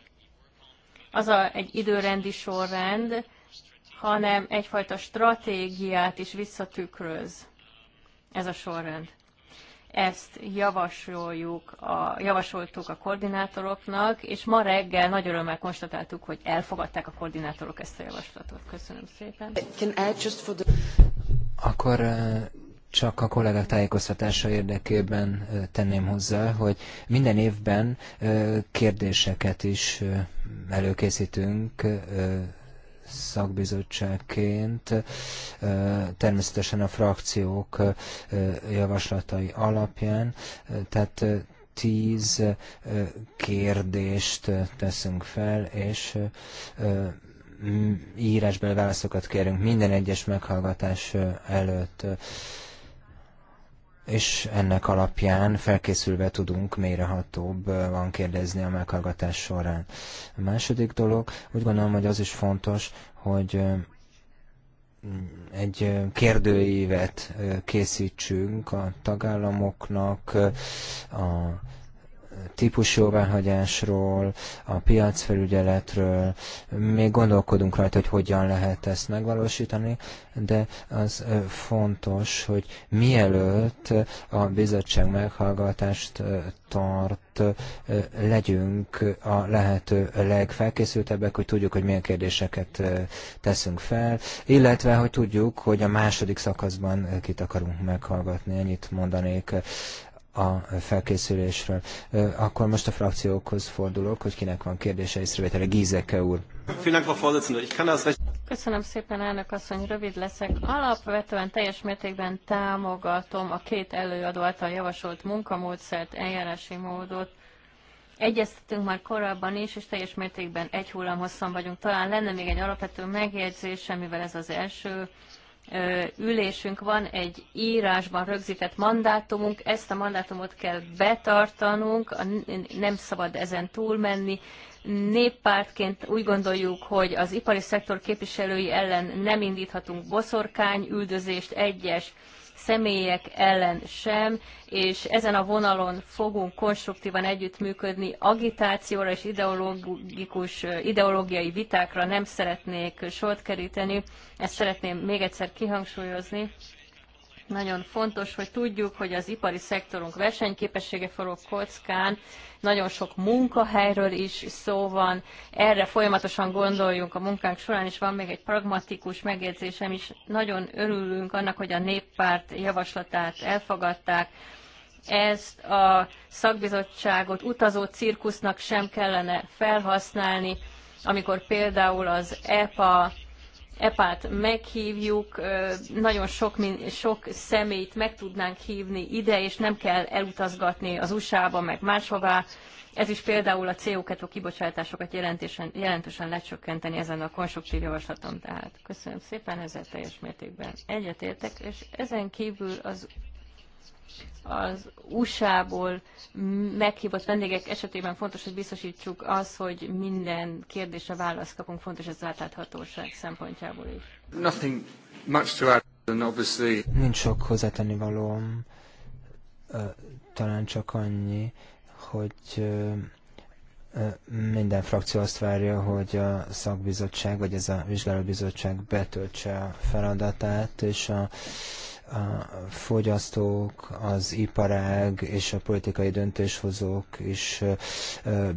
az a, egy időrendi sorrend, hanem egyfajta stratégiát is visszatükröz ez a sorrend. Ezt javasoljuk a, javasoltuk a koordinátoroknak, és ma reggel nagy örömmel konstatáltuk, hogy elfogadták a koordinátorok ezt a javaslatot. Köszönöm szépen. Akkor csak a kollégák tájékoztatása érdekében tenném hozzá, hogy minden évben kérdéseket is előkészítünk szakbizottságként, természetesen a frakciók javaslatai alapján, tehát tíz kérdést teszünk fel, és Mm, írásbeli válaszokat kérünk minden egyes meghallgatás előtt, és ennek alapján felkészülve tudunk mélyrehatóbb van kérdezni a meghallgatás során. A második dolog, úgy gondolom, hogy az is fontos, hogy mm, egy kérdőívet készítsünk a tagállamoknak, a típusjóváhagyásról, a piacfelügyeletről. Még gondolkodunk rajta, hogy hogyan lehet ezt megvalósítani, de az fontos, hogy mielőtt a bizottság meghallgatást tart, legyünk a lehető legfelkészültebbek, hogy tudjuk, hogy milyen kérdéseket teszünk fel, illetve, hogy tudjuk, hogy a második szakaszban kit akarunk meghallgatni. Ennyit mondanék a felkészülésről. Akkor most a frakciókhoz fordulok, hogy kinek van kérdése észrevétele. Gízeke úr. Köszönöm szépen, elnök asszony, rövid leszek. Alapvetően teljes mértékben támogatom a két előadó által javasolt munkamódszert, eljárási módot. Egyeztetünk már korábban is, és teljes mértékben egy hosszan vagyunk. Talán lenne még egy alapvető megjegyzés, mivel ez az első ülésünk van egy írásban rögzített mandátumunk, ezt a mandátumot kell betartanunk, nem szabad ezen túlmenni. Néppártként úgy gondoljuk, hogy az ipari szektor képviselői ellen nem indíthatunk boszorkány üldözést, egyes személyek ellen sem, és ezen a vonalon fogunk konstruktívan együttműködni agitációra és ideológikus, ideológiai vitákra nem szeretnék sort keríteni, ezt szeretném még egyszer kihangsúlyozni nagyon fontos, hogy tudjuk, hogy az ipari szektorunk versenyképessége forog kockán, nagyon sok munkahelyről is szó van, erre folyamatosan gondoljunk a munkánk során, és van még egy pragmatikus megjegyzésem is. Nagyon örülünk annak, hogy a néppárt javaslatát elfogadták, ezt a szakbizottságot utazó cirkusznak sem kellene felhasználni, amikor például az EPA EPÁT meghívjuk, nagyon sok, sok személyt meg tudnánk hívni ide, és nem kell elutazgatni az USA-ba, meg máshová. Ez is például a CO2 kibocsátásokat jelentősen, jelentősen lecsökkenteni ezen a konstruktív javaslaton. Tehát köszönöm szépen, ezzel teljes mértékben egyetértek, és ezen kívül az az USA-ból meghívott vendégek esetében fontos, hogy biztosítsuk az, hogy minden kérdésre választ kapunk, fontos az átláthatóság szempontjából is. Nothing much to add, obviously... Nincs sok hozzátenni valóm, talán csak annyi, hogy minden frakció azt várja, hogy a szakbizottság, vagy ez a vizsgálóbizottság betöltse a feladatát, és a a fogyasztók, az iparág és a politikai döntéshozók is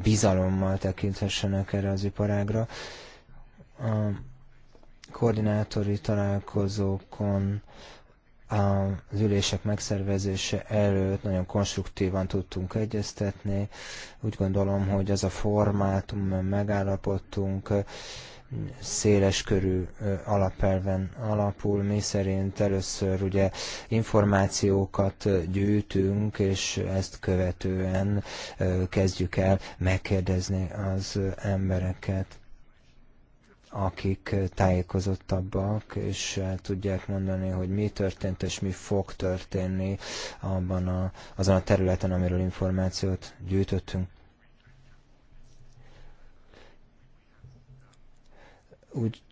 bizalommal tekinthessenek erre az iparágra. A koordinátori találkozókon az ülések megszervezése előtt nagyon konstruktívan tudtunk egyeztetni. Úgy gondolom, hogy az a formátum, megállapodtunk, széleskörű alapelven alapul, mi szerint először ugye információkat gyűjtünk, és ezt követően kezdjük el megkérdezni az embereket akik tájékozottabbak, és tudják mondani, hogy mi történt és mi fog történni abban a, azon a területen, amiről információt gyűjtöttünk. Úgy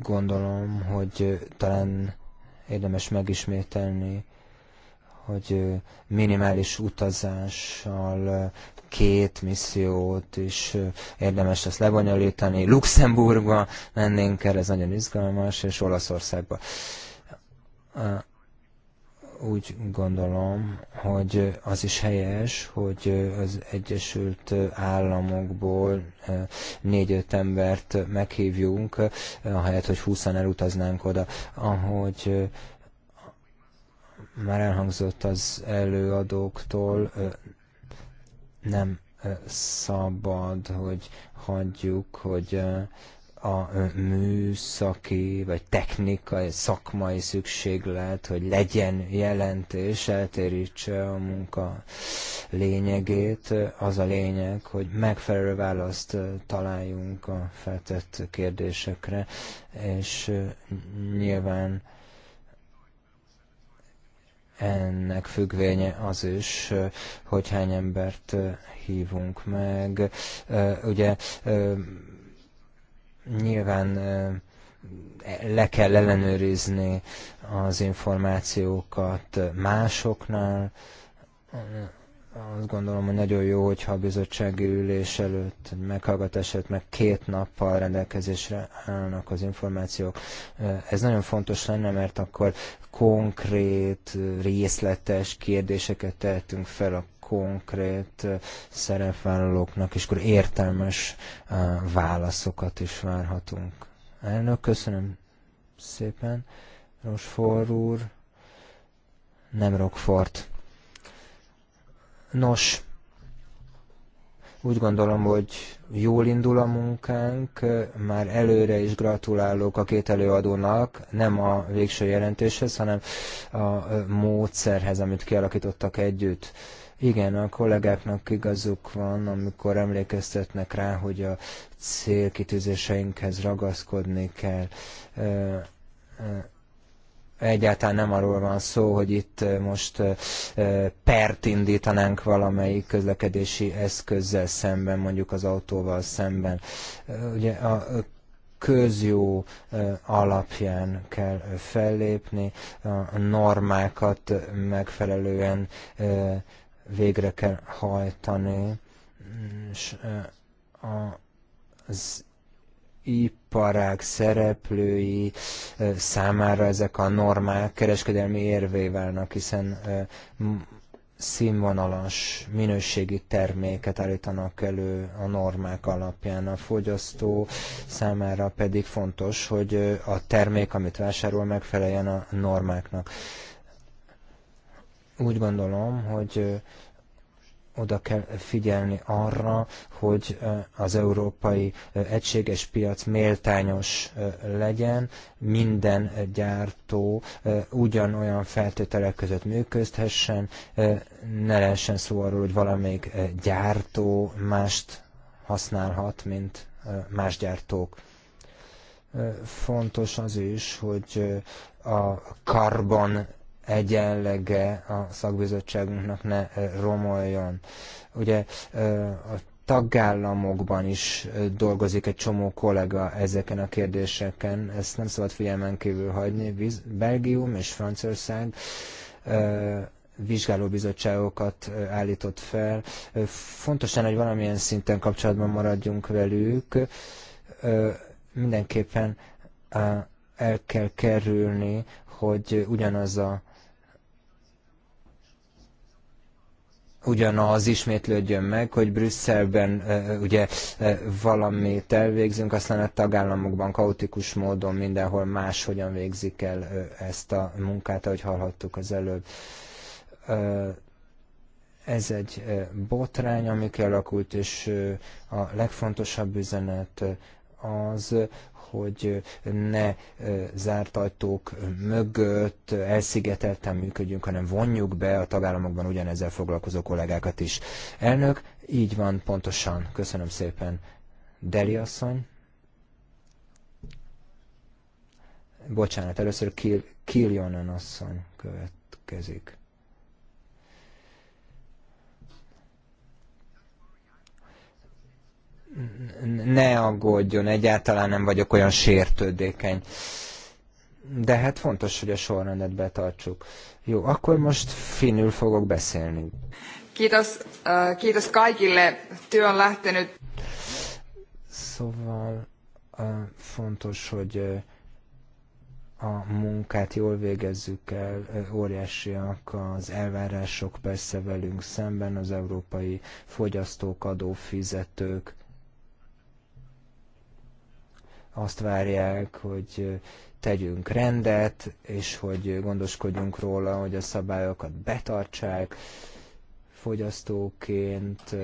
gondolom, hogy talán érdemes megismételni, hogy minimális utazással két missziót is érdemes ezt lebonyolítani. Luxemburgba mennénk el, ez nagyon izgalmas, és Olaszországba úgy gondolom, hogy az is helyes, hogy az Egyesült Államokból eh, négy-öt embert meghívjunk, eh, ahelyett, hogy húszan elutaznánk oda. Ahogy eh, már elhangzott az előadóktól, nem szabad, hogy hagyjuk, hogy a műszaki vagy technikai, szakmai szükséglet, hogy legyen jelentés, eltérítse a munka lényegét. Az a lényeg, hogy megfelelő választ találjunk a feltett kérdésekre, és nyilván ennek függvénye az is, hogy hány embert hívunk meg. Ugye Nyilván e, le kell ellenőrizni az információkat másoknál. Azt gondolom, hogy nagyon jó, hogyha a bizottsági ülés előtt, meghallgatás előtt meg két nappal rendelkezésre állnak az információk. Ez nagyon fontos lenne, mert akkor konkrét, részletes kérdéseket tehetünk fel a konkrét eh, szerepvállalóknak, és akkor értelmes eh, válaszokat is várhatunk. Elnök, köszönöm szépen. Rosfor úr, nem Rockfort. Nos, úgy gondolom, hogy jól indul a munkánk, eh, már előre is gratulálok a két előadónak, nem a végső jelentéshez, hanem a módszerhez, amit kialakítottak együtt. Igen, a kollégáknak igazuk van, amikor emlékeztetnek rá, hogy a célkitűzéseinkhez ragaszkodni kell. Egyáltalán nem arról van szó, hogy itt most pert indítanánk valamelyik közlekedési eszközzel szemben, mondjuk az autóval szemben. Ugye a közjó alapján kell fellépni, a normákat megfelelően végre kell hajtani, és az iparág szereplői számára ezek a normák kereskedelmi érvé válnak, hiszen színvonalas, minőségi terméket állítanak elő a normák alapján. A fogyasztó számára pedig fontos, hogy a termék, amit vásárol, megfeleljen a normáknak. Úgy gondolom, hogy oda kell figyelni arra, hogy az európai egységes piac méltányos legyen, minden gyártó ugyanolyan feltételek között működhessen, ne lehessen szó arról, hogy valamelyik gyártó mást használhat, mint más gyártók. Fontos az is, hogy a karbon egyenlege a szakbizottságunknak ne romoljon. Ugye a tagállamokban is dolgozik egy csomó kollega ezeken a kérdéseken, ezt nem szabad figyelmen kívül hagyni. Belgium és Franciaország vizsgálóbizottságokat állított fel. Fontos lenne, hogy valamilyen szinten kapcsolatban maradjunk velük. Mindenképpen el kell kerülni, hogy ugyanaz a ugyanaz ismétlődjön meg, hogy Brüsszelben ugye valamit elvégzünk, aztán a tagállamokban kaotikus módon mindenhol máshogyan végzik el ezt a munkát, ahogy hallhattuk az előbb. Ez egy botrány, ami kialakult, és a legfontosabb üzenet az, hogy ne zárt ajtók mögött elszigetelten működjünk, hanem vonjuk be a tagállamokban ugyanezzel foglalkozó kollégákat is. Elnök, így van pontosan. Köszönöm szépen. Deli asszony. Bocsánat, először Kiljonen asszony következik. ne aggódjon, egyáltalán nem vagyok olyan sértődékeny. De hát fontos, hogy a sorrendet betartsuk. Jó, akkor most finnül fogok beszélni. Kiitos, uh, kiitos kaikille. ty on lähtenyt. Szóval uh, fontos, hogy uh, a munkát jól végezzük el, óriásiak az elvárások persze velünk szemben, az európai fogyasztók, adófizetők azt várják, hogy tegyünk rendet, és hogy gondoskodjunk róla, hogy a szabályokat betartsák fogyasztóként,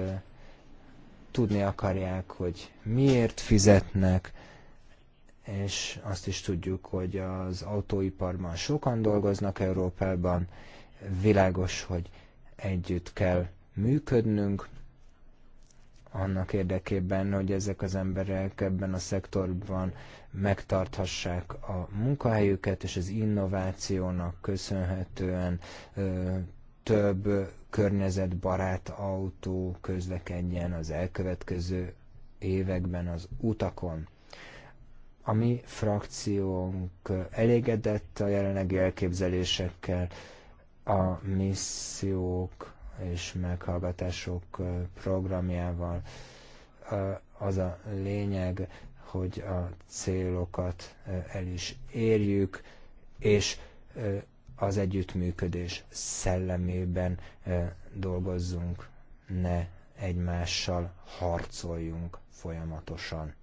tudni akarják, hogy miért fizetnek, és azt is tudjuk, hogy az autóiparban sokan dolgoznak Európában, világos, hogy együtt kell működnünk, annak érdekében, hogy ezek az emberek ebben a szektorban megtarthassák a munkahelyüket, és az innovációnak köszönhetően ö, több környezetbarát autó közlekedjen az elkövetkező években az utakon. A mi frakciónk elégedett a jelenlegi elképzelésekkel, a missziók és meghallgatások programjával. Az a lényeg, hogy a célokat el is érjük, és az együttműködés szellemében dolgozzunk, ne egymással harcoljunk folyamatosan.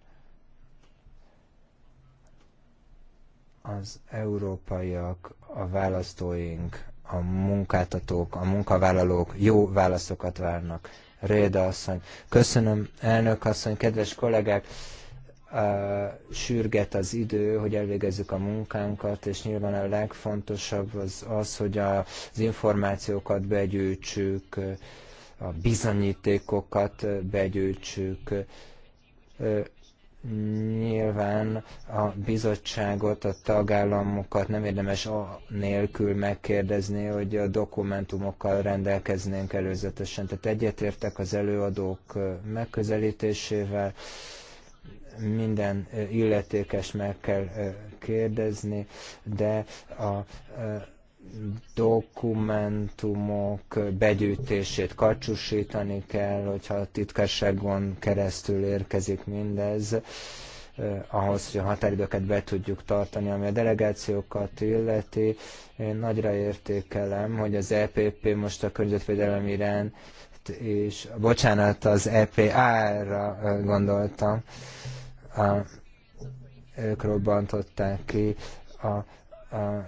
Az európaiak a választóink a munkáltatók, a munkavállalók jó válaszokat várnak. Réda asszony. Köszönöm, elnök asszony, kedves kollégák! sürget az idő, hogy elvégezzük a munkánkat, és nyilván a legfontosabb az az, hogy az információkat begyűjtsük, a bizonyítékokat begyűjtsük. Nyilván a bizottságot, a tagállamokat nem érdemes a nélkül megkérdezni, hogy a dokumentumokkal rendelkeznénk előzetesen. Tehát egyetértek az előadók megközelítésével, minden illetékes meg kell kérdezni, de a dokumentumok begyűjtését kacsusítani kell, hogyha a titkárságon keresztül érkezik mindez, eh, ahhoz, hogy a határidőket be tudjuk tartani, ami a delegációkat illeti. Én nagyra értékelem, hogy az EPP most a környezetvédelem irán és bocsánat, az EPA-ra eh, gondoltam, a, ők robbantották ki a, a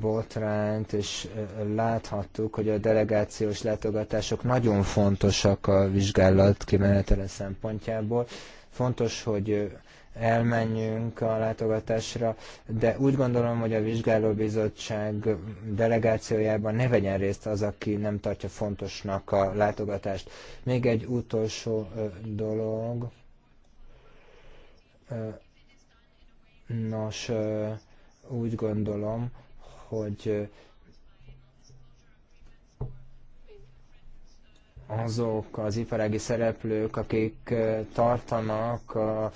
botrányt, és láthattuk, hogy a delegációs látogatások nagyon fontosak a vizsgálat kimenetele szempontjából. Fontos, hogy elmenjünk a látogatásra, de úgy gondolom, hogy a vizsgálóbizottság delegációjában ne vegyen részt az, aki nem tartja fontosnak a látogatást. Még egy utolsó dolog. Nos, úgy gondolom, hogy azok az iparági szereplők, akik tartanak a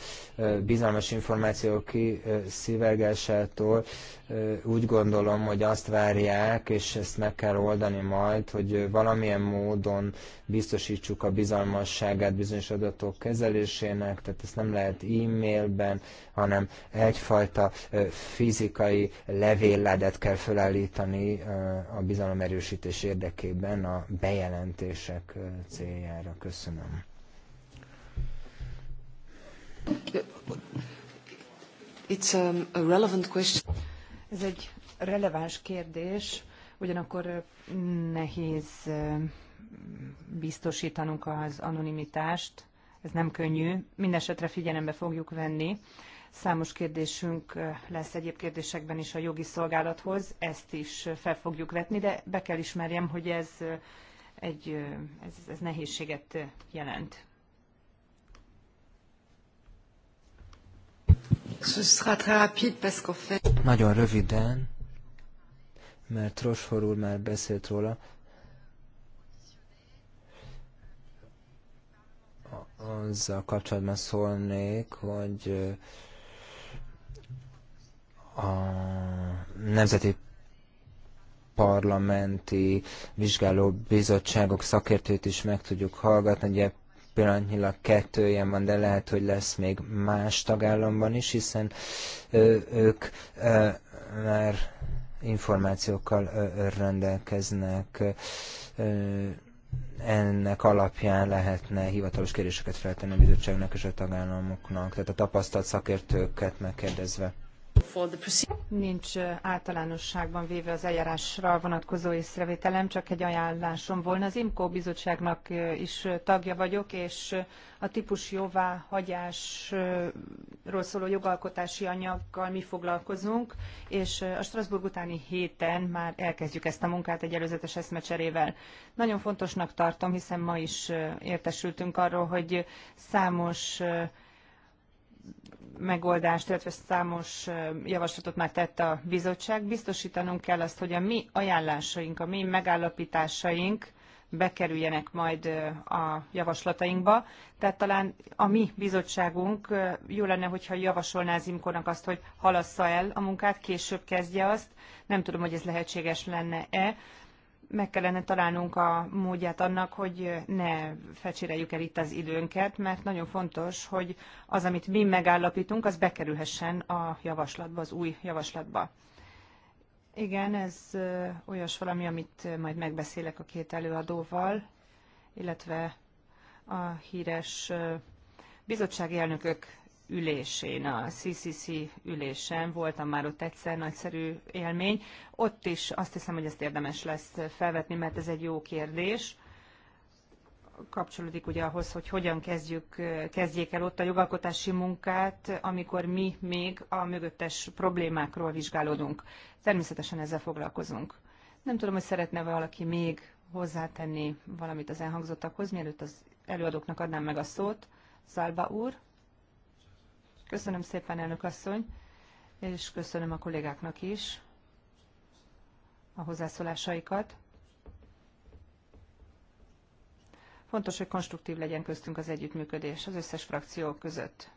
bizalmas információk kiszivárgásától, úgy gondolom, hogy azt várják, és ezt meg kell oldani majd, hogy valamilyen módon biztosítsuk a bizalmasságát bizonyos adatok kezelésének, tehát ezt nem lehet e-mailben, hanem egyfajta fizikai levéledet kell felállítani a bizalom erősítés érdekében a bejelentések céljára. Köszönöm. It's um, a relevant question. Ez egy releváns kérdés, ugyanakkor nehéz biztosítanunk az anonimitást, ez nem könnyű, mindesetre figyelembe fogjuk venni. Számos kérdésünk lesz egyéb kérdésekben is a jogi szolgálathoz, ezt is fel fogjuk vetni, de be kell ismerjem, hogy ez egy, ez, ez nehézséget jelent. Nagyon röviden, mert Rosfor úr már beszélt róla. Azzal kapcsolatban szólnék, hogy a nemzeti parlamenti vizsgáló bizottságok szakértőt is meg tudjuk hallgatni. Ugye pillanatnyilag kettő ilyen van, de lehet, hogy lesz még más tagállamban is, hiszen ők már információkkal rendelkeznek ennek alapján lehetne hivatalos kérdéseket feltenni a bizottságnak és a tagállamoknak, tehát a tapasztalt szakértőket megkérdezve. Nincs általánosságban véve az eljárásra vonatkozó észrevételem, csak egy ajánlásom volna. Az IMCO bizottságnak is tagja vagyok, és a típus hagyásról szóló jogalkotási anyaggal mi foglalkozunk, és a Strasbourg utáni héten már elkezdjük ezt a munkát egy előzetes eszmecserével. Nagyon fontosnak tartom, hiszen ma is értesültünk arról, hogy számos megoldást, illetve számos javaslatot már tett a bizottság. Biztosítanunk kell azt, hogy a mi ajánlásaink, a mi megállapításaink bekerüljenek majd a javaslatainkba. Tehát talán a mi bizottságunk jó lenne, hogyha javasolná az imkónak azt, hogy halassza el a munkát, később kezdje azt. Nem tudom, hogy ez lehetséges lenne-e meg kellene találnunk a módját annak, hogy ne fecséreljük el itt az időnket, mert nagyon fontos, hogy az, amit mi megállapítunk, az bekerülhessen a javaslatba, az új javaslatba. Igen, ez olyas valami, amit majd megbeszélek a két előadóval, illetve a híres bizottsági elnökök ülésén, a CCC ülésen, voltam már ott egyszer, nagyszerű élmény. Ott is azt hiszem, hogy ezt érdemes lesz felvetni, mert ez egy jó kérdés kapcsolódik ugye ahhoz, hogy hogyan kezdjük, kezdjék el ott a jogalkotási munkát, amikor mi még a mögöttes problémákról vizsgálódunk. Természetesen ezzel foglalkozunk. Nem tudom, hogy szeretne valaki még hozzátenni valamit az elhangzottakhoz, mielőtt az előadóknak adnám meg a szót. Szálba úr. Köszönöm szépen, elnök asszony, és köszönöm a kollégáknak is a hozzászólásaikat. Fontos, hogy konstruktív legyen köztünk az együttműködés az összes frakció között.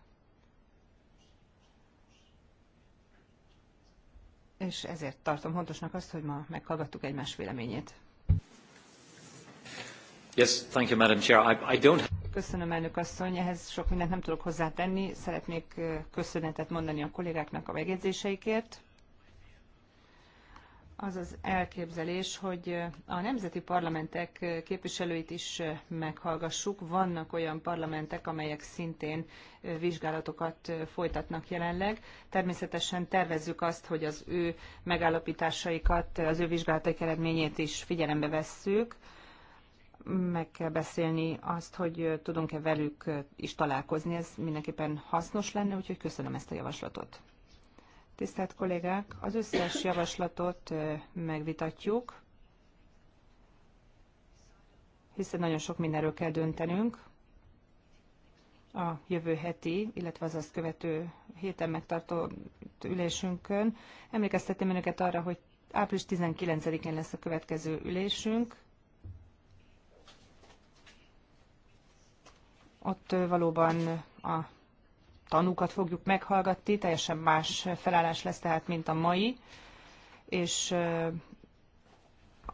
És ezért tartom fontosnak azt, hogy ma meghallgattuk egymás véleményét. Yes, thank you, Madam Chair. I, I don't... Köszönöm, elnök asszony, ehhez sok mindent nem tudok hozzátenni. Szeretnék köszönetet mondani a kollégáknak a megjegyzéseikért. Az az elképzelés, hogy a nemzeti parlamentek képviselőit is meghallgassuk. Vannak olyan parlamentek, amelyek szintén vizsgálatokat folytatnak jelenleg. Természetesen tervezzük azt, hogy az ő megállapításaikat, az ő vizsgálataik eredményét is figyelembe vesszük meg kell beszélni azt, hogy tudunk-e velük is találkozni. Ez mindenképpen hasznos lenne, úgyhogy köszönöm ezt a javaslatot. Tisztelt kollégák, az összes javaslatot megvitatjuk, hiszen nagyon sok mindenről kell döntenünk a jövő heti, illetve az azt követő héten megtartott ülésünkön. emlékeztetem önöket arra, hogy április 19-én lesz a következő ülésünk, Ott valóban a tanúkat fogjuk meghallgatni, teljesen más felállás lesz tehát, mint a mai, és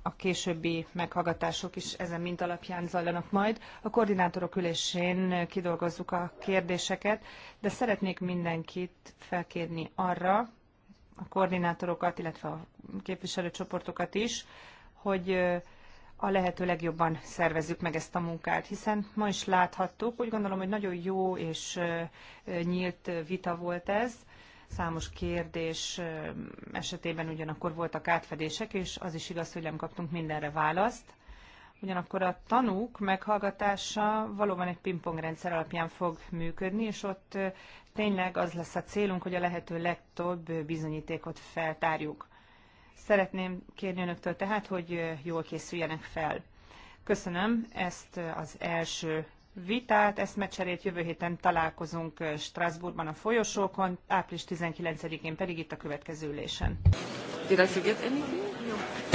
a későbbi meghallgatások is ezen mint alapján zajlanak majd. A koordinátorok ülésén kidolgozzuk a kérdéseket, de szeretnék mindenkit felkérni arra, a koordinátorokat, illetve a képviselőcsoportokat is, hogy a lehető legjobban szervezzük meg ezt a munkát, hiszen ma is láthattuk, úgy gondolom, hogy nagyon jó és nyílt vita volt ez, számos kérdés esetében ugyanakkor voltak átfedések, és az is igaz, hogy nem kaptunk mindenre választ. Ugyanakkor a tanúk meghallgatása valóban egy pingpongrendszer alapján fog működni, és ott tényleg az lesz a célunk, hogy a lehető legtöbb bizonyítékot feltárjuk. Szeretném kérni önöktől tehát, hogy jól készüljenek fel. Köszönöm ezt az első vitát, eszmecserét jövő héten találkozunk Strasbourgban a folyosókon, április 19-én pedig itt a következő ülésen. Did I forget anything? No.